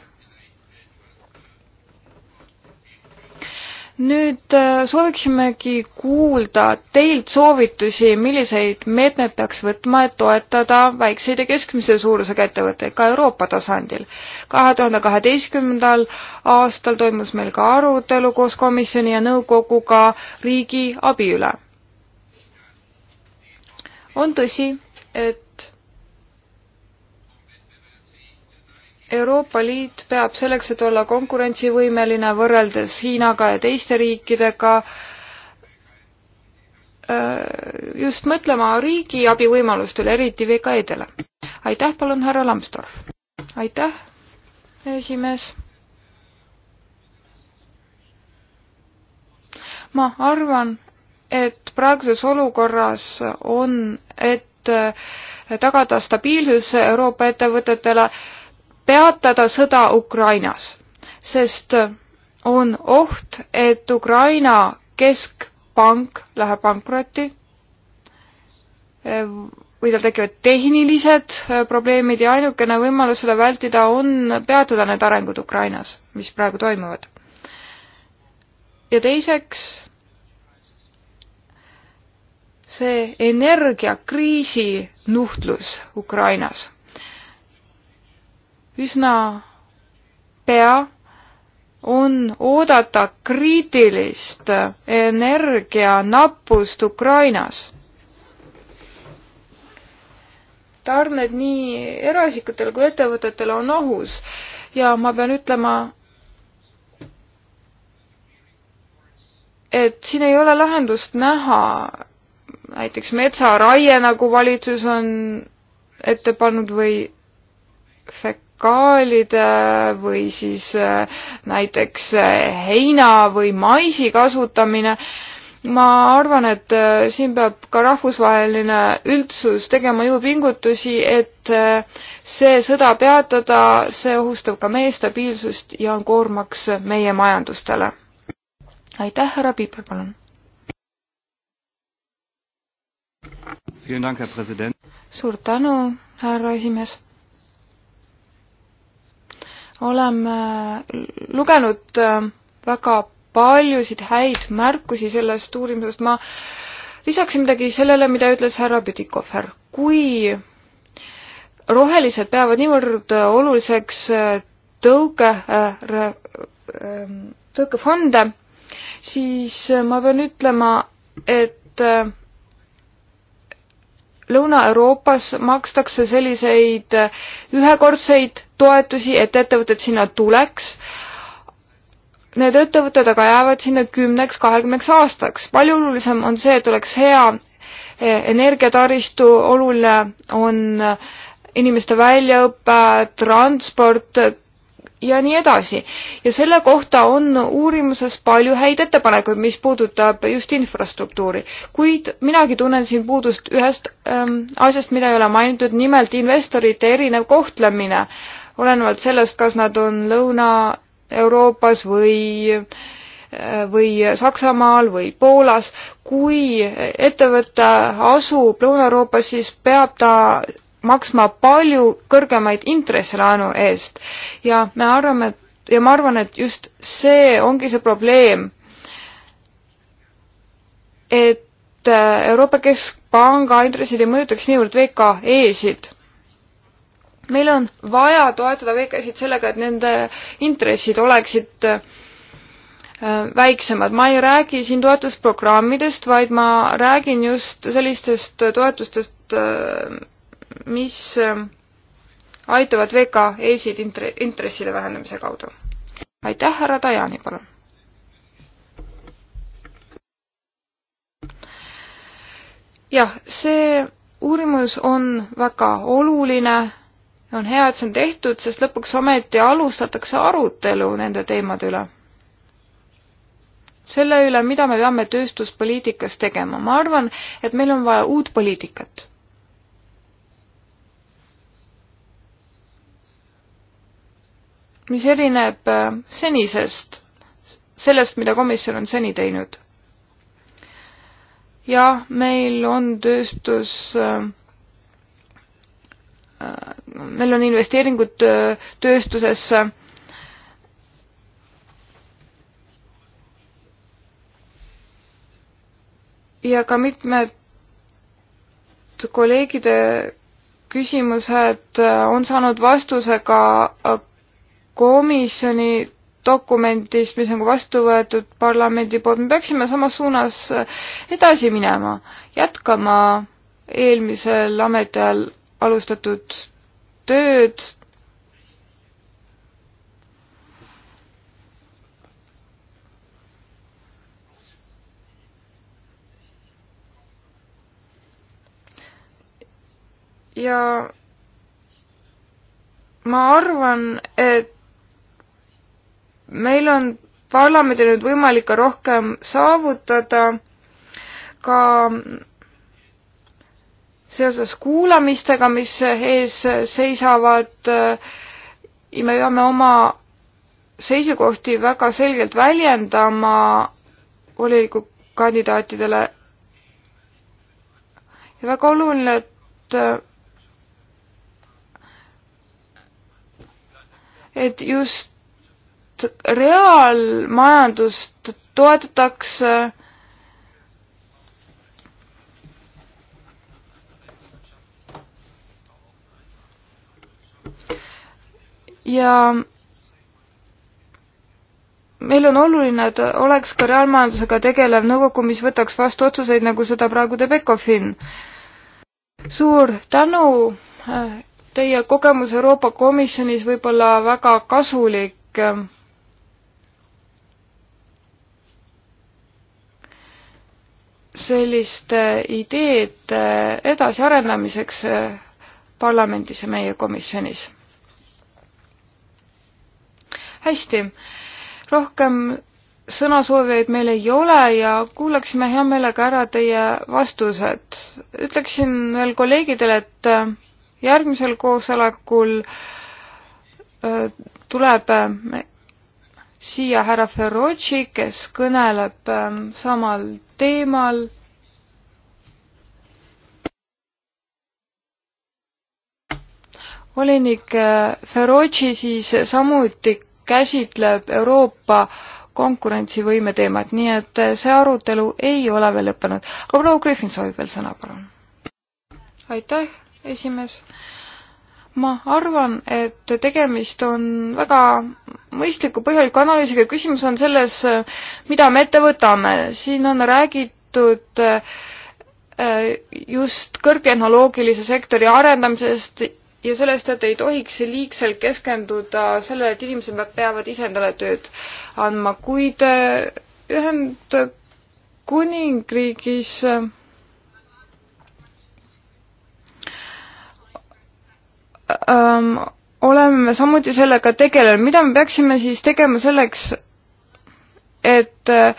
nüüd äh, sooviksimegi kuulda teilt soovitusi, milliseid meetmeid peaks võtma, et toetada väikseid ja keskmise suurusega ettevõtteid ka Euroopa tasandil. kahe tuhande kaheteistkümnendal aastal toimus meil ka arutelu koos komisjoni ja nõukoguga riigi abi üle. on tõsi, et Euroopa Liit peab selleks, et olla konkurentsivõimeline võrreldes Hiinaga ja teiste riikidega, äh, just mõtlema riigiabi võimalustele, eriti VKE-dele. aitäh, palun, härra Lambsdorff. aitäh, esimees. ma arvan, et praeguses olukorras on, et tagada stabiilsus Euroopa ettevõtetele äh, peatada sõda Ukrainas, sest on oht, et Ukraina keskpank läheb pankrotti või tal tekivad tehnilised äh, probleemid ja ainukene võimalus seda vältida on peatada need arengud Ukrainas, mis praegu toimuvad. ja teiseks, see energiakriisi nuhtlus Ukrainas üsna pea on oodata kriitilist energianappust Ukrainas. tarned nii eraisikutele kui ettevõtetele on ohus ja ma pean ütlema, et siin ei ole lahendust näha näiteks metsaraie, nagu valitsus on ette pannud või fek-, kemikaalide või siis äh, näiteks äh, heina või maisi kasutamine. ma arvan, et äh, siin peab ka rahvusvaheline üldsus tegema jõupingutusi, et see sõda peatada, see ohustab ka meie stabiilsust ja on koormaks meie majandustele. aitäh, härra Piiper, palun suur tänu, härra esimees oleme lugenud äh, väga paljusid häid märkusi sellest uurimusest, ma lisaksin midagi sellele, mida ütles härra Pütikofer. kui rohelised peavad niivõrd äh, oluliseks äh, tõuke, ähm, tõukefonde, siis ma pean ütlema, et Lõuna-Euroopas makstakse selliseid ühekordseid toetusi, et ettevõtted sinna tuleks. Need ettevõtted aga jäävad sinna kümneks, kahekümneks aastaks. palju olulisem on see, et oleks hea e, energiataristu, oluline on e, inimeste väljaõpe, transport ja nii edasi. ja selle kohta on uurimuses palju häid ettepanekuid, mis puudutab just infrastruktuuri. kuid minagi tunnen siin puudust ühest ähm, asjast, mida ei ole mainitud, nimelt investorite erinev kohtlemine äh, olenevalt sellest, kas nad on Lõuna-Euroopas või või Saksamaal või Poolas. kui ettevõte asub Lõuna-Euroopas, siis peab ta maksma palju kõrgemaid intressilaenu eest ja me arvame, et ja ma arvan, et just see ongi see probleem. et Euroopa Keskpanga intressid ei mõjutaks niivõrd VKE-sid meil on vaja toetada väikesid sellega, et nende intressid oleksid äh, väiksemad. ma ei räägi siin toetusprogrammidest, vaid ma räägin just sellistest toetustest, äh, mis äh, aitavad VKE-sid intre-, intresside vähendamise kaudu. aitäh, härra Dajani, palun! jah, see uurimus on väga oluline on hea, et see on tehtud, sest lõpuks ometi alustatakse arutelu nende teemade üle. selle üle, mida me peame tööstuspoliitikas tegema. ma arvan, et meil on vaja uut poliitikat. mis erineb äh, senisest, sellest, mida komisjon on seni teinud. jah, meil on tööstus äh, meil on investeeringud tööstusesse. ja ka mitmed kolleegide küsimused on saanud vastuse ka komisjoni dokumendist, mis on ka vastu võetud parlamendi poolt, me peaksime samas suunas edasi minema, jätkama eelmisel ametiajal alustatud tööd. ja ma arvan, et meil on parlamendil nüüd võimalik ka rohkem saavutada ka seoses kuulamistega, mis ees seisavad, äh, me peame oma seisukohti väga selgelt väljendama volikogu kandidaatidele. ja väga oluline, et äh, et just reaalmajandust toetatakse ja meil on oluline, et oleks ka reaalmajandusega tegelev nõukogu, mis võtaks vastu otsuseid, nagu seda praegu teeb Ecofin. suur tänu, äh, teie kogemus Euroopa Komisjonis võib olla väga kasulik. selliste ideede edasiarendamiseks äh, parlamendis ja meie komisjonis hästi, rohkem sõnasoovijaid meil ei ole ja kuulaksime hea meelega ära teie vastused. ütleksin veel kolleegidele, et äh, järgmisel koosolekul äh, tuleb äh, siia härra Ferrocci, kes kõneleb samal teemal. volinik Ferrocci siis samuti käsitleb Euroopa konkurentsivõime teemat, nii et see arutelu ei ole veel lõppenud. aga proua Griffin soovib veel sõna, palun. aitäh, esimees. ma arvan, et tegemist on väga mõistliku põhjaliku analüüsiga, küsimus on selles, mida me ette võtame. siin on räägitud äh, just kõrgtehnoloogilise sektori arendamisest ja sellest, et ei tohiks liigselt keskenduda sellele, et inimesed peavad ise endale tööd andma, kuid eh, Ühendkuningriigis ähm, oleme samuti sellega tegelenud, mida me peaksime siis tegema selleks, et, eh,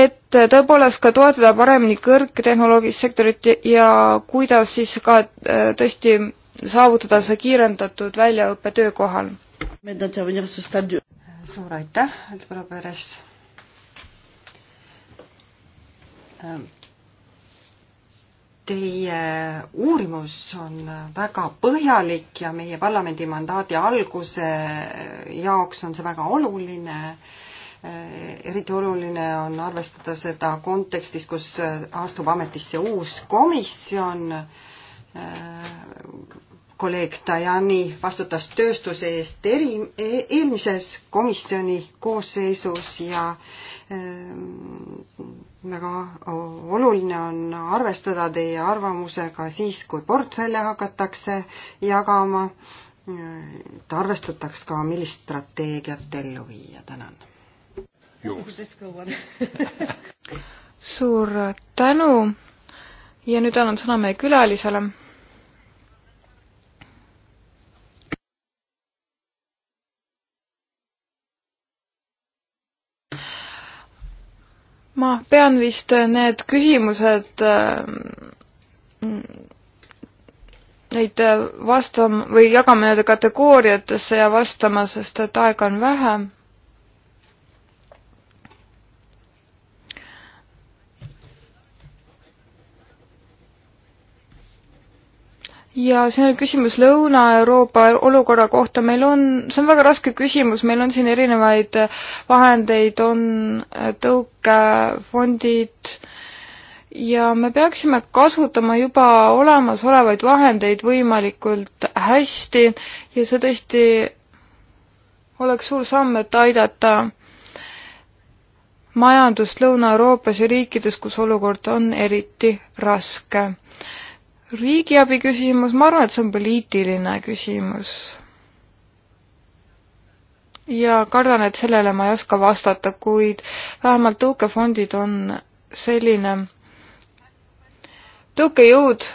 et tõepoolest ka toetada paremini kõrgtehnoloogilist sektorit ja kuidas siis ka äh, tõesti saavutada see kiirendatud väljaõpe töökohal. suur aitäh, Elvira Peres. Ähm, teie uurimus on väga põhjalik ja meie parlamendi mandaadi alguse jaoks on see väga oluline Äh, eriti oluline on arvestada seda kontekstis, kus äh, astub ametisse uus komisjon, äh, kolleeg Tajani vastutas tööstuse eest eri, e, eelmises komisjoni koosseisus ja väga oluline on arvestada teie arvamusega siis, kui portfelle hakatakse jagama, et arvestataks ka, millist strateegiat ellu viia, tänan juhuks. suur tänu ja nüüd annan sõna meie külalisele ma pean vist need küsimused ähm, neid vastama või jagama nii-öelda kategooriatesse ja vastama, sest et aega on vähem. ja see on küsimus Lõuna-Euroopa olukorra kohta, meil on, see on väga raske küsimus, meil on siin erinevaid vahendeid, on tõukefondid ja me peaksime kasutama juba olemasolevaid vahendeid võimalikult hästi ja see tõesti oleks suur samm, et aidata majandust Lõuna-Euroopas ja riikides, kus olukord on eriti raske riigiabi küsimus, ma arvan, et see on poliitiline küsimus. ja kardan, et sellele ma ei oska vastata, kuid vähemalt tõukefondid on selline tõukejõud,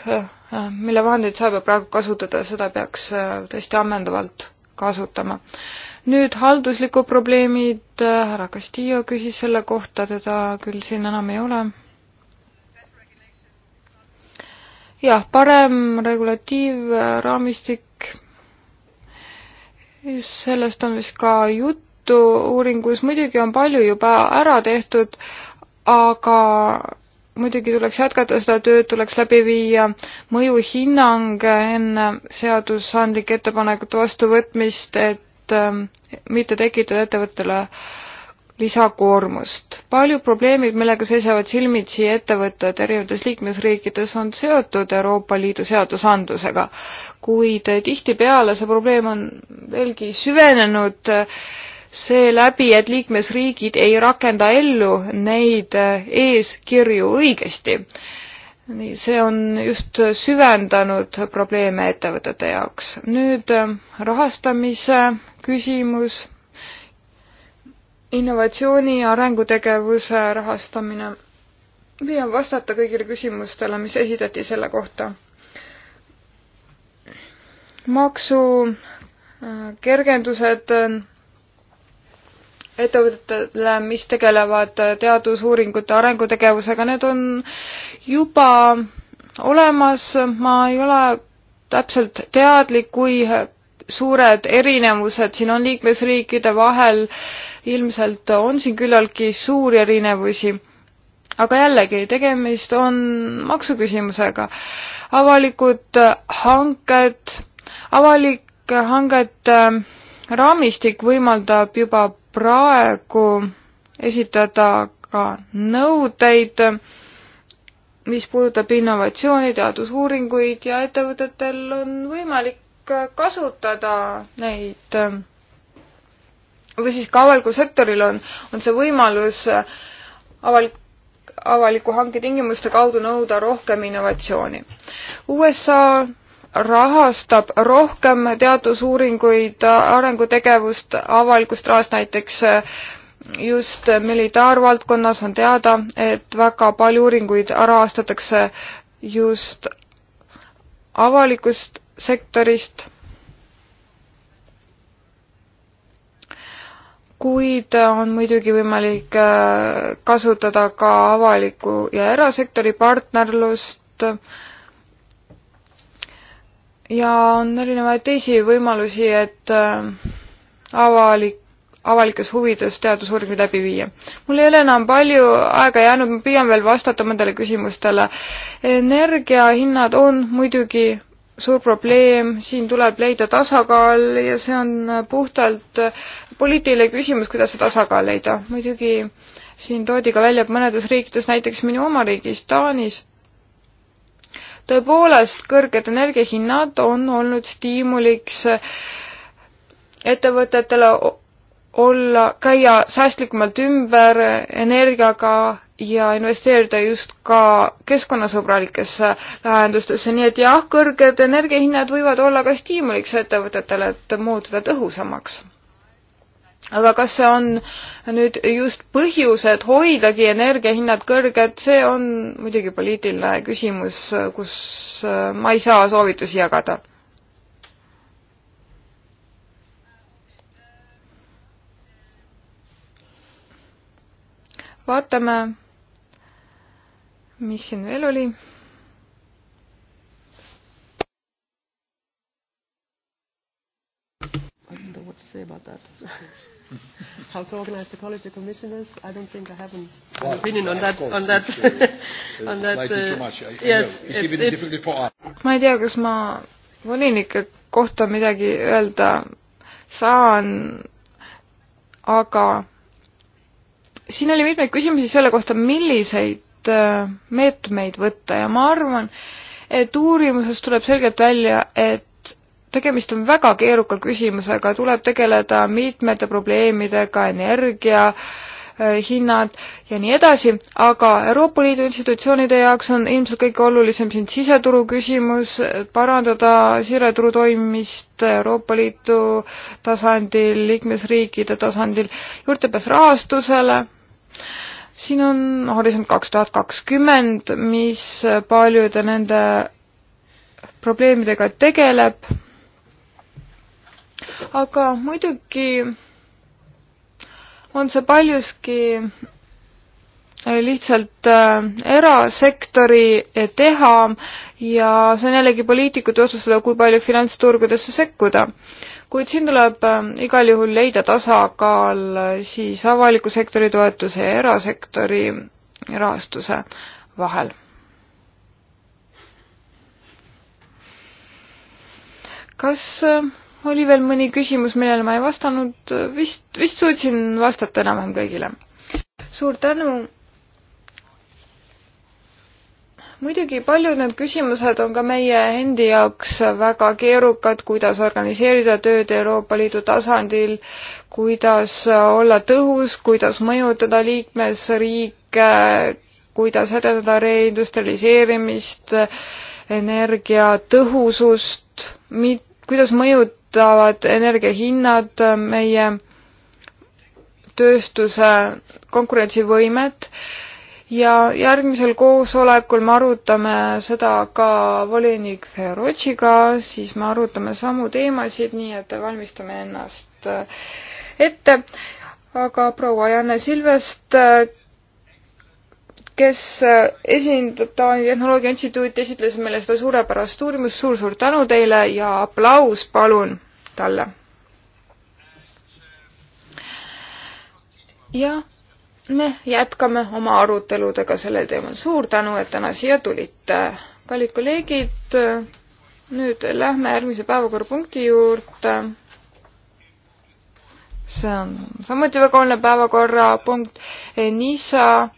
mille vahendeid saab ju praegu kasutada, seda peaks tõesti ammendavalt kasutama. nüüd halduslikud probleemid, härra Castillo küsis selle kohta, teda küll siin enam ei ole jah, parem regulatiivraamistik, äh, sellest on vist ka juttu uuringus, muidugi on palju juba ära tehtud, aga muidugi tuleks jätkata seda tööd, tuleks läbi viia mõjuhinnang enne seadusandlike ettepanekute vastuvõtmist, et ähm, mitte tekitada ettevõttele äh, lisakoormust. paljud probleemid, millega seisavad silmitsi ettevõtted erinevates liikmesriikides, on seotud Euroopa Liidu seadusandlusega, kuid tihtipeale see probleem on veelgi süvenenud seeläbi, et liikmesriigid ei rakenda ellu neid eeskirju õigesti. nii, see on just süvendanud probleeme ettevõtete jaoks. nüüd rahastamise küsimus innovatsiooni ja arengutegevuse rahastamine. püüan vastata kõigile küsimustele, mis esitati selle kohta. maksukergendused äh, äh, ettevõtetele, mis tegelevad äh, teadusuuringute arengutegevusega, need on juba olemas, ma ei ole täpselt teadlik, kui suured erinevused siin on liikmesriikide vahel äh, ilmselt on siin küllaltki suuri erinevusi. aga jällegi, tegemist on maksuküsimusega. avalikud hanked, avalike hangete äh, raamistik võimaldab juba praegu esitada ka nõudeid, mis puudutab innovatsiooni, teadusuuringuid ja ettevõtetel on võimalik kasutada neid äh, või siis ka avalikul sektoril on, on see võimalus äh, avalik, avaliku hanke tingimuste kaudu nõuda rohkem innovatsiooni. USA rahastab rohkem teadusuuringuid, arengutegevust, avalikust rahast näiteks äh, just militaarvaldkonnas on teada, et väga palju uuringuid rahastatakse just avalikust sektorist kuid on muidugi võimalik äh, kasutada ka avaliku ja erasektori partnerlust ja on erinevaid teisi võimalusi, et äh, avalik, avalikes huvides teadusuuringuid läbi viia. mul ei ole enam palju aega jäänud, ma püüan veel vastata mõndale küsimustele. energiahinnad on muidugi suur probleem, siin tuleb leida tasakaal ja see on puhtalt poliitiline küsimus, kuidas see tasakaal leida. muidugi siin toodi ka välja, et mõnedes riikides, näiteks minu oma riigis, Taanis, tõepoolest kõrged energiahinnad on olnud stiimuliks eh, ettevõtetele olla, käia säästlikumalt ümber energiaga ja investeerida just ka keskkonnasõbralikesse lahendustesse, nii et jah, kõrged energiahinnad võivad olla ka stiimuliks ettevõtetele, et muutuda tõhusamaks aga kas see on nüüd just põhjus, et hoidagi energiahinnad kõrged, see on muidugi poliitiline küsimus, kus äh, ma ei saa soovitusi jagada. vaatame, mis siin veel oli I don't know what to say about that. how to organize the College of Commissioners. I don't think I have an, well, an opinion on that. Course, on that, uh, on that uh, I, yes, I it's, it's, it's, ma ei tea, kas ma volinike kohta midagi öelda saan, aga siin oli mitmeid küsimusi selle kohta, milliseid äh, meetmeid võtta ja ma arvan, et uurimusest tuleb selgelt välja, et tegemist on väga keeruka küsimusega, tuleb tegeleda mitmete probleemidega, energia, äh, hinnad ja nii edasi, aga Euroopa Liidu institutsioonide jaoks on ilmselt kõige olulisem siin siseturu küsimus, parandada sireturu toimimist Euroopa Liidu tasandil, liikmesriikide tasandil, juurdepääs rahastusele, siin on Horisont kaks tuhat kakskümmend, mis paljude nende probleemidega tegeleb aga muidugi on see paljuski äh, lihtsalt äh, erasektori äh, teha ja see on jällegi poliitikute otsustada, kui palju finantsturgudesse sekkuda. kuid siin tuleb igal juhul leida tasakaal siis avaliku sektori toetuse ja erasektori rahastuse vahel. kas äh, oli veel mõni küsimus, millele ma ei vastanud, vist, vist suutsin vastata enam-vähem kõigile. suur tänu. muidugi paljud need küsimused on ka meie endi jaoks väga keerukad, kuidas organiseerida tööd Euroopa Liidu tasandil, kuidas olla tõhus, kuidas mõjutada liikmesriike, kuidas edendada reindustrialiseerimist, energiatõhusust, kuidas mõjutada mõjutavad energiahinnad äh, meie tööstuse konkurentsivõimet ja järgmisel koosolekul me arutame seda ka volinik Ferrociga, siis me arutame samu teemasid, nii et valmistame ennast äh, ette. aga proua Janne Silvest äh, kes äh, esindab Taani Tehnoloogia Instituuti, esitles meile seda suurepärast uurimust suur,, suur-suur tänu teile ja aplaus palun talle. ja me jätkame oma aruteludega sellel teemal. suur tänu, et täna siia tulite. kallid kolleegid, nüüd lähme järgmise päevakorrapunkti juurde. see on samuti väga oluline päevakorrapunkt. Niisa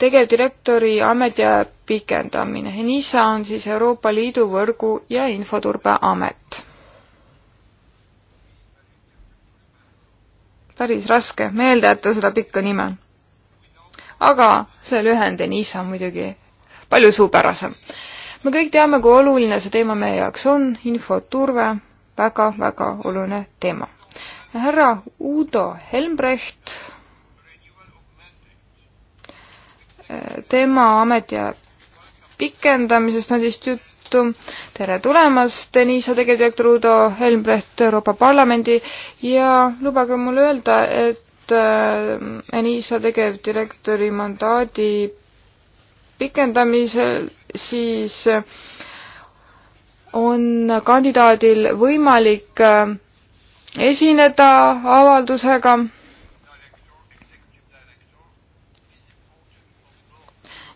tegevdirektori ametiaja pikendamine. NISA on siis Euroopa Liidu Võrgu- ja Infoturbeamet. päris raske meelde jätta seda pikka nime. aga see lühend NISA muidugi palju suupärasem. me kõik teame, kui oluline see teema meie jaoks on, infoturve väga,, väga-väga oluline teema. härra Udo Helmbrecht tema ametiaja pikendamisest on vist juttu. tere tulemast, Denise tegevdirektor Udo Helmbrecht Euroopa Parlamendi ja lubage mul öelda, et äh, Enisa tegevdirektori mandaadi pikendamisel siis äh, on kandidaadil võimalik äh, esineda avaldusega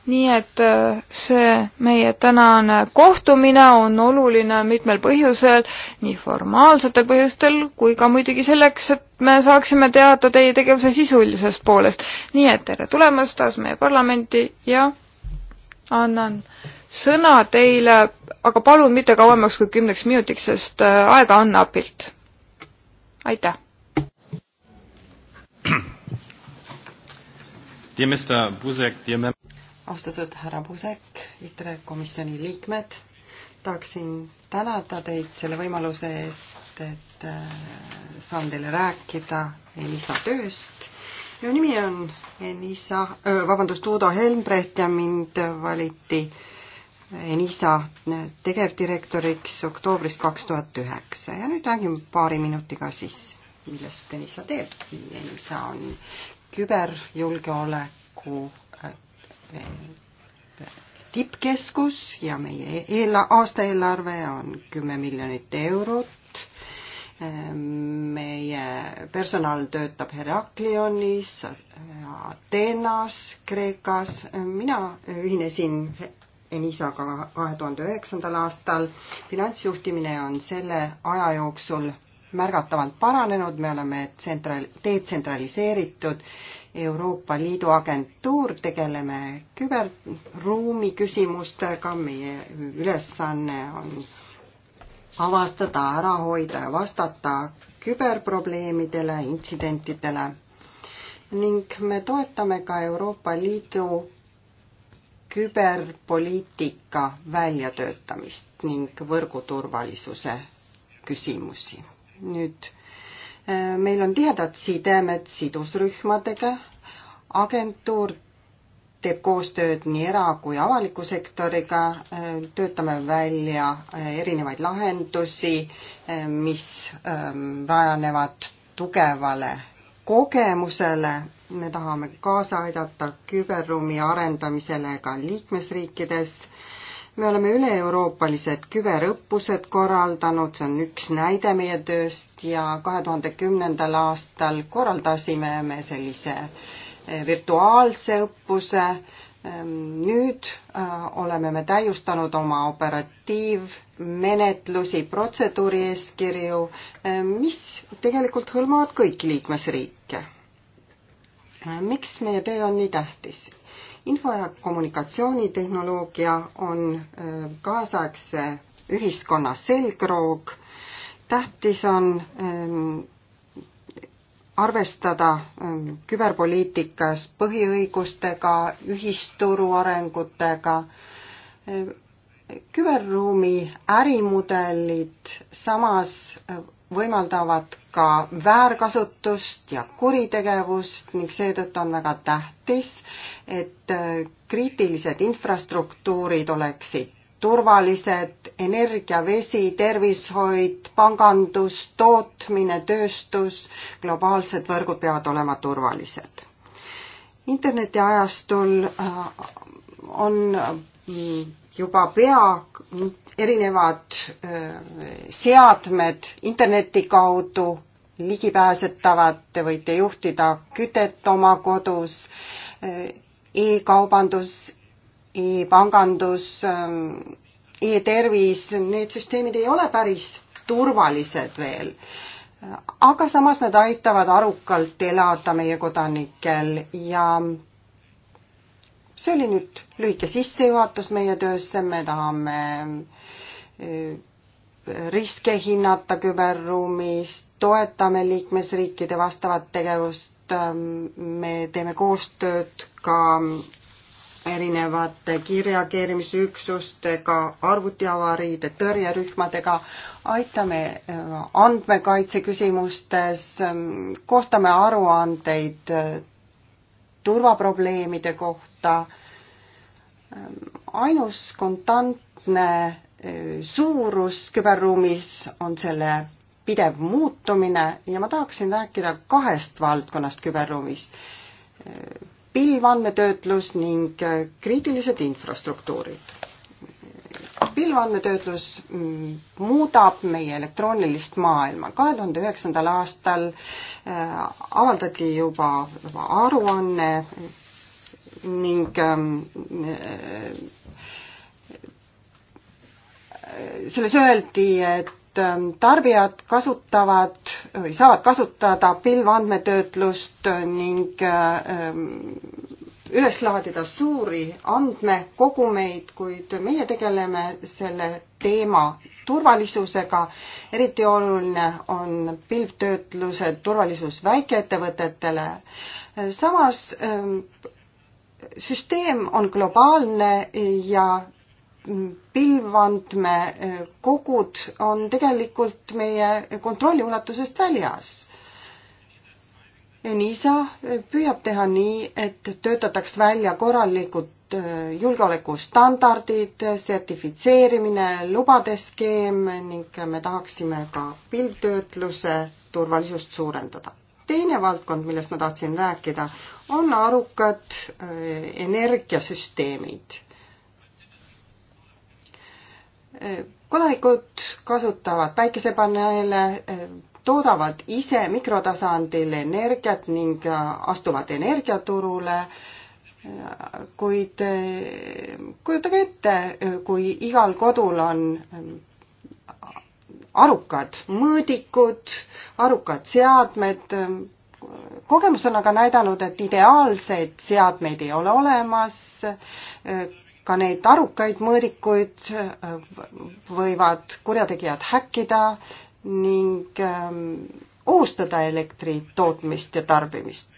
nii et äh, see meie tänane kohtumine on oluline mitmel põhjusel, nii formaalsetel põhjustel kui ka muidugi selleks, et me saaksime teada teie tegevuse sisulisest poolest. nii et tere tulemast taas meie parlamenti ja annan sõna teile, aga palun mitte kauemaks kui kümneks minutiks, sest äh, aega on napilt. aitäh. Dear Mr Buzek, dear member austatud härra Puusek, ITRE komisjoni liikmed, tahaksin tänada teid selle võimaluse eest, et äh, saan teile rääkida Elisa tööst. minu nimi on Elisa, vabandust, Udo Helmbrecht ja mind valiti äh, Elisa äh, tegevdirektoriks oktoobris kaks tuhat üheksa ja nüüd räägin paari minutiga siis, millest Elisa teeb. Elisa on küberjulgeoleku tippkeskus ja meie eela-, aastaeelarve on kümme miljonit eurot. meie personal töötab Heraklionis, Ateenas, Kreekas, mina ühinesin Enisaga kahe tuhande üheksandal aastal. finantsjuhtimine on selle aja jooksul märgatavalt paranenud, me oleme tsentral-, detsentraliseeritud Euroopa Liidu agentuur, tegeleme küberruumi küsimustega, meie ülesanne on avastada, ära hoida ja vastata küberprobleemidele, intsidentidele ning me toetame ka Euroopa Liidu küberpoliitika väljatöötamist ning võrguturvalisuse küsimusi. nüüd meil on tihedad sidemed sidusrühmadega, agentuur teeb koostööd nii era- kui avaliku sektoriga, töötame välja äh, erinevaid lahendusi, äh, mis ähm, rajanevad tugevale kogemusele, me tahame kaasa aidata küberruumi arendamisele ka liikmesriikides me oleme üle-euroopalised küberõppused korraldanud, see on üks näide meie tööst ja kahe tuhande kümnendal aastal korraldasime me sellise eh, virtuaalse õppuse. Ehm, nüüd eh, oleme me täiustanud oma operatiivmenetlusi, protseduuri eeskirju, ehm, mis tegelikult hõlmavad kõiki liikmesriike. miks meie töö on nii tähtis? info- ja kommunikatsioonitehnoloogia on äh, kaasaegse ühiskonna selgroog. tähtis on ähm, arvestada ähm, küberpoliitikas põhiõigustega, ühisturu arengutega, äh, küberruumi ärimudelid samas äh, võimaldavad ka väärkasutust ja kuritegevust ning seetõttu on väga tähtis, et äh, kriitilised infrastruktuurid oleksid turvalised, energia, vesi, tervishoid, pangandus, tootmine, tööstus, globaalsed võrgud peavad olema turvalised. internetiajastul äh, on mm, juba pea erinevad äh, seadmed interneti kaudu ligipääsetavad, te võite juhtida kütet oma kodus e, e-kaubandus e, e-pangandus e, e-tervis, need süsteemid ei ole päris turvalised veel. aga samas nad aitavad arukalt elada meie kodanikel ja see oli nüüd lühike sissejuhatus meie töösse, me tahame äh, riske hinnata küberruumis, toetame liikmesriikide vastavat tegevust, ähm, me teeme koostööd ka erinevate kiirreageerimisüksustega, arvutiavariide tõrjerühmadega, aitame äh, andmekaitse küsimustes, ähm, koostame aruandeid äh, turvaprobleemide kohta. ainus kontantne suurus küberruumis on selle pidev muutumine ja ma tahaksin rääkida kahest valdkonnast küberruumis. pilvandmetöötlus ning kriitilised infrastruktuurid pilveandmetöötlus mm, muudab meie elektroonilist maailma. kahe tuhande üheksandal aastal äh, avaldati juba aruanne ning ähm, äh, selles öeldi, et ähm, tarbijad kasutavad või saavad kasutada pilvandmetöötlust ning äh, ähm, üles laadida suuri andmekogumeid, kuid meie tegeleme selle teema turvalisusega. eriti oluline on pilvtöötluse turvalisus väikeettevõtetele. samas ähm, süsteem on globaalne ja mm, pilvandmekogud on tegelikult meie kontrolli ulatusest väljas NISA püüab teha nii, et töötataks välja korralikud äh, julgeolekustandardid, sertifitseerimine, lubade skeem ning me tahaksime ka pilvtöötluse turvalisust suurendada. teine valdkond, millest ma tahtsin rääkida, on arukad äh, energiasüsteemid äh, kodanikud kasutavad päikesepaneele, toodavad ise mikrotasandil energiat ning äh, astuvad energiaturule, äh, kuid äh, kujutage ette, kui igal kodul on ähm, arukad mõõdikud, arukad seadmed, ähm, kogemus on aga näidanud, et ideaalseid seadmeid ei ole olemas, ka neid arukaid mõõdikuid võivad kurjategijad häkkida, ning ähm, ohustada elektri tootmist ja tarbimist.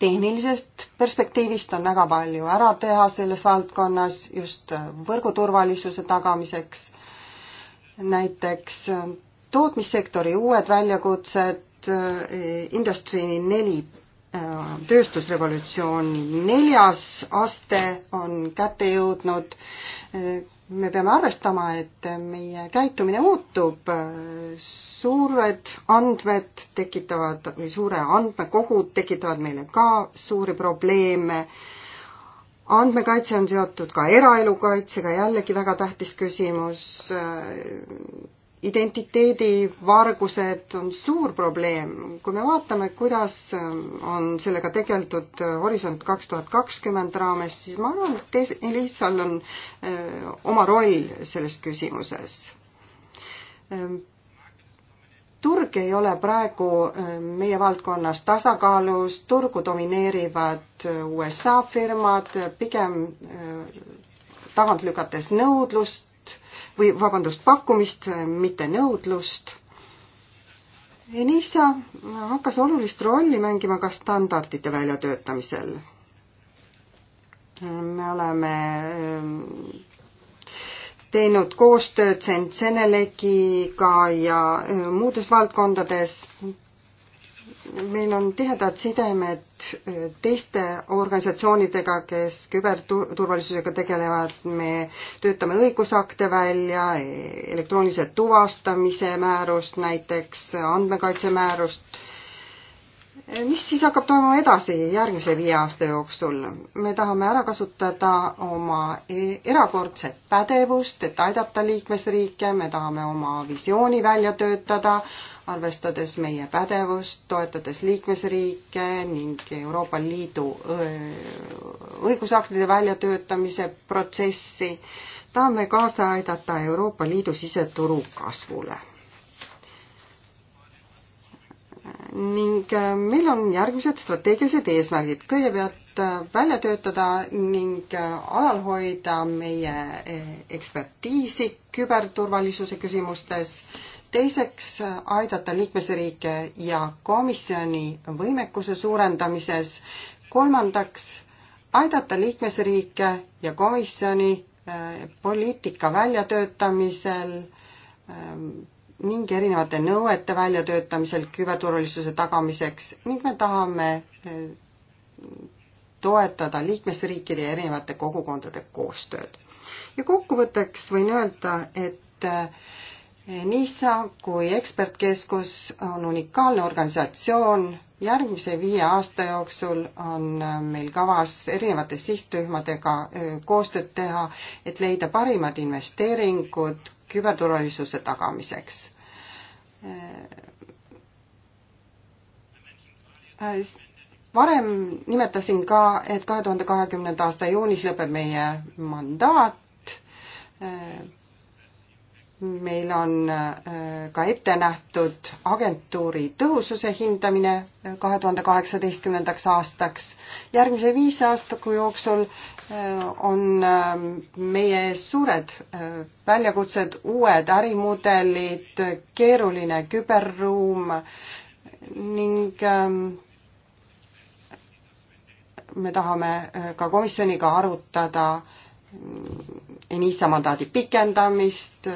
tehnilisest perspektiivist on väga palju ära teha selles valdkonnas just äh, võrguturvalisuse tagamiseks. näiteks äh, tootmissektori uued väljakutsed, äh, Industry neli tööstusrevolutsiooni neljas aste on kätte jõudnud me peame arvestama, et meie käitumine muutub, suured andmed tekitavad või suure andmekogud tekitavad meile ka suuri probleeme. andmekaitse on seotud ka eraelu kaitsega, jällegi väga tähtis küsimus identiteedivargused on suur probleem. kui me vaatame, kuidas ähm, on sellega tegeldud äh, Horisont kaks tuhat kakskümmend raames, siis ma arvan, et teis-, Elisal on öö, äh, oma roll selles küsimuses. Ähm, turg ei ole praegu äh, meie valdkonnas tasakaalus, turgu domineerivad USA firmad, pigem öö, tagant lükates nõudlust, või vabandust, pakkumist, mitte nõudlust. Enisa hakkas olulist rolli mängima ka standardite väljatöötamisel. me oleme ähm, teinud koostööd Sensenelekiga ja äh, muudes valdkondades meil on tihedad sidemed eh, teiste organisatsioonidega, kes küberturvalisusega tegelevad, me töötame õigusakte välja, e, elektroonilise tuvastamise määrust näiteks, andmekaitsemäärust, eh, mis siis hakkab toimuma edasi järgmise viie aasta jooksul? me tahame ära kasutada oma e, erakordset pädevust, et aidata liikmesriike, me tahame oma visiooni välja töötada, arvestades meie pädevust, toetades liikmesriike ning Euroopa Liidu õigusaktide väljatöötamise protsessi, tahame kaasa aidata Euroopa Liidu siseturu kasvule. ning meil on järgmised strateegilised eesmärgid. kõigepealt välja töötada ning alal hoida meie ekspertiisi küberturvalisuse küsimustes teiseks aidata liikmesriike ja komisjoni võimekuse suurendamises, kolmandaks aidata liikmesriike ja komisjoni eh, poliitika väljatöötamisel ehm, ning erinevate nõuete väljatöötamisel küberturvalisuse tagamiseks ning me tahame eh, toetada liikmesriikide ja erinevate kogukondade koostööd. ja kokkuvõtteks võin öelda, et eh, NISA kui ekspertkeskus on unikaalne organisatsioon, järgmise viie aasta jooksul on äh, meil kavas erinevate sihtrühmadega äh, koostööd teha, et leida parimad investeeringud küberturvalisuse tagamiseks äh, varem nimetasin ka, et kahe tuhande kahekümnenda aasta juunis lõpeb meie mandaat meil on äh, ka ette nähtud agentuuri tõhususe hindamine äh, kahe tuhande kaheksateistkümnendaks aastaks. järgmise viie aastaku jooksul äh, on meie ees suured väljakutsed, uued ärimudelid, keeruline küberruum ning ähm, me tahame ka komisjoniga arutada NISA mandaadi pikendamist,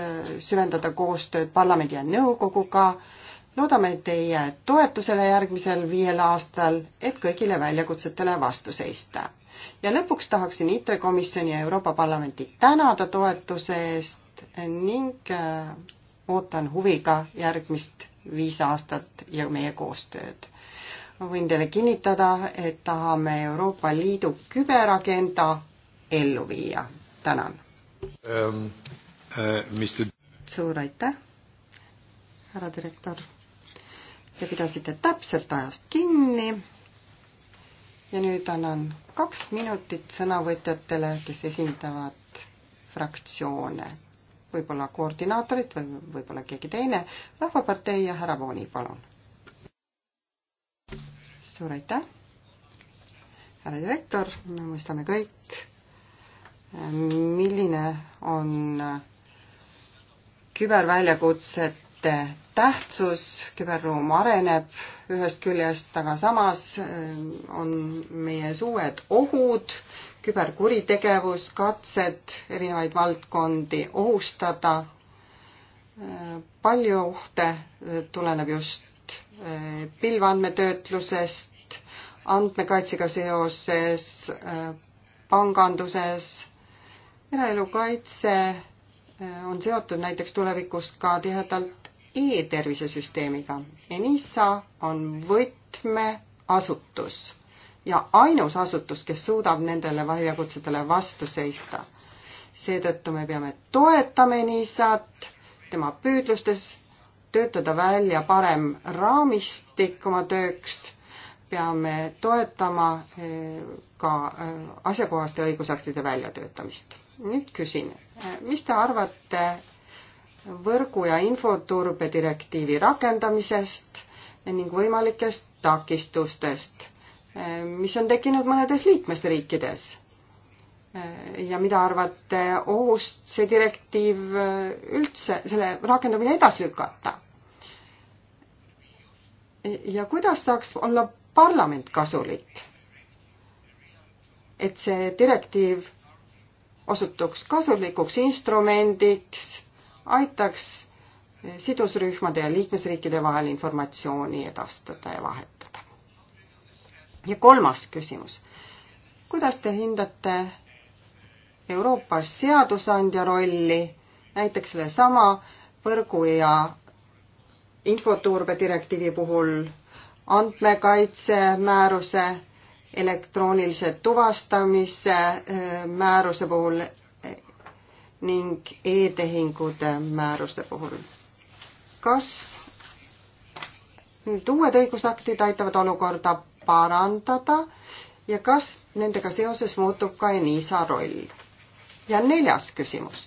süvendada koostööd parlamendi ja nõukoguga. loodame teie toetusele järgmisel viiel aastal, et kõigile väljakutsetele vastu seista. ja lõpuks tahaksin ITRE komisjoni ja Euroopa Parlamenti tänada toetuse eest ning äh, ootan huviga järgmist viis aastat ja meie koostööd ma võin teile kinnitada, et tahame Euroopa Liidu küberagenda ellu viia. tänan um,. Uh, Mr... suur aitäh, härra direktor. Te pidasite täpselt ajast kinni. ja nüüd annan kaks minutit sõnavõtjatele, kes esindavad fraktsioone, võib-olla koordinaatorid või võib-olla keegi teine. rahvapartei ja härra Vooni, palun suur aitäh, härra direktor, me mõistame kõik, milline on küberväljakutsete tähtsus, küberruum areneb ühest küljest, aga samas eh, on meie suured ohud, küberkuritegevus, katsed erinevaid valdkondi ohustada. Eh, palju ohte eh, tuleneb just pilvandmetöötlusest, andmekaitsega seoses, panganduses eraelu kaitse äh, on seotud näiteks tulevikus ka tihedalt e-tervisesüsteemiga. Enisa on võtmeasutus ja ainus asutus, kes suudab nendele väljakutsetele vastu seista. seetõttu me peame toetama Enisat tema püüdlustes töötada välja parem raamistik oma tööks, peame toetama äh, ka äh, asjakohaste õigusaktide väljatöötamist nüüd küsin, mis te arvate võrgu- ja infoturbe direktiivi rakendamisest ning võimalikest takistustest, mis on tekkinud mõnedes liikmesriikides? ja mida arvate ohust see direktiiv üldse, selle rakendamine edasi lükata? ja kuidas saaks olla parlament kasulik? et see direktiiv osutuks kasulikuks instrumendiks, aitaks sidusrühmade ja liikmesriikide vahel informatsiooni edastada ja vahetada. ja kolmas küsimus. kuidas te hindate Euroopas seadusandja rolli näiteks sellesama võrgu ja infoturbe direktiivi puhul andmekaitsemääruse elektroonilise tuvastamise äh, määruse puhul äh, ning e-tehingute määruste puhul. kas need uued õigusaktid aitavad olukorda parandada ja kas nendega seoses muutub ka Enisa roll? ja neljas küsimus.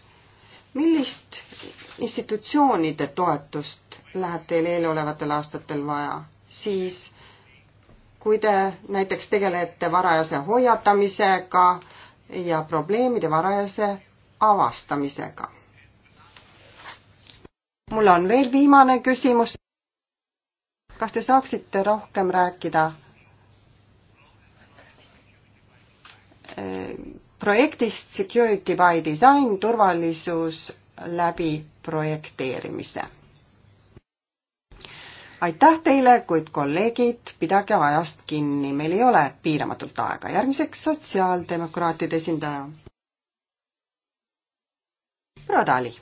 millist institutsioonide toetust läheb teil eelolevatel aastatel vaja? siis kui te näiteks tegelete varajase hoiatamisega ja probleemide varajase avastamisega. mul on veel viimane küsimus. kas te saaksite rohkem rääkida eh, projektist Security by Design turvalisus läbi projekteerimise? aitäh teile, kuid kolleegid, pidage ajast kinni, meil ei ole piiramatult aega. järgmiseks sotsiaaldemokraatide esindaja. proua Tali.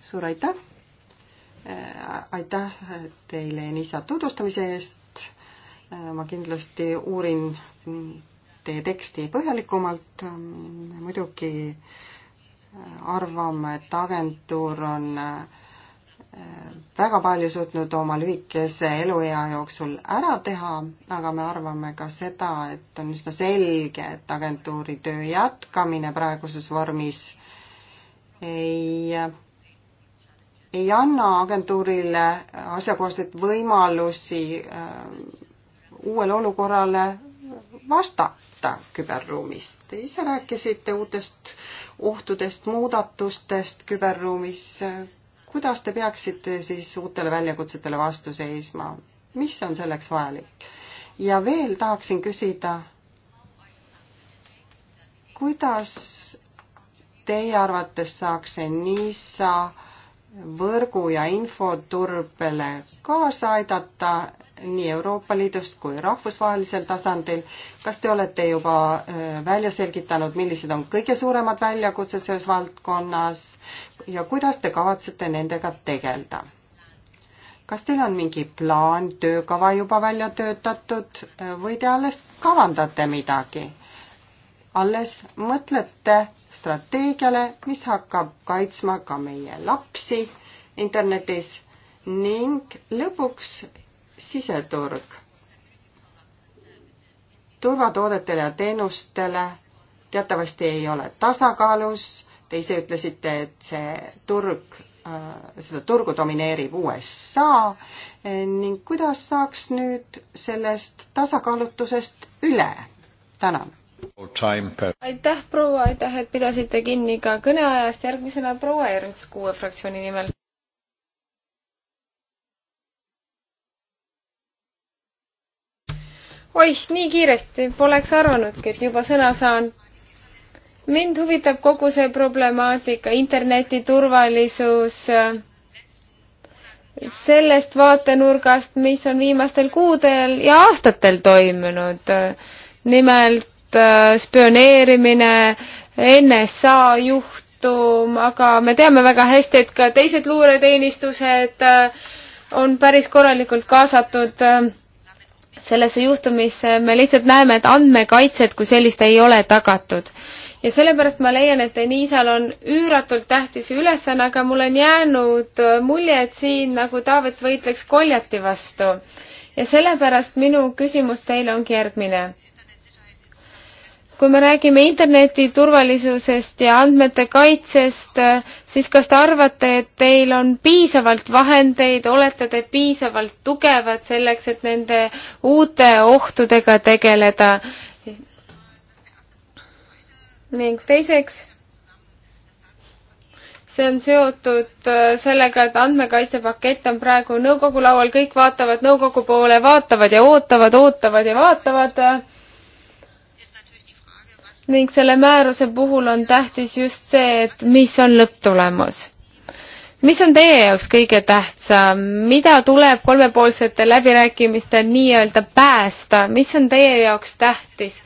suur aitäh. Äh, aitäh teile, Enisa, tutvustamise eest. Äh, ma kindlasti uurin teie teksti põhjalikumalt. muidugi arvame, et agentuur on äh, väga palju suutnud oma lühikese eluea jooksul ära teha, aga me arvame ka seda, et on üsna selge, et agentuuri töö jätkamine praeguses vormis ei, ei anna agentuurile asjakohaseid võimalusi äh, uuele olukorrale vastata küberruumis. Te ise rääkisite uutest ohtudest, muudatustest küberruumis kuidas te peaksite siis uutele väljakutsetele vastu seisma? mis on selleks vajalik? ja veel tahaksin küsida, kuidas teie arvates saaks see NISA võrgu ja infoturbele kaasa aidata, nii Euroopa Liidust kui rahvusvahelisel tasandil. kas te olete juba äh, välja selgitanud, millised on kõige suuremad väljakutsed selles valdkonnas ja kuidas te kavatsete nendega tegeleda? kas teil on mingi plaan, töökava juba välja töötatud äh, või te alles kavandate midagi? alles mõtlete strateegiale, mis hakkab kaitsma ka meie lapsi internetis ning lõpuks siseturg turvatoodetele ja teenustele teatavasti ei ole tasakaalus. Te ise ütlesite, et see turg, äh, seda turgu domineerib USA ning kuidas saaks nüüd sellest tasakaalutusest üle? tänan. aitäh, proua, aitäh, et pidasite kinni ka kõneajast. järgmisena proua Ernst kuue fraktsiooni nimel. oih, nii kiiresti, poleks arvanudki, et juba sõna saan. mind huvitab kogu see problemaatika, interneti turvalisus, sellest vaatenurgast, mis on viimastel kuudel ja aastatel toimunud. nimelt äh, spioneerimine, NSA juhtum, aga me teame väga hästi, et ka teised luureteenistused äh, on päris korralikult kaasatud äh, sellesse juhtumisse me lihtsalt näeme, et andmekaitset kui sellist ei ole tagatud. ja sellepärast ma leian, et Enisal on üüratult tähtis ülesanne, aga mul on jäänud mulje, et siin nagu Taavet võitleks koljati vastu. ja sellepärast minu küsimus teile ongi järgmine kui me räägime interneti turvalisusest ja andmete kaitsest, siis kas te arvate, et teil on piisavalt vahendeid, olete te piisavalt tugevad selleks, et nende uute ohtudega tegeleda? ning teiseks, see on seotud äh, sellega, et andmekaitsepakett on praegu nõukogu laual, kõik vaatavad nõukogu poole, vaatavad ja ootavad, ootavad ja vaatavad ning selle määruse puhul on tähtis just see, et mis on lõpptulemus. mis on teie jaoks kõige tähtsam, mida tuleb kolmepoolsete läbirääkimiste nii-öelda päästa, mis on teie jaoks tähtis?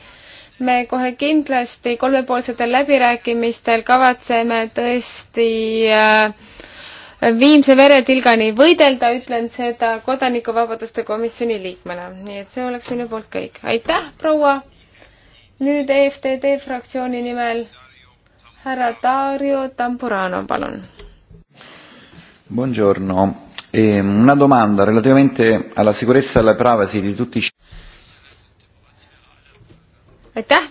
me kohe kindlasti kolmepoolsetel läbirääkimistel kavatseme tõesti äh, viimse veretilgani võidelda, ütlen seda kodanikuvabaduste komisjoni liikmena. nii et see oleks minu poolt kõik. aitäh, proua nüüd EFTD fraktsiooni nimel härra Dario Tampurano, palun. Buongiorno e, una domanda relativamente alla sicurezza e alla privacy di tutti i aitäh!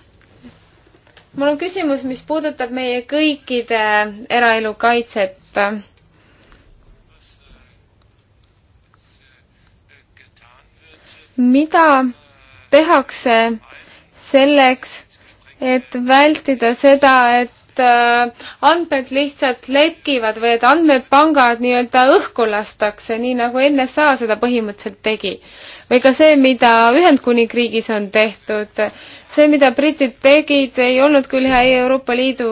mul on küsimus, mis puudutab meie kõikide eraelu kaitset. mida tehakse selleks, et vältida seda, et äh, andmed lihtsalt lekivad või et andmepangad nii-öelda õhku lastakse, nii nagu NSA seda põhimõtteliselt tegi. või ka see, mida Ühendkuningriigis on tehtud, see, mida britid tegid, ei olnud küll hea ei Euroopa Liidu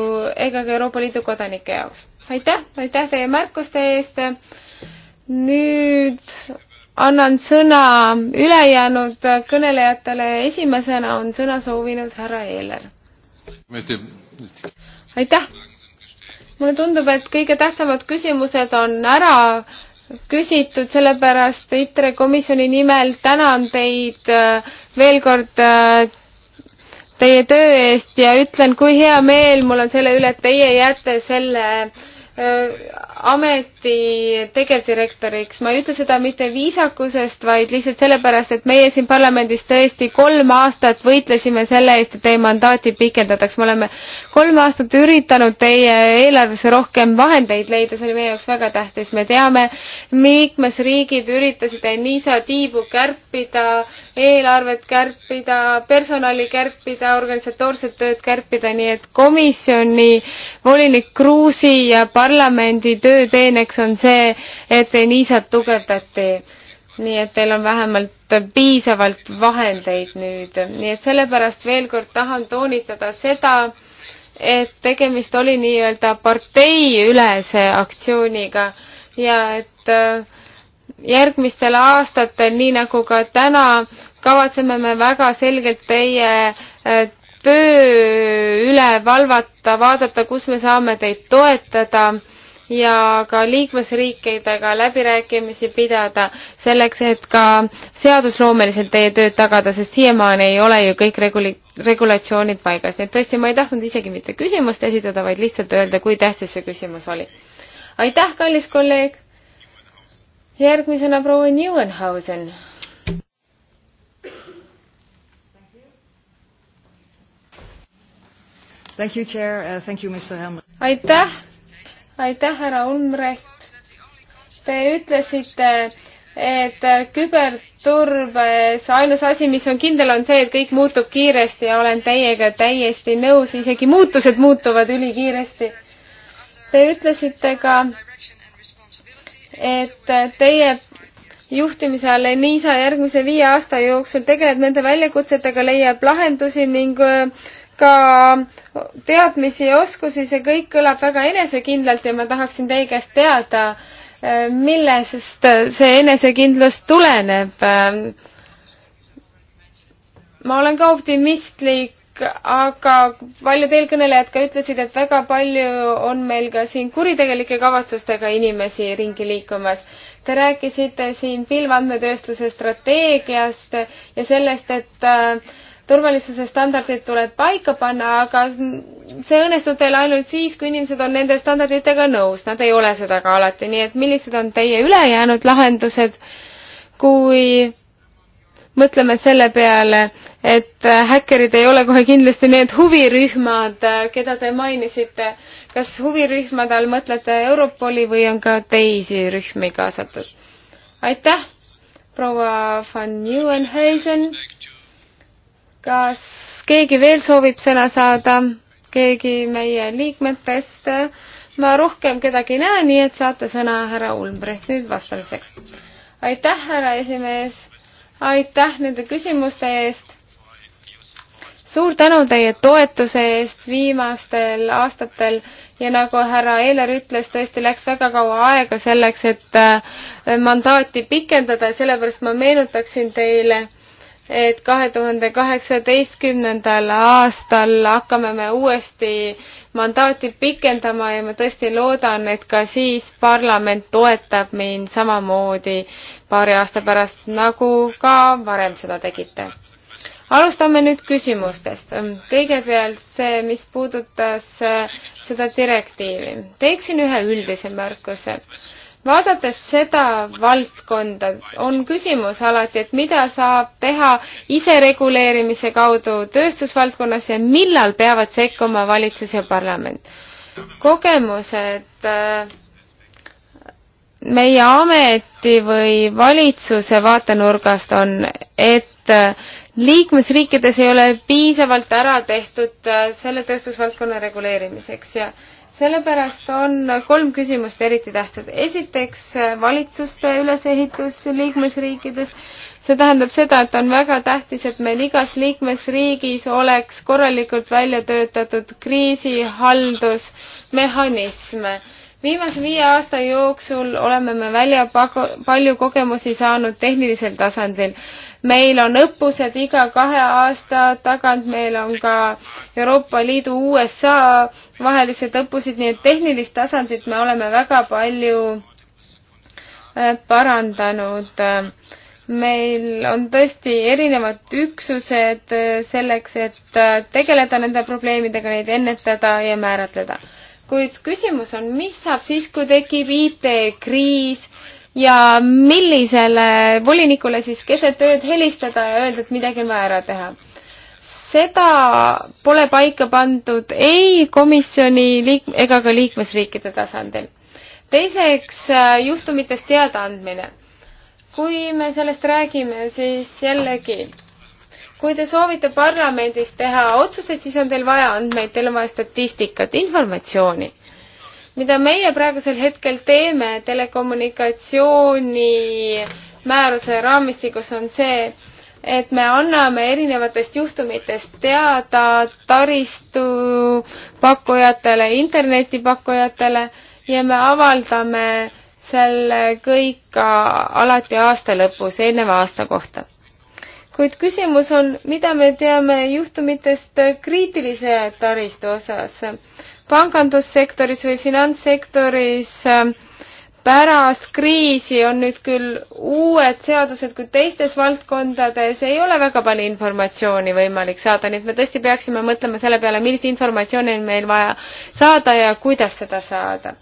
ega ka Euroopa Liidu kodanike jaoks. aitäh, aitäh teie märkuste eest. nüüd annan sõna ülejäänud kõnelejatele. esimesena on sõna soovinud härra Eeler. aitäh! mulle tundub, et kõige tähtsamad küsimused on ära küsitud, sellepärast ITRE komisjoni nimel tänan teid äh, veel kord äh, teie töö eest ja ütlen, kui hea meel mul on selle üle, et teie jääte selle äh, ameti tegevdirektoriks. ma ei ütle seda mitte viisakusest, vaid lihtsalt sellepärast, et meie siin parlamendis tõesti kolm aastat võitlesime selle eest, et teie mandaati pikendataks. me oleme kolm aastat üritanud teie eelarvesse rohkem vahendeid leida, see oli meie jaoks väga tähtis. me teame, liikmesriigid üritasid niisa tiibu kärpida eelarvet kärpida, personali kärpida, organisatoorset tööd kärpida, nii et komisjoni volinik Kruusi ja parlamendi töö teeneks on see, et Enisat tugevdati nii et teil on vähemalt piisavalt vahendeid nüüd, nii et sellepärast veel kord tahan toonitada seda, et tegemist oli nii-öelda parteiülese aktsiooniga ja et äh, järgmistel aastatel, nii nagu ka täna, kavatseme me väga selgelt teie eh, töö üle valvata, vaadata, kus me saame teid toetada ja ka liikmesriikidega läbirääkimisi pidada selleks, et ka seadusloomeliselt teie tööd tagada, sest siiamaani ei ole ju kõik reguli-, regulatsioonid paigas, nii et tõesti, ma ei tahtnud isegi mitte küsimust esitada, vaid lihtsalt öelda, kui tähtis see küsimus oli. aitäh, kallis kolleeg! järgmisena proua Neuenhausen Thank you, chair uh,, thank you, Mr Helmer. aitäh, aitäh, härra Ulmrecht. Te ütlesite, et küberturbes ainus asi, mis on kindel, on see, et kõik muutub kiiresti ja olen teiega täiesti nõus, isegi muutused muutuvad ülikiiresti. Te ütlesite ka, et teie juhtimise all Enisa järgmise viie aasta jooksul tegeleb nende väljakutsetega, leiab lahendusi ning äh, ka teadmisi ja oskusi, see kõik kõlab väga enesekindlalt ja ma tahaksin teie käest teada, millest see enesekindlus tuleneb. ma olen ka optimistlik, aga paljud eelkõnelejad ka ütlesid, et väga palju on meil ka siin kuritegelike kavatsustega inimesi ringi liikumas. Te rääkisite siin pilvandmetööstuse strateegiast ja sellest, et äh, turvalisuse standardid tuleb paika panna, aga see õnnestub teil ainult siis, kui inimesed on nende standarditega nõus, nad ei ole seda ka alati, nii et millised on teie ülejäänud lahendused, kui mõtleme selle peale, et häkkerid ei ole kohe kindlasti need huvirühmad, keda te mainisite. kas huvirühmade all mõtlete Europoli või on ka teisi rühmi kaasatud? aitäh, proua van Nieuwenhuisen kas keegi veel soovib sõna saada? keegi meie liikmetest? ma rohkem kedagi ei näe, nii et saate sõna härra Ulmbrecht nüüd vastamiseks. aitäh, härra esimees. aitäh nende küsimuste eest. suur tänu teie toetuse eest viimastel aastatel ja nagu härra Eeler ütles, tõesti läks väga kaua aega selleks, et äh, mandaati pikendada ja sellepärast ma meenutaksin teile et kahe tuhande kaheksateistkümnendal aastal hakkame me uuesti mandaati pikendama ja ma tõesti loodan, et ka siis parlament toetab mind samamoodi paari aasta pärast, nagu ka varem seda tegite. alustame nüüd küsimustest. kõigepealt see, mis puudutas äh, seda direktiivi. teeksin ühe üldise märkuse vaadates seda valdkonda, on küsimus alati, et mida saab teha isereguleerimise kaudu tööstusvaldkonnas ja millal peavad sekkuma valitsus ja parlament. kogemused äh, meie ameti või valitsuse vaatenurgast on, et äh, liikmesriikides ei ole piisavalt ära tehtud äh, selle tööstusvaldkonna reguleerimiseks ja sellepärast on kolm küsimust eriti tähtsad. esiteks valitsuste ülesehitus liikmesriikides. see tähendab seda, et on väga tähtis, et meil igas liikmesriigis oleks korralikult välja töötatud kriisihaldusmehhanism. viimase viie aasta jooksul oleme me välja paku-, palju kogemusi saanud tehnilisel tasandil meil on õppused iga kahe aasta tagant, meil on ka Euroopa Liidu, USA vahelised õppused, nii et tehnilist tasandit me oleme väga palju äh, parandanud. meil on tõesti erinevad üksused äh, selleks, et äh, tegeleda nende probleemidega, neid ennetada ja määratleda kuid küsimus on, mis saab siis, kui tekib IT-kriis ja millisele volinikule siis keset ööd helistada ja öelda, et midagi on vaja ära teha. seda pole paika pandud ei komisjoni liik- ega ka liikmesriikide tasandil. teiseks äh, juhtumitest teadaandmine. kui me sellest räägime, siis jällegi kui te soovite parlamendis teha otsuseid, siis on teil vaja andmeid, teil on vaja statistikat, informatsiooni mida meie praegusel hetkel teeme telekommunikatsiooni määruse raamistikus, on see, et me anname erinevatest juhtumitest teada taristupakkujatele, internetipakkujatele ja me avaldame selle kõik ka alati aasta lõpus, eelneva aasta kohta. kuid küsimus on, mida me teame juhtumitest kriitilise taristu osas pangandussektoris või finantssektoris ähm, pärast kriisi on nüüd küll uued seadused, kuid teistes valdkondades ei ole väga palju informatsiooni võimalik saada, nii et me tõesti peaksime mõtlema selle peale, millist informatsiooni on meil vaja saada ja kuidas seda saada.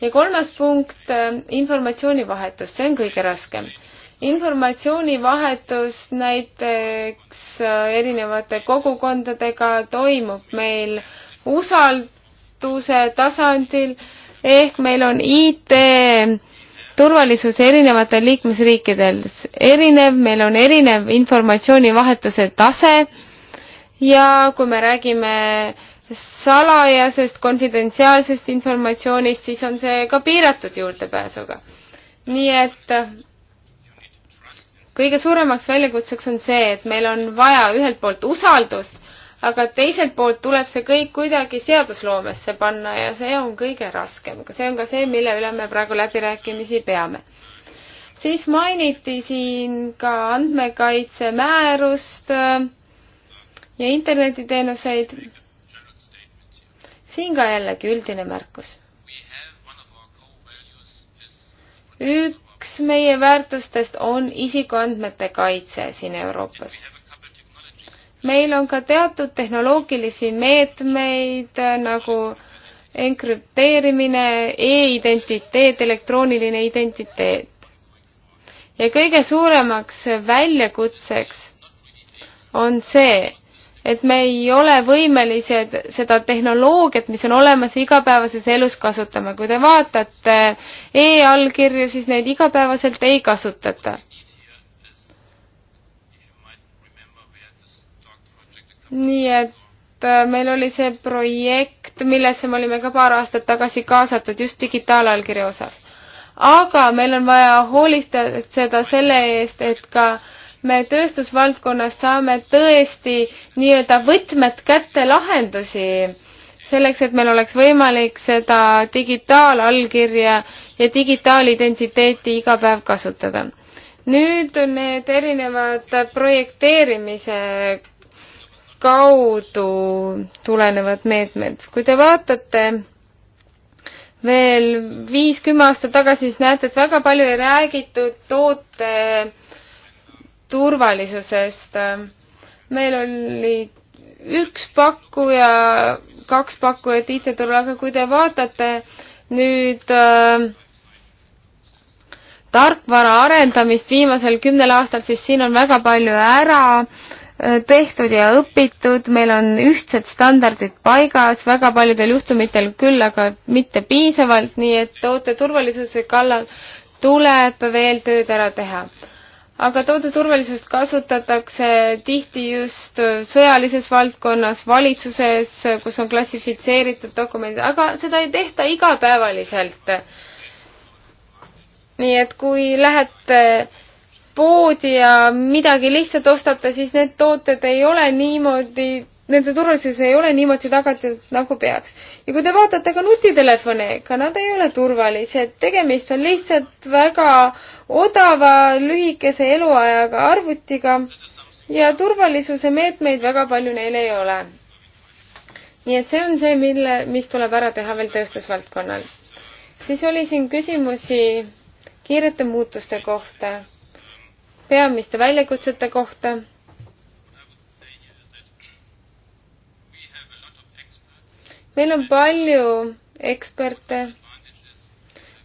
ja kolmas punkt, ähm, informatsioonivahetus, see on kõige raskem informatsioonivahetus näiteks äh, erinevate kogukondadega toimub meil usald-, juhatuse tasandil ehk meil on IT turvalisus erinevatel liikmesriikidel erinev, meil on erinev informatsioonivahetuse tase ja kui me räägime salajasest konfidentsiaalsest informatsioonist, siis on see ka piiratud juurdepääsuga. nii et kõige suuremaks väljakutseks on see, et meil on vaja ühelt poolt usaldust, aga teiselt poolt tuleb see kõik kuidagi seadusloomesse panna ja see on kõige raskem, aga see on ka see, mille üle me praegu läbirääkimisi peame. siis mainiti siin ka andmekaitsemäärust äh, ja internetiteenuseid. siin ka jällegi üldine märkus. üks meie väärtustest on isikuandmete kaitse siin Euroopas meil on ka teatud tehnoloogilisi meetmeid äh, nagu enkrüpteerimine e, e-identiteet, elektrooniline identiteet. ja kõige suuremaks väljakutseks on see, et me ei ole võimelised seda tehnoloogiat, mis on olemas igapäevases elus kasutama. kui te vaatate e-allkirju, siis neid igapäevaselt ei kasutata nii et äh, meil oli see projekt, millesse me olime ka paar aastat tagasi kaasatud just digitaalallkirja osas. aga meil on vaja hoolitseda selle eest, et ka me tööstusvaldkonnas saame tõesti nii-öelda võtmed kätte lahendusi selleks, et meil oleks võimalik seda digitaalallkirja ja digitaalidentiteeti iga päev kasutada. nüüd need erinevad projekteerimise kaudu tulenevad meetmed. kui te vaatate veel viis, kümme aastat tagasi, siis näete, et väga palju ei räägitud toote turvalisusest. meil oli üks pakkuja, kaks pakkujat IT-turul, aga kui te vaatate nüüd äh, tarkvara arendamist viimasel kümnel aastal, siis siin on väga palju ära äh, tehtud ja õpitud, meil on ühtsed standardid paigas, väga paljudel juhtumitel küll, aga mitte piisavalt, nii et toote turvalisuse kallal tuleb veel tööd ära teha. aga toote turvalisust kasutatakse tihti just sõjalises valdkonnas, valitsuses, kus on klassifitseeritud dokumendid, aga seda ei tehta igapäevaliselt. nii et kui lähete poodi ja midagi lihtsalt ostate, siis need tooted ei ole niimoodi, nende turvalisus ei ole niimoodi tagatud, nagu peaks. ja kui te vaatate ka nutitelefone, ega nad ei ole turvalised, tegemist on lihtsalt väga odava lühikese eluajaga arvutiga ja turvalisuse meetmeid väga palju neil ei ole. nii et see on see, mille, mis tuleb ära teha veel tööstusvaldkonnal. siis oli siin küsimusi kiirete muutuste kohta peamiste väljakutsete kohta. meil on palju eksperte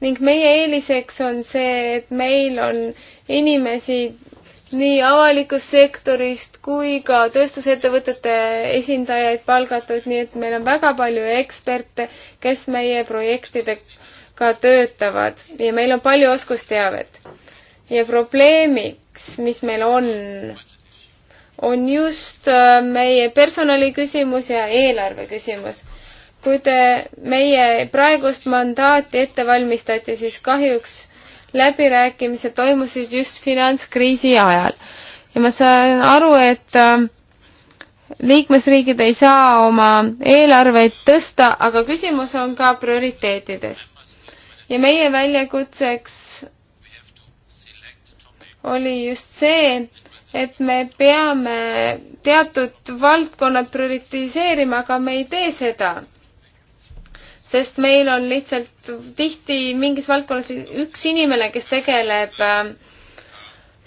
ning meie eeliseks on see, et meil on inimesi nii avalikust sektorist kui ka tööstusettevõtete esindajaid palgatud, nii et meil on väga palju eksperte, kes meie projektidega töötavad ja meil on palju oskusteavet. ja probleemi probleemiks, mis meil on, on just äh, meie personali küsimus ja eelarve küsimus. kui te meie praegust mandaati ette valmistate, siis kahjuks läbirääkimised toimusid just finantskriisi ajal ja ma saan aru, et äh, liikmesriigid ei saa oma eelarveid tõsta, aga küsimus on ka prioriteetides. ja meie väljakutseks oli just see, et me peame teatud valdkonnad prioritiseerima, aga me ei tee seda. sest meil on lihtsalt tihti mingis valdkonnas üks inimene, kes tegeleb äh,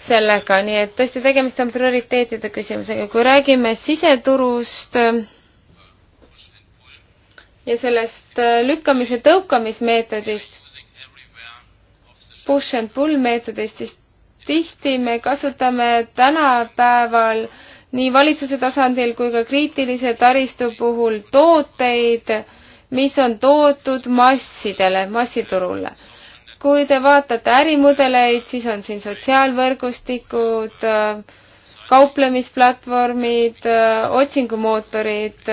sellega, nii et tõesti, tegemist on prioriteetide küsimusega. kui räägime siseturust äh, ja sellest äh, lükkamise-tõukamismeetodist, push and pull meetodist, siis tihti me kasutame tänapäeval nii valitsuse tasandil kui ka kriitilise taristu puhul tooteid, mis on toodud massidele, massiturule. kui te vaatate ärimudeleid, siis on siin sotsiaalvõrgustikud, kauplemisplatvormid, otsingumootorid,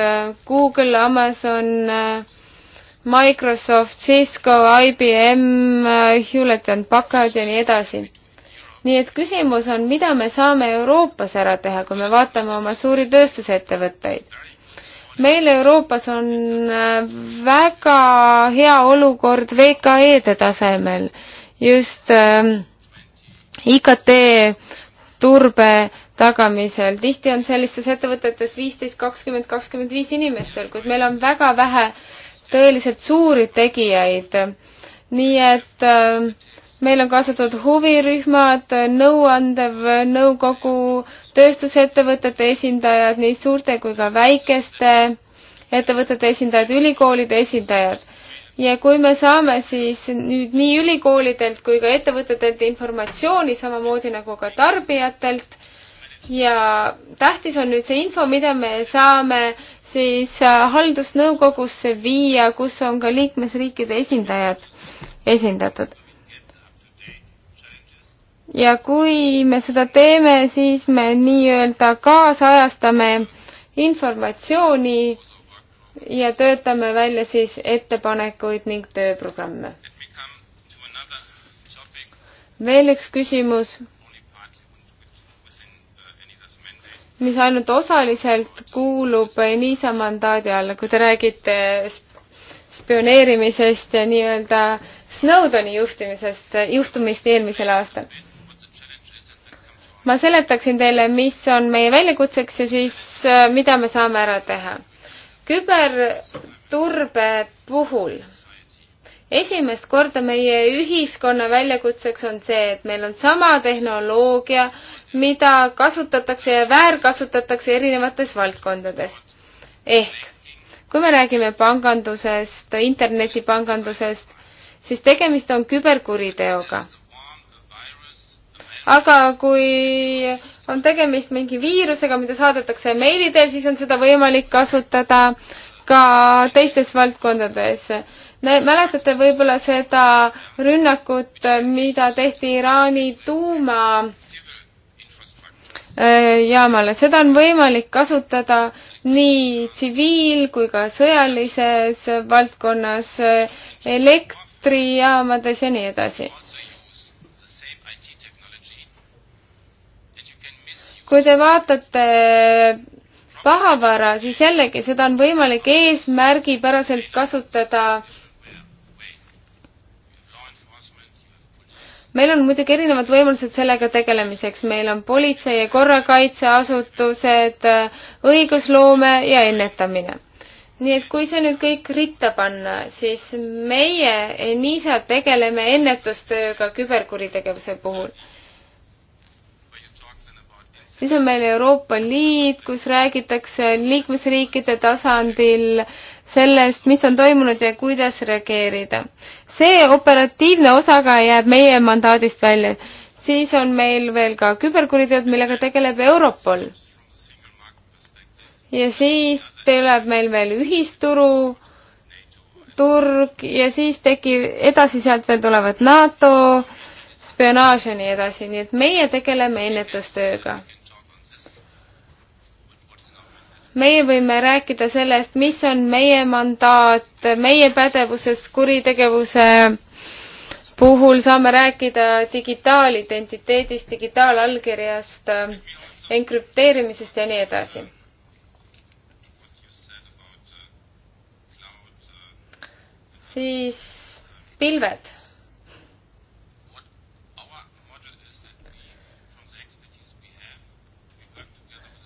Google, Amazon, Microsoft, Cisco, IBM, Hewlett and Packard ja nii edasi nii et küsimus on, mida me saame Euroopas ära teha, kui me vaatame oma suuri tööstusettevõtteid. meil Euroopas on äh, väga hea olukord VKE-de tasemel, just äh, IKT turbe tagamisel, tihti on sellistes ettevõtetes viisteist, kakskümmend, kakskümmend viis inimestel, kuid meil on väga vähe tõeliselt suuri tegijaid. nii et äh, meil on kaasatud huvirühmad, nõuandev nõukogu, tööstusettevõtete esindajad, nii suurte kui ka väikeste ettevõtete esindajad, ülikoolide esindajad. ja kui me saame siis nüüd nii ülikoolidelt kui ka ettevõtetelt informatsiooni, samamoodi nagu ka tarbijatelt, ja tähtis on nüüd see info, mida me saame siis äh, haldusnõukogusse viia, kus on ka liikmesriikide esindajad esindatud ja kui me seda teeme, siis me nii-öelda kaasajastame informatsiooni ja töötame välja siis ettepanekuid ning tööprogramme. veel üks küsimus, mis ainult osaliselt kuulub Enisa mandaadi alla, kui te räägite spioneerimisest ja nii-öelda Snowdoni juhtimisest, juhtumist eelmisel aastal ma seletaksin teile, mis on meie väljakutseks ja siis äh, mida me saame ära teha. küberturbe puhul esimest korda meie ühiskonna väljakutseks on see, et meil on sama tehnoloogia, mida kasutatakse ja väärkasutatakse erinevates valdkondades. ehk kui me räägime pangandusest, internetipangandusest, siis tegemist on küberkuriteoga aga kui on tegemist mingi viirusega, mida saadetakse meili teel, siis on seda võimalik kasutada ka teistes valdkondades. mäletate võib-olla seda rünnakut, mida tehti Iraani tuumajaamale, äh, seda on võimalik kasutada nii tsiviil kui ka sõjalises valdkonnas, äh, elektrijaamades ja nii edasi kui te vaatate pahavara, siis jällegi seda on võimalik eesmärgipäraselt kasutada. meil on muidugi erinevad võimalused sellega tegelemiseks, meil on politsei ja korrakaitseasutused, õigusloome ja ennetamine. nii et kui see nüüd kõik ritta panna, siis meie, NISA, tegeleme ennetustööga küberkuritegevuse puhul siis on meil Euroopa Liit, kus räägitakse liikmesriikide tasandil sellest, mis on toimunud ja kuidas reageerida. see operatiivne osa ka jääb meie mandaadist välja. siis on meil veel ka küberkuriteod, millega tegeleb Europol. ja siis tuleb meil veel ühisturu turg ja siis tekib, edasi sealt veel tulevad NATO spionaaž ja nii edasi, nii et meie tegeleme ennetustööga meie võime rääkida sellest, mis on meie mandaat, meie pädevuses kuritegevuse puhul saame rääkida digitaalidentiteedist, digitaalallkirjast, enkrüpteerimisest ja nii edasi. siis pilved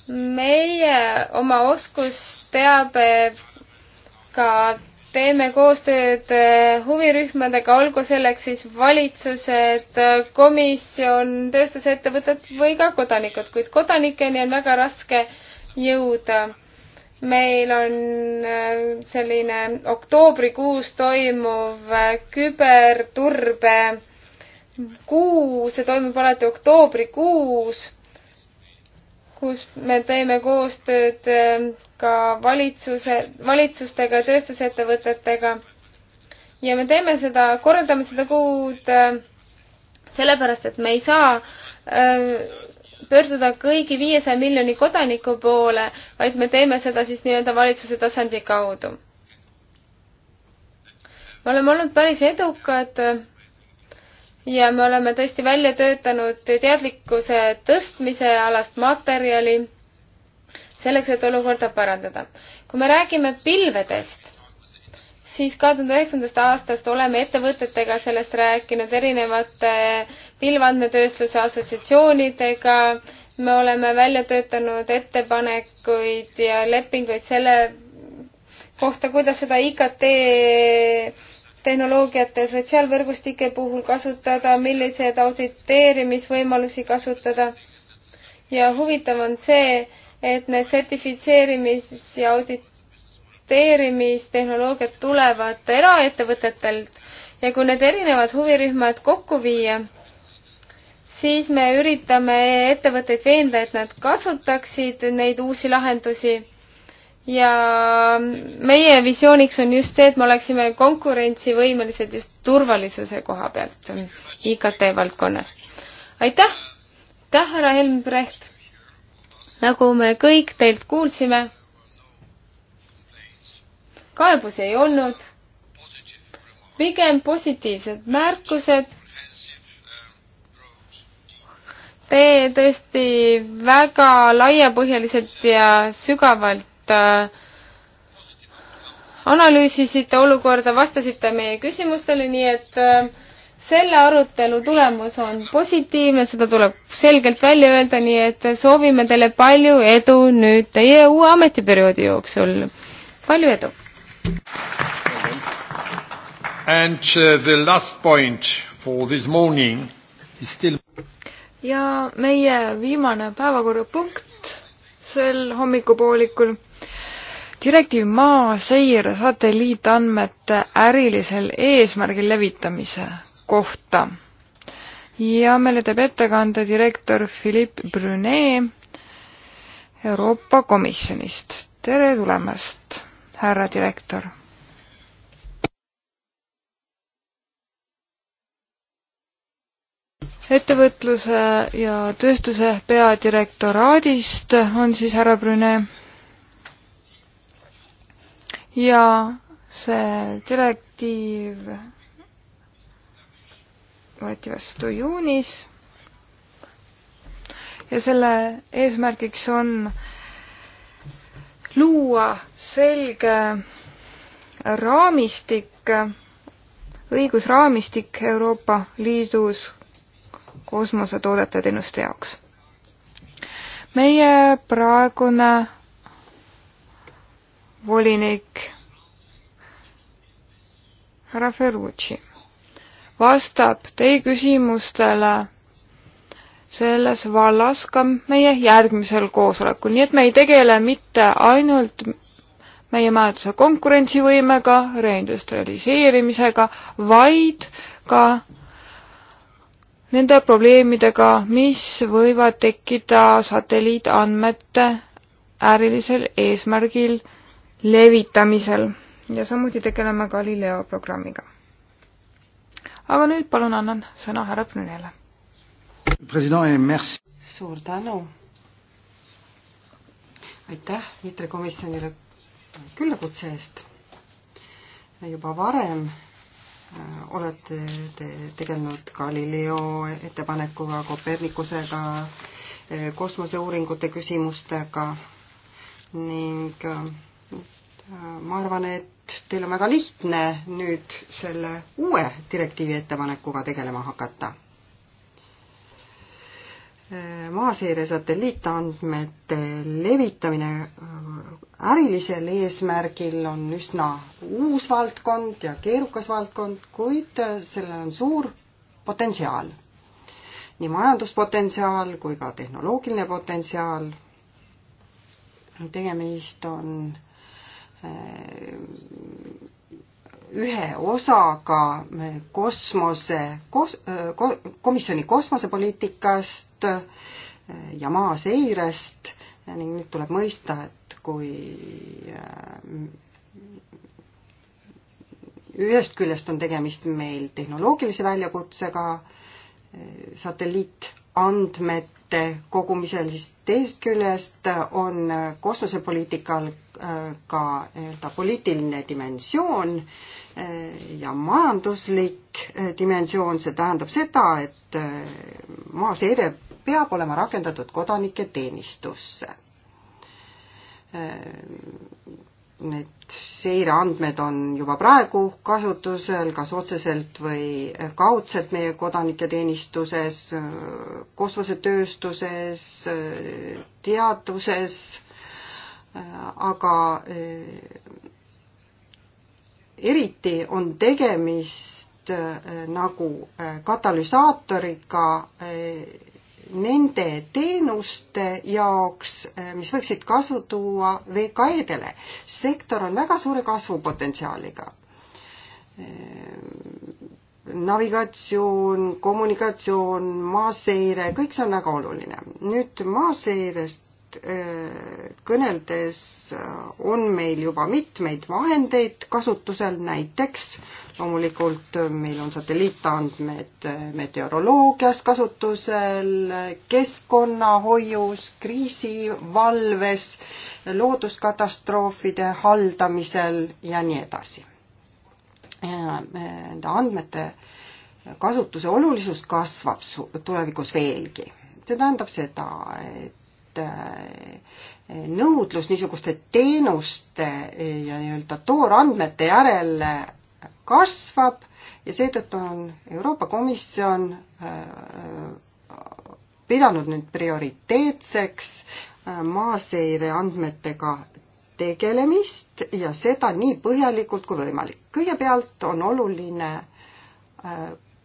meie oma oskusteabega teeme koostööd eh, huvirühmadega, olgu selleks siis valitsused, eh, komisjon, tööstusettevõtted või ka kodanikud, kuid kodanikeni on väga raske jõuda. meil on eh, selline oktoobrikuus toimuv küberturbe kuu, see toimub alati oktoobrikuus kus me teeme koostööd äh, ka valitsuse, valitsustega, tööstusettevõtetega. ja me teeme seda, korraldame seda kuud äh, sellepärast, et me ei saa äh, pöörduda kõigi viiesaja miljoni kodaniku poole, vaid me teeme seda siis nii-öelda valitsuse tasandi kaudu. me oleme olnud päris edukad ja me oleme tõesti välja töötanud teadlikkuse tõstmise alast materjali selleks, et olukorda parandada. kui me räägime pilvedest, siis kahe tuhande üheksandast aastast oleme ettevõtetega sellest rääkinud, erinevate pilveandmetööstuse assotsiatsioonidega, me oleme välja töötanud ettepanekuid ja lepinguid selle kohta, kuidas seda IKT tehnoloogiate sotsiaalvõrgustike puhul kasutada, milliseid auditeerimisvõimalusi kasutada. ja huvitav on see, et need sertifitseerimis- ja auditeerimistehnoloogiad tulevad eraettevõtetelt ja kui need erinevad huvirühmad kokku viia, siis me üritame ettevõtteid veenda, et nad kasutaksid neid uusi lahendusi ja meie visiooniks on just see, et me oleksime konkurentsivõimelised just turvalisuse koha pealt IKT valdkonnas. aitäh, aitäh, härra Helmbrecht! nagu me kõik teilt kuulsime, kaebusi ei olnud, pigem positiivsed märkused. Te tõesti väga laiapõhjaliselt ja sügavalt Äh, analüüsisite olukorda, vastasite meie küsimustele, nii et äh, selle arutelu tulemus on positiivne, seda tuleb selgelt välja öelda, nii et soovime teile palju edu nüüd teie uue ametiperioodi jooksul. palju edu! And uh, the last point for this morning is still ja meie viimane päevakorrapunkt sel hommikupoolikul direktiiv Maaseire satelliitandmete ärilisel eesmärgil levitamise kohta. ja meile teeb ettekande direktor Philippe Brunet Euroopa Komisjonist. tere tulemast, härra direktor! ettevõtluse ja tööstuse peadirektoraadist on siis härra Brüne ja see direktiiv võeti vastu juunis ja selle eesmärgiks on luua selge raamistik, õigusraamistik Euroopa Liidus kosmosetoodete teenuste jaoks. meie praegune volinik härra Ferrucci vastab teie küsimustele selles vallas ka meie järgmisel koosolekul, nii et me ei tegele mitte ainult meie majanduse konkurentsivõimega, reindustrialiseerimisega, vaid ka nende probleemidega, mis võivad tekkida satelliitandmete ärilisel eesmärgil levitamisel ja samuti tegeleme Galileo programmiga. aga nüüd palun annan sõna härra Brünele. suur tänu. aitäh Mitre komisjonile küllakutse eest. juba varem äh, olete te tegelenud Galileo ettepanekuga, Kopernikusega, äh, kosmoseuuringute küsimustega ning äh, Äh, ma arvan, et teil on väga lihtne nüüd selle uue direktiivi ettepanekuga tegelema hakata. Äh, maaseire satelliitandmete levitamine äh, ärilisel eesmärgil on üsna uus valdkond ja keerukas valdkond, kuid sellel on suur potentsiaal. nii majanduspotentsiaal kui ka tehnoloogiline potentsiaal. tegemist on Äh, ühe osaga kosmose kos,, äh, komisjoni kosmosepoliitikast äh, ja maaseirest ning nüüd tuleb mõista, et kui ühest küljest on tegemist meil tehnoloogilise väljakutsega satelliitandmete kogumisel, siis teisest küljest on kosmosepoliitikal ka nii-öelda poliitiline dimensioon eh, ja majanduslik eh, dimensioon, see tähendab seda, et eh, maaseire peab olema rakendatud kodanike teenistusse. Need seireandmed on juba praegu kasutusel, kas otseselt või kaudselt meie kodanike teenistuses, kosmosetööstuses, teaduses aga äh, eriti on tegemist äh, nagu äh, katalüsaatoriga nende teenuste jaoks, mis võiksid kasu tuua VKE-dele. sektor on väga suure kasvupotentsiaaliga navigatsioon, kommunikatsioon, maaseire, kõik see on väga oluline. nüüd maaseirest kõneldes äh, on meil juba mitmeid vahendeid kasutusel, näiteks loomulikult äh, meil on satelliitandmed äh, meteoroloogias kasutusel, keskkonnahoius, kriisivalves, looduskatastroofide haldamisel ja nii edasi. Nende andmete kasutuse olulisus kasvab tulevikus veelgi. see tähendab seda, et et eh, nõudlus niisuguste teenuste eh, ja nii-öelda toorandmete järele eh, kasvab ja seetõttu on Euroopa Komisjon pidanud nüüd prioriteetseks maaseire andmetega tegelemist ja seda nii põhjalikult kui võimalik. kõigepealt on oluline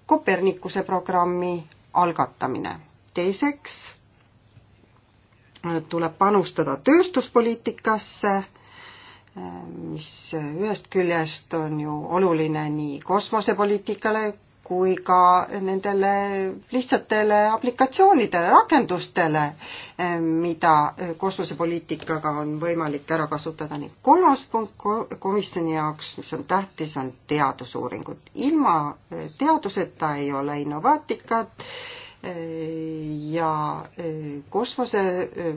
Kopernikuse programmi algatamine. teiseks tuleb panustada tööstuspoliitikasse, mis ühest küljest on ju oluline nii kosmosepoliitikale kui ka nendele lihtsatele aplikatsioonidele, rakendustele, mida kosmosepoliitikaga on võimalik ära kasutada ning kolmas punkt komisjoni jaoks, mis on tähtis, on teadusuuringud. ilma teaduseta ei ole innovaatikat Äh, ja äh, kosmose äh,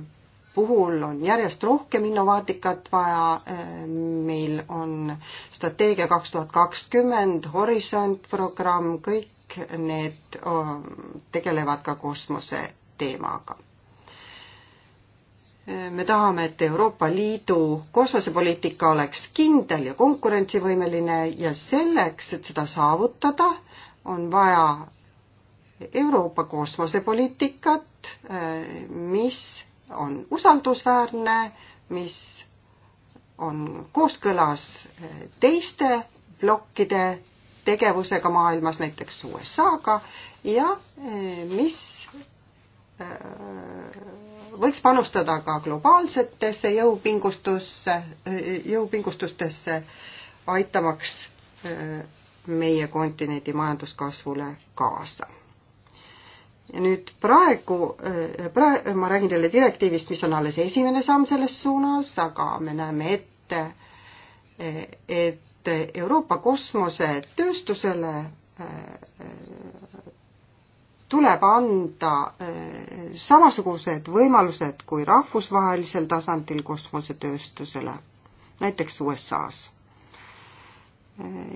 puhul on järjest rohkem innovaatikat vaja, meil on strateegia kaks tuhat kakskümmend, Horisont programm, kõik need tegelevad ka kosmose teemaga. me tahame, et Euroopa Liidu kosmosepoliitika oleks kindel ja konkurentsivõimeline ja selleks, et seda saavutada, on vaja Euroopa kosmosepoliitikat, mis on usaldusväärne, mis on kooskõlas teiste plokkide tegevusega maailmas, näiteks USA-ga ja eh, mis eh, võiks panustada ka globaalsetesse jõupingustusse, eh, jõupingustustesse, aitamaks meie kontinendi majanduskasvule kaasa nüüd praegu, äh, praegu ma räägin teile direktiivist, mis on alles esimene samm selles suunas, aga me näeme ette, äh, et Euroopa kosmosetööstusele äh, tuleb anda samasugused võimalused kui rahvusvahelisel tasandil kosmosetööstusele, näiteks USA-s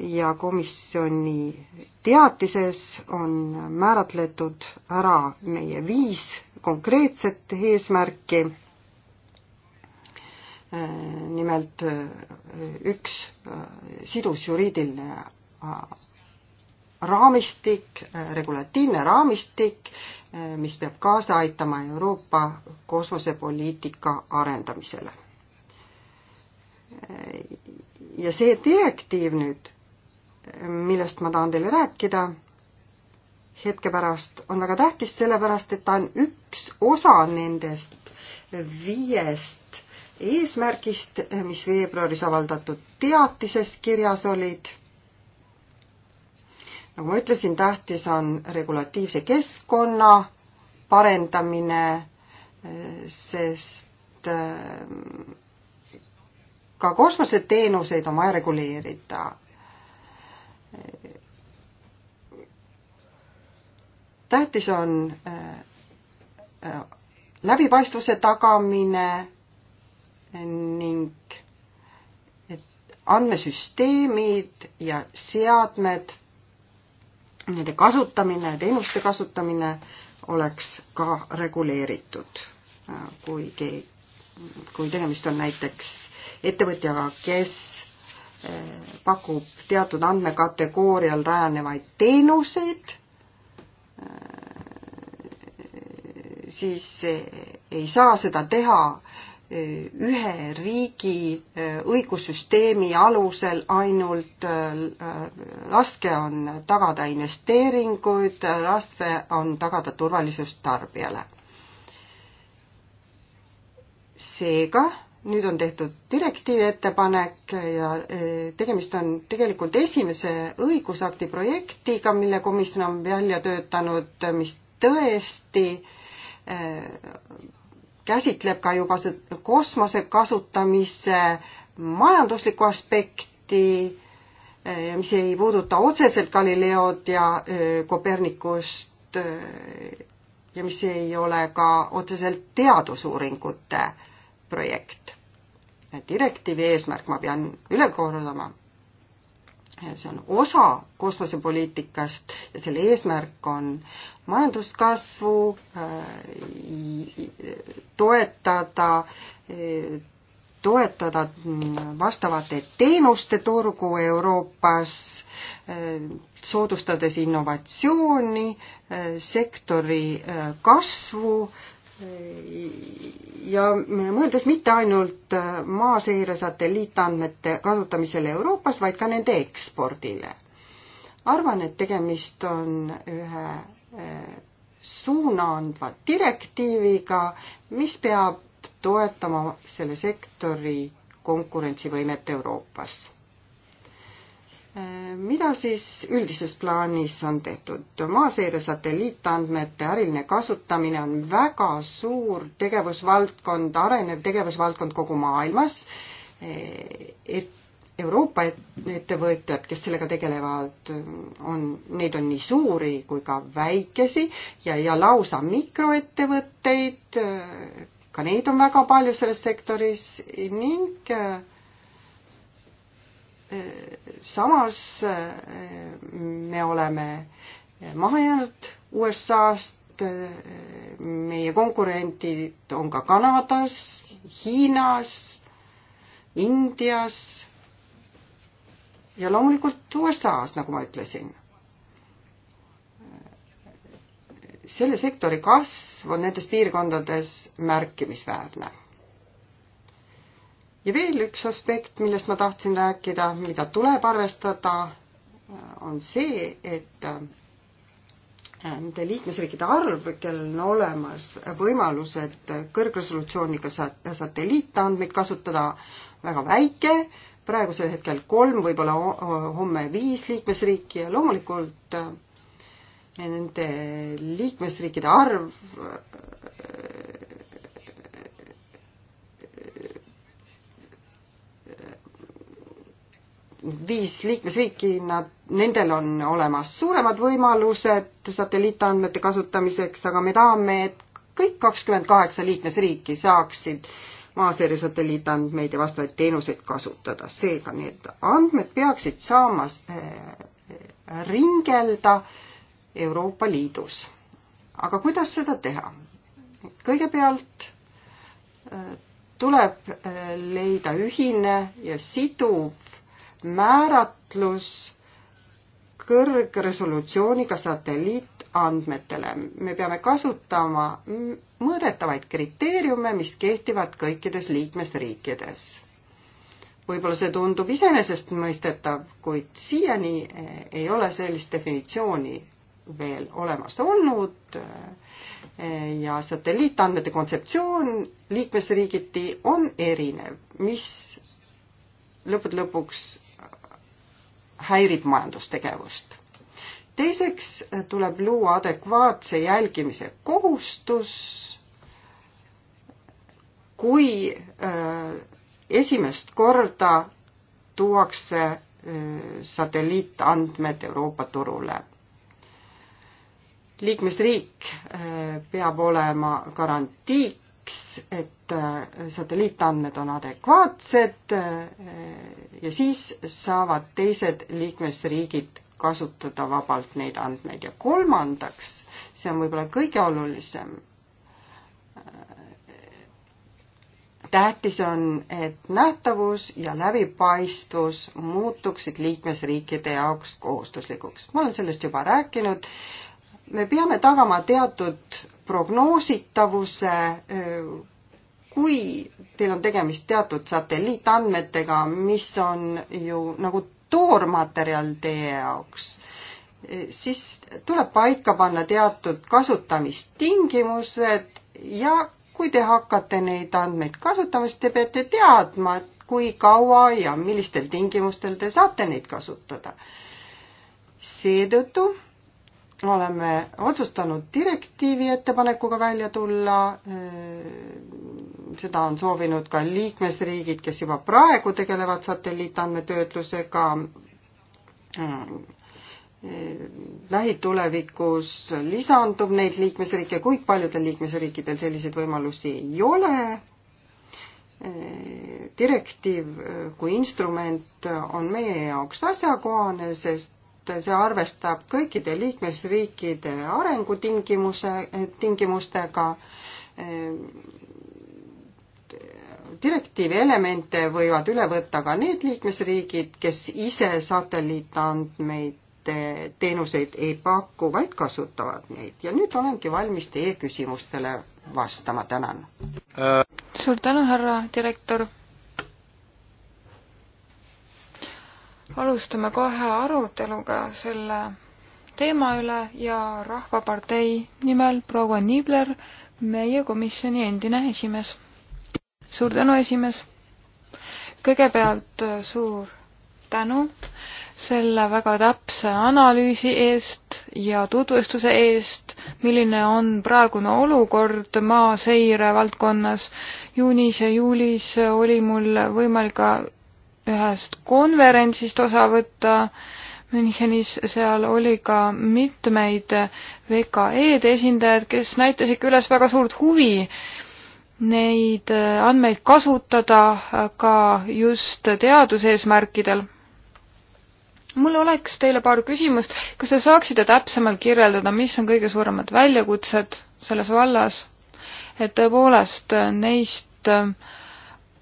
ja komisjoni teatises on määratletud ära meie viis konkreetset eesmärki. nimelt üks äh, sidus juriidiline äh, raamistik, äh, regulatiivne raamistik, mis peab kaasa aitama Euroopa kosmosepoliitika arendamisele ja see direktiiv nüüd, millest ma tahan teile rääkida, hetke pärast on väga tähtis, sellepärast et ta on üks osa nendest viiest eesmärgist, mis veebruaris avaldatud teatises kirjas olid. nagu ma ütlesin, tähtis on regulatiivse keskkonna parendamine, sest ka kosmoseteenuseid on vaja reguleerida. tähtis on äh, äh, läbipaistvuse tagamine ning andmesüsteemid ja seadmed, nende kasutamine, teenuste kasutamine oleks ka reguleeritud, äh, kui keegi kui tegemist on näiteks ettevõtjaga, kes eh, pakub teatud andmekategoorial rajanevaid teenuseid, eh, siis eh, ei saa seda teha ühe riigi õigussüsteemi alusel ainult raske on tagada investeeringuid, raske on tagada turvalisust tarbijale seega nüüd on tehtud direktiivi ettepanek ja e, tegemist on tegelikult esimese õigusakti projektiga, mille komisjon on välja töötanud, mis tõesti e, käsitleb ka juba kosmose kasutamise majanduslikku aspekti, e, mis ei puuduta otseselt Galileod ja Kopernikust ja mis ei ole ka otseselt teadusuuringute projekt. direktiivi eesmärk, ma pean üle korraldama, see on osa kosmosepoliitikast ja selle eesmärk on majanduskasvu äh, toetada äh, toetada vastavate teenuste turgu Euroopas, soodustades innovatsiooni, sektori äh, kasvu äh, ja mõeldes mitte ainult äh, maaseire satelliitandmete kasutamisele Euroopas, vaid ka nende ekspordile. arvan, et tegemist on ühe suunaandva direktiiviga, mis peab toetama selle sektori konkurentsivõimet Euroopas. Äh, mida siis üldises plaanis on tehtud? maaseire satelliitandmete äriline kasutamine on väga suur tegevusvaldkond, arenev tegevusvaldkond kogu maailmas. Äh, et Euroopa ettevõtjad, kes sellega tegelevad, on, neid on nii suuri kui ka väikesi ja, ja lausa mikroettevõtteid, ka neid on väga palju selles sektoris ning äh, samas äh, me oleme maha jäänud USA-st, äh, meie konkurendid on ka Kanadas, Hiinas, Indias ja loomulikult USA-s, nagu ma ütlesin selle sektori kasv on nendes piirkondades märkimisväärne. ja veel üks aspekt, millest ma tahtsin rääkida, mida tuleb arvestada, on see, et äh, nende liikmesriikide arv, kellel on olemas võimalused kõrgresolutsiooniga satelliitandmeid kasutada, väga väike, praegusel hetkel kolm, võib-olla homme viis liikmesriiki ja loomulikult äh, nende liikmesriikide arv viis liikmesriiki, nad, nendel on olemas suuremad võimalused satelliitandmete kasutamiseks, aga me tahame, et kõik kakskümmend kaheksa liikmesriiki saaksid maaseire satelliitandmeid ja vastavaid teenuseid kasutada. seega need andmed peaksid saama eh, ringelda äh, Euroopa Liidus. aga kuidas seda teha? kõigepealt äh, tuleb äh, leida ühine ja siduv määratlus kõrgresolutsiooniga satelliitandmetele. me peame kasutama mõõdetavaid kriteeriume, mis kehtivad kõikides liikmesriikides. võib-olla see tundub iseenesestmõistetav, kuid siiani äh, ei ole sellist definitsiooni veel olemas olnud eh, ja satelliitandmete kontseptsioon liikmesriigiti on erinev, mis lõppude lõpuks häirib majandustegevust. teiseks tuleb luua adekvaatse jälgimise kohustus, kui eh, esimest korda tuuakse eh, satelliitandmed Euroopa turule liikmesriik eh, peab olema garantiiks, et eh, satelliitandmed on adekvaatsed eh, ja siis saavad teised liikmesriigid kasutada vabalt neid andmeid ja kolmandaks, see on võib-olla kõige olulisem, tähtis on, et nähtavus ja läbipaistvus muutuksid liikmesriikide jaoks kohustuslikuks. ma olen sellest juba rääkinud me peame tagama teatud prognoositavuse, kui teil on tegemist teatud satelliitandmetega, mis on ju nagu toormaterjal teie jaoks, siis tuleb paika panna teatud kasutamistingimused ja kui te hakkate neid andmeid kasutama, siis te peate teadma, kui kaua ja millistel tingimustel te saate neid kasutada. seetõttu oleme otsustanud direktiivi ettepanekuga välja tulla, äh, seda on soovinud ka liikmesriigid, kes juba praegu tegelevad satelliitandmetöötlusega, äh, lähitulevikus lisandub neid liikmesriike, kuid paljudel liikmesriikidel selliseid võimalusi ei ole. Äh, direktiiv kui instrument on meie jaoks asjakohane, sest et see arvestab kõikide liikmesriikide arengutingimuse, tingimustega. direktiivi elemente võivad üle võtta ka need liikmesriigid, kes ise satelliitandmeid teenuseid ei paku, vaid kasutavad neid ja nüüd olengi valmis teie küsimustele vastama, tänan. suur tänu, härra direktor alustame kohe aruteluga selle teema üle ja Rahvapartei nimel proua Niibler, meie komisjoni endine esimees. suur tänu, esimees! kõigepealt äh, suur tänu selle väga täpse analüüsi eest ja tutvustuse eest, milline on praegune olukord maaseire valdkonnas. juunis ja juulis oli mul võimalik ka ühest konverentsist osa võtta Münchenis, seal oli ka mitmeid VKE-de esindajad, kes näitasid ka üles väga suurt huvi neid andmeid kasutada ka just teaduseesmärkidel. mul oleks teile paar küsimust, kas te saaksite täpsemalt kirjeldada, mis on kõige suuremad väljakutsed selles vallas, et tõepoolest neist äh,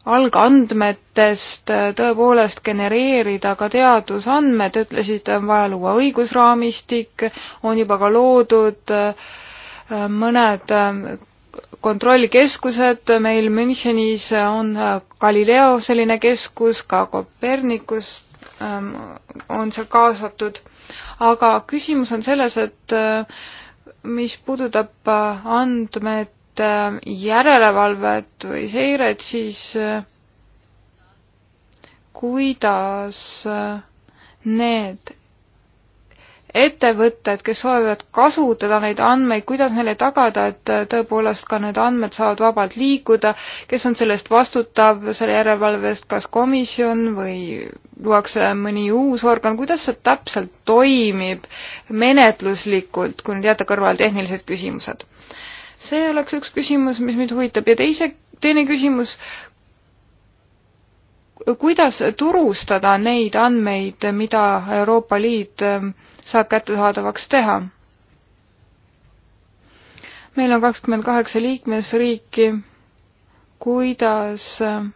algandmetest äh, tõepoolest genereerida ka teadusandmed, ütlesite, on vaja luua õigusraamistik, on juba ka loodud äh, mõned äh, kontrollkeskused, meil Münchenis on Galileo selline keskus, ka Copernicus ähm, on seal kaasatud, aga küsimus on selles, et mis puudutab andmed Äh, järelevalvet või seiret, siis äh, kuidas äh, need ettevõtted, kes soovivad kasutada neid andmeid, kuidas neile tagada, et tõepoolest ka need andmed saavad vabalt liikuda, kes on selle eest vastutav, selle järelevalve eest, kas komisjon või luuakse mõni uus organ, kuidas see täpselt toimib menetluslikult, kui nüüd jätta kõrvale tehnilised küsimused? see oleks üks küsimus, mis mind huvitab ja teise, teine küsimus, kuidas turustada neid andmeid, mida Euroopa Liit ähm, saab kättesaadavaks teha? meil on kakskümmend kaheksa liikmesriiki, kuidas ähm,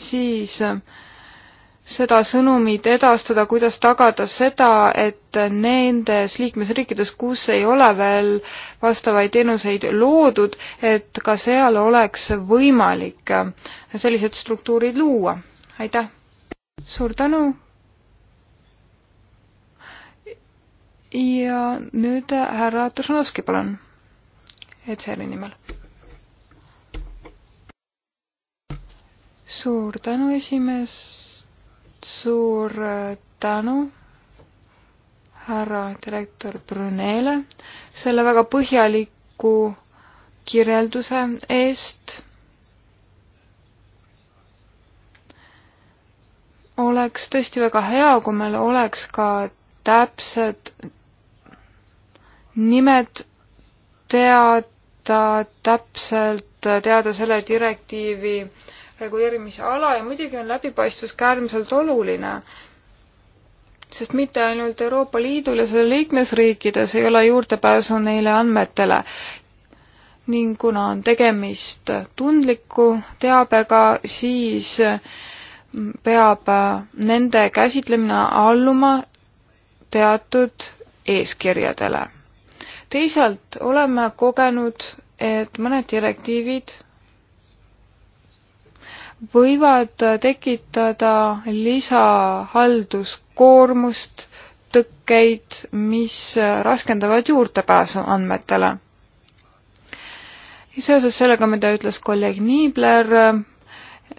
siis äh, seda sõnumit edastada, kuidas tagada seda, et nendes liikmesriikides, kus ei ole veel vastavaid teenuseid loodud, et ka seal oleks võimalik sellised struktuurid luua. aitäh! suur tänu! ja nüüd härra Tušanovski, palun, ETSR-i nimel. suur tänu, esimees suur äh, tänu härra direktor Brunele selle väga põhjaliku kirjelduse eest. oleks tõesti väga hea, kui meil oleks ka täpsed nimed teada, täpselt teada selle direktiivi äh, reguleerimisala ja muidugi on läbipaistvus ka äärmiselt oluline, sest mitte ainult Euroopa Liidul ja selle liikmesriikides ei ole juurdepääsu neile andmetele ning kuna on tegemist tundliku teabega, siis peab nende käsitlemine alluma teatud eeskirjadele. teisalt oleme kogenud, et mõned direktiivid võivad tekitada lisahalduskoormust, tõkkeid, mis raskendavad juurdepääsu andmetele. seoses sellega, mida ütles kolleeg Niibler,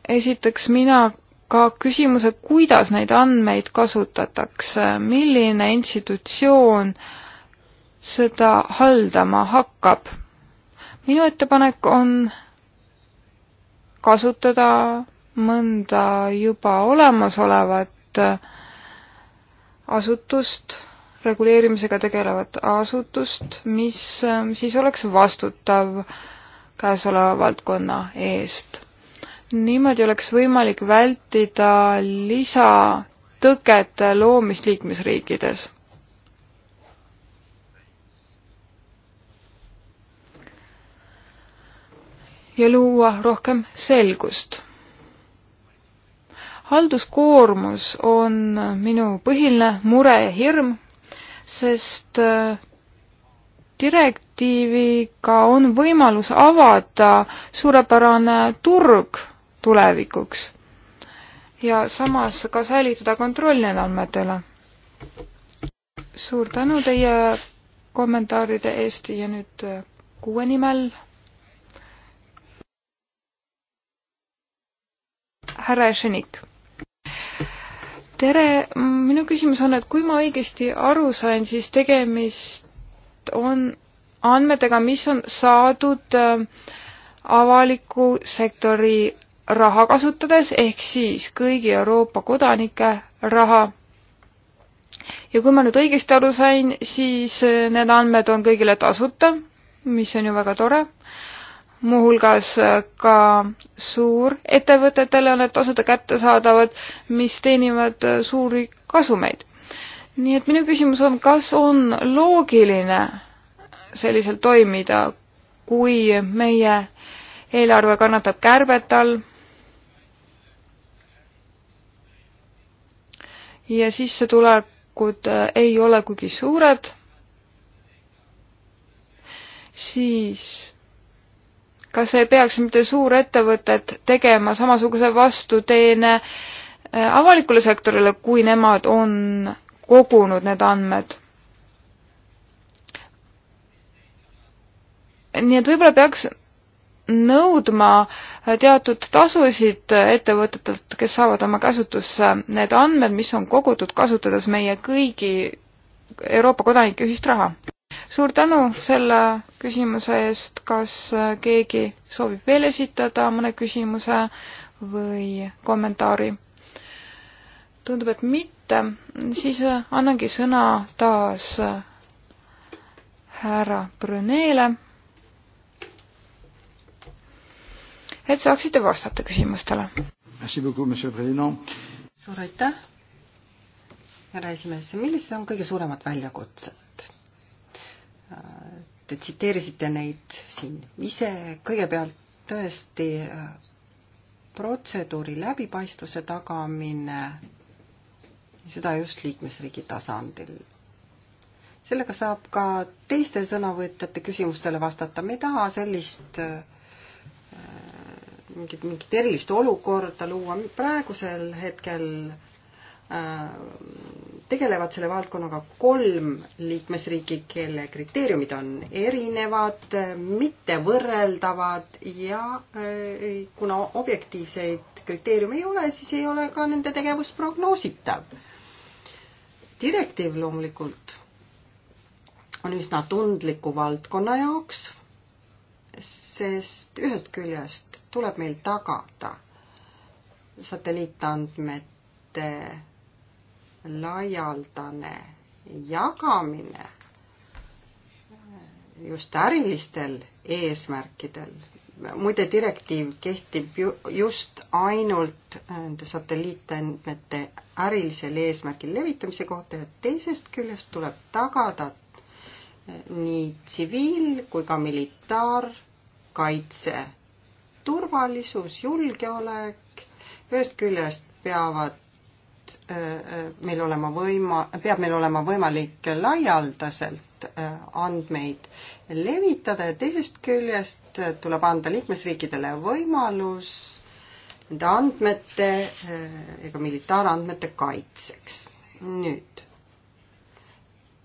esitaks mina ka küsimuse, kuidas neid andmeid kasutatakse, milline institutsioon seda haldama hakkab. minu ettepanek on kasutada mõnda juba olemasolevat asutust, reguleerimisega tegelevat asutust, mis siis oleks vastutav käesoleva valdkonna eest. niimoodi oleks võimalik vältida lisatõkete loomist liikmesriikides ja luua rohkem selgust. halduskoormus on minu põhiline mure ja hirm, sest äh, direktiiviga on võimalus avada suurepärane turg tulevikuks ja samas ka säilitada kontroll nende andmete üle. suur tänu teie kommentaaride eest ja nüüd äh, kuue nimel härra Ešenik tere, minu küsimus on, et kui ma õigesti aru sain, siis tegemist on andmetega, mis on saadud äh, avaliku sektori raha kasutades, ehk siis kõigi Euroopa kodanike raha. ja kui ma nüüd õigesti aru sain, siis äh, need andmed on kõigile tasuta, mis on ju väga tore, muuhulgas äh, ka suurettevõtetele on need tasud kättesaadavad, mis teenivad äh, suuri kasumeid. nii et minu küsimus on, kas on loogiline selliselt toimida, kui meie eelarve kannatab kärbet all ja sissetulekud äh, ei ole kuigi suured, siis kas ei peaks mitte suurettevõtted tegema samasuguse vastuteene äh, avalikule sektorile, kui nemad on kogunud need andmed? nii et võib-olla peaks nõudma teatud tasusid ettevõtetelt, kes saavad oma käsutusse need andmed, mis on kogutud, kasutades meie kõigi Euroopa kodanike ühist raha suur tänu selle küsimuse eest, kas äh, keegi soovib veel esitada mõne küsimuse või kommentaari? tundub, et mitte, siis äh, annangi sõna taas äh, härra Brüneele, et saaksite vastata küsimustele. suur aitäh, härra esimees, millised on kõige suuremad väljakutsed? Te tsiteerisite neid siin ise, kõigepealt tõesti äh, protseduuri läbipaistvuse tagamine, seda just liikmesriigi tasandil. sellega saab ka teiste sõnavõtjate küsimustele vastata, me ei taha sellist äh, mingit, mingit erilist olukorda luua, praegusel hetkel äh, tegelevad selle valdkonnaga kolm liikmesriiki, kelle kriteeriumid on erinevad, mitte võrreldavad ja eh, kuna objektiivseid kriteeriume ei ole, siis ei ole ka nende tegevus prognoositav. direktiiv loomulikult on üsna tundliku valdkonna jaoks, sest ühest küljest tuleb meil tagada satelliitandmete laialdane jagamine just ärilistel eesmärkidel. muide, direktiiv kehtib ju just ainult äh, nende satelliitandmete ärilisel eesmärgil levitamise kohta ja teisest küljest tuleb tagada äh, nii tsiviil kui ka militaarkaitse, turvalisus, julgeolek, ühest küljest peavad et äh, äh, meil olema võima, peab meil olema võimalik laialdaselt äh, andmeid levitada ja teisest küljest tuleb anda liikmesriikidele võimalus nende andmete ega militaarandmete kaitseks. nüüd,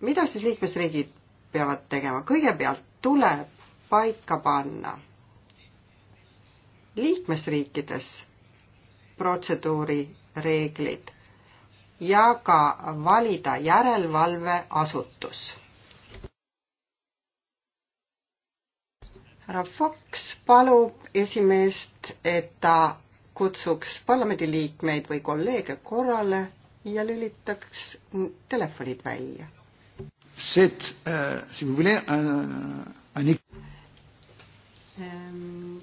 mida siis liikmesriigid peavad tegema? kõigepealt tuleb paika panna liikmesriikides protseduurireeglid ja ka valida järelevalveasutus. härra Fox palub esimeest, et ta kutsuks parlamendiliikmeid või kolleege korrale ja lülitaks telefonid välja. Cette, euh, äh, si vous voulez, un, un... Ehm,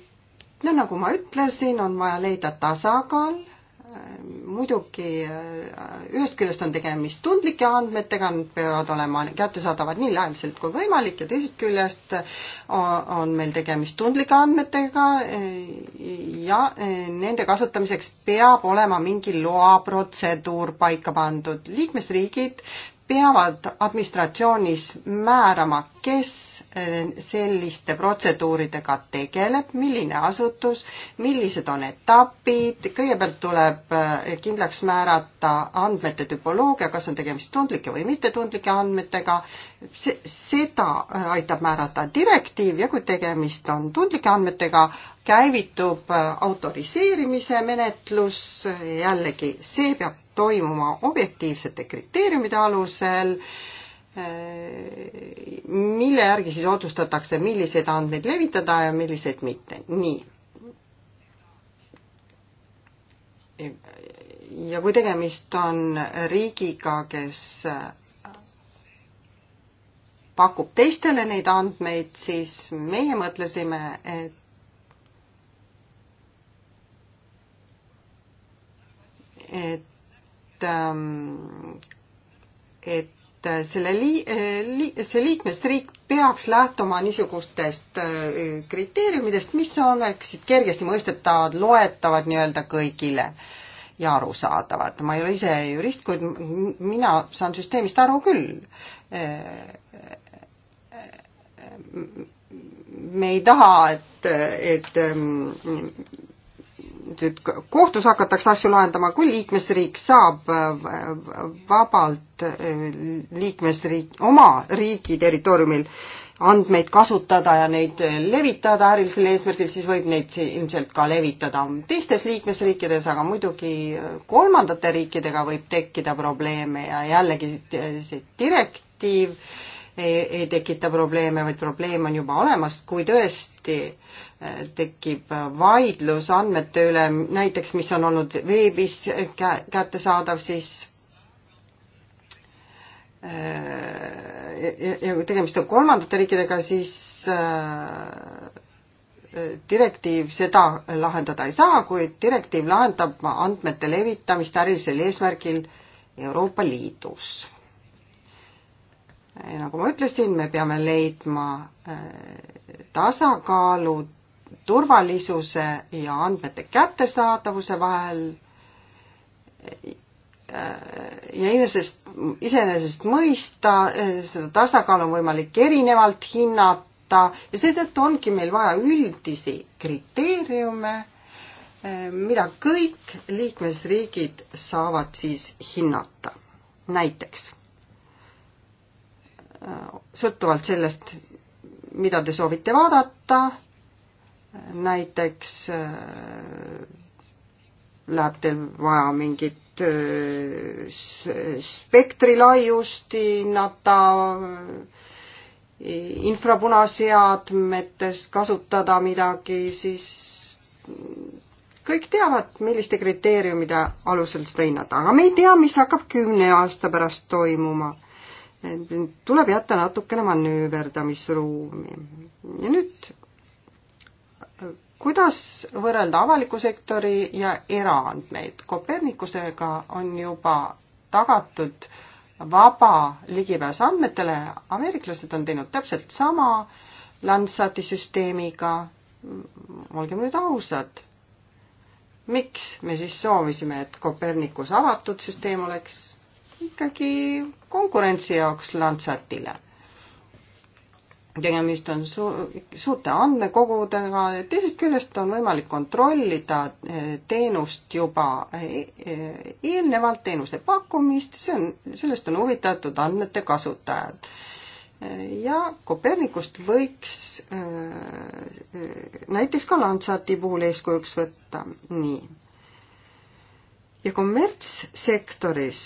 no nagu ma ütlesin, on vaja leida tasakaal muidugi äh, ühest küljest on tegemist tundlike andmetega, need peavad olema kättesaadavad nii lähedaselt kui võimalik ja teisest küljest äh, on meil tegemist tundlike andmetega äh, ja nende kasutamiseks peab olema mingi loaprotseduur paika pandud. liikmesriigid peavad administratsioonis määrama, kes eh, selliste protseduuridega tegeleb, milline asutus, millised on etapid, kõigepealt tuleb eh, kindlaks määrata andmete tüpoloogia, kas on tegemist tundlike või mittetundlike andmetega, seda eh, aitab määrata direktiiv ja kui tegemist on tundlike andmetega, käivitub autoriseerimise menetlus, jällegi see peab toimuma objektiivsete kriteeriumide alusel, mille järgi siis otsustatakse, milliseid andmeid levitada ja milliseid mitte. nii. ja kui tegemist on riigiga, kes pakub teistele neid andmeid, siis meie mõtlesime, et et Ähm, et selle li-, li-, see liikmesriik peaks lähtuma niisugustest äh, kriteeriumidest, mis oleksid kergesti mõistetavad, loetavad nii-öelda kõigile ja arusaadavad. ma ei ole ise jurist, kuid mina saan süsteemist aru küll. Äh, äh, me ei taha, et, et ähm, nüüd kohtus hakatakse asju lahendama, kui liikmesriik saab äh, vabalt äh, liikmesriik, oma riigi territooriumil andmeid kasutada ja neid äh, levitada ärilisel eesmärgil, siis võib neid ilmselt ka levitada teistes liikmesriikides, aga muidugi kolmandate riikidega võib tekkida probleeme ja jällegi see direktiiv ei, ei tekita probleeme, vaid probleem on juba olemas, kui tõesti tekib vaidlus andmete üle, näiteks mis on olnud veebis kättesaadav, siis äh, ja kui tegemist on kolmandate riikidega, siis äh, direktiiv seda lahendada ei saa, kuid direktiiv lahendab andmete levitamist ärilisel eesmärgil Euroopa Liidus. nagu ma ütlesin, me peame leidma äh, tasakaalud turvalisuse ja andmete kättesaadavuse vahel ja iseenesest, iseenesest mõista, seda tasakaalu on võimalik erinevalt hinnata ja seetõttu ongi meil vaja üldisi kriteeriume, mida kõik liikmesriigid saavad siis hinnata. näiteks sõltuvalt sellest, mida te soovite vaadata näiteks äh, läheb teil vaja mingit äh, spektrilaiust hinnata, äh, infrapunaseadmetes kasutada midagi, siis kõik teavad, milliste kriteeriumide alusel seda hinnata, aga me ei tea, mis hakkab kümne aasta pärast toimuma. tuleb jätta natukene manööverdamisruumi. ja nüüd kuidas võrrelda avaliku sektori ja eraandmeid? Kopernikusega on juba tagatud vaba ligipääs andmetele, ameeriklased on teinud täpselt sama Landsati süsteemiga, olgem nüüd ausad, miks me siis soovisime, et Kopernikus avatud süsteem oleks ikkagi konkurentsi jaoks Landsatile? tegemist on su-, suurte andmekogudega, teisest küljest on võimalik kontrollida eh, teenust juba eh, eelnevalt, teenuse pakkumist, see on, sellest on huvitatud andmete kasutajad. Eh, ja Kopernikust võiks näiteks ka Landsati puhul eeskujuks võtta, nii. ja kommertssektoris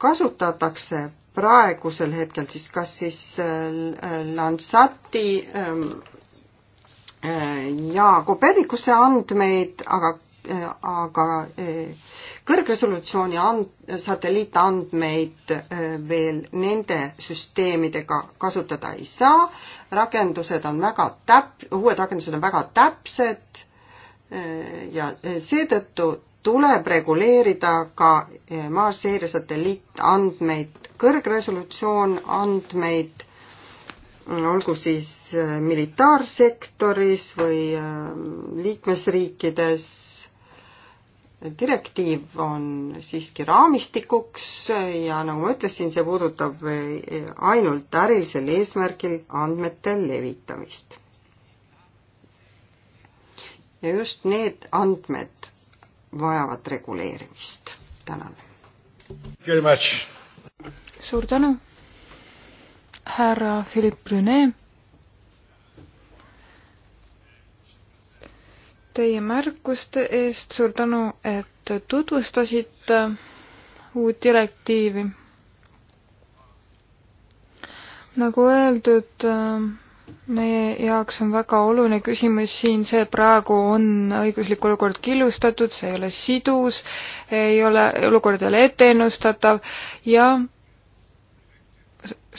kasutatakse praegusel hetkel siis kas siis äh, Landsati ähm, äh, ja Kopernikuse andmeid, aga, äh, aga kõrgresolutsiooni and-, satelliitandmeid veel nende süsteemidega kasutada ei saa. rakendused on väga täp-, uued rakendused on väga täpsed ja seetõttu tuleb reguleerida ka eh, maarseire satelliitandmeid, kõrgresolutsioon andmeid, olgu siis eh, militaarsektoris või eh, liikmesriikides. direktiiv on siiski raamistikuks ja nagu ma ütlesin, see puudutab ainult ärilisel eesmärgil andmete levitamist. ja just need andmed vajavad reguleerimist. tänan. suur tänu. härra Philippe Brunet. Teie märkuste eest suur tänu, et tutvustasite uut direktiivi. nagu öeldud äh,, meie jaoks on väga oluline küsimus siin see, praegu on õiguslik olukord killustatud, see ei ole sidus, ei ole, olukord ei ole etteennustatav ja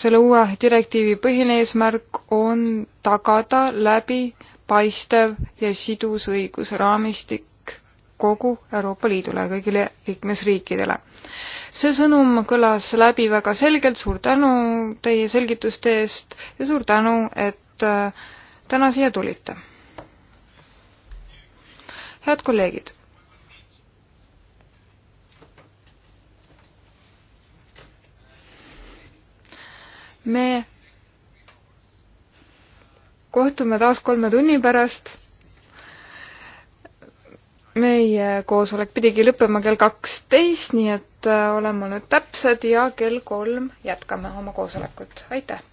selle uue direktiivi põhiline eesmärk on tagada läbipaistev ja sidus õigusraamistik kogu Euroopa Liidule ja kõigile liikmesriikidele. see sõnum kõlas läbi väga selgelt, suur tänu teie selgituste eest ja suur tänu, et et äh, täna siia tulite. head kolleegid. me kohtume taas kolme tunni pärast. meie koosolek pidigi lõppema kell kaksteist, nii et äh, oleme nüüd täpsed ja kell kolm jätkame oma koosolekut. aitäh!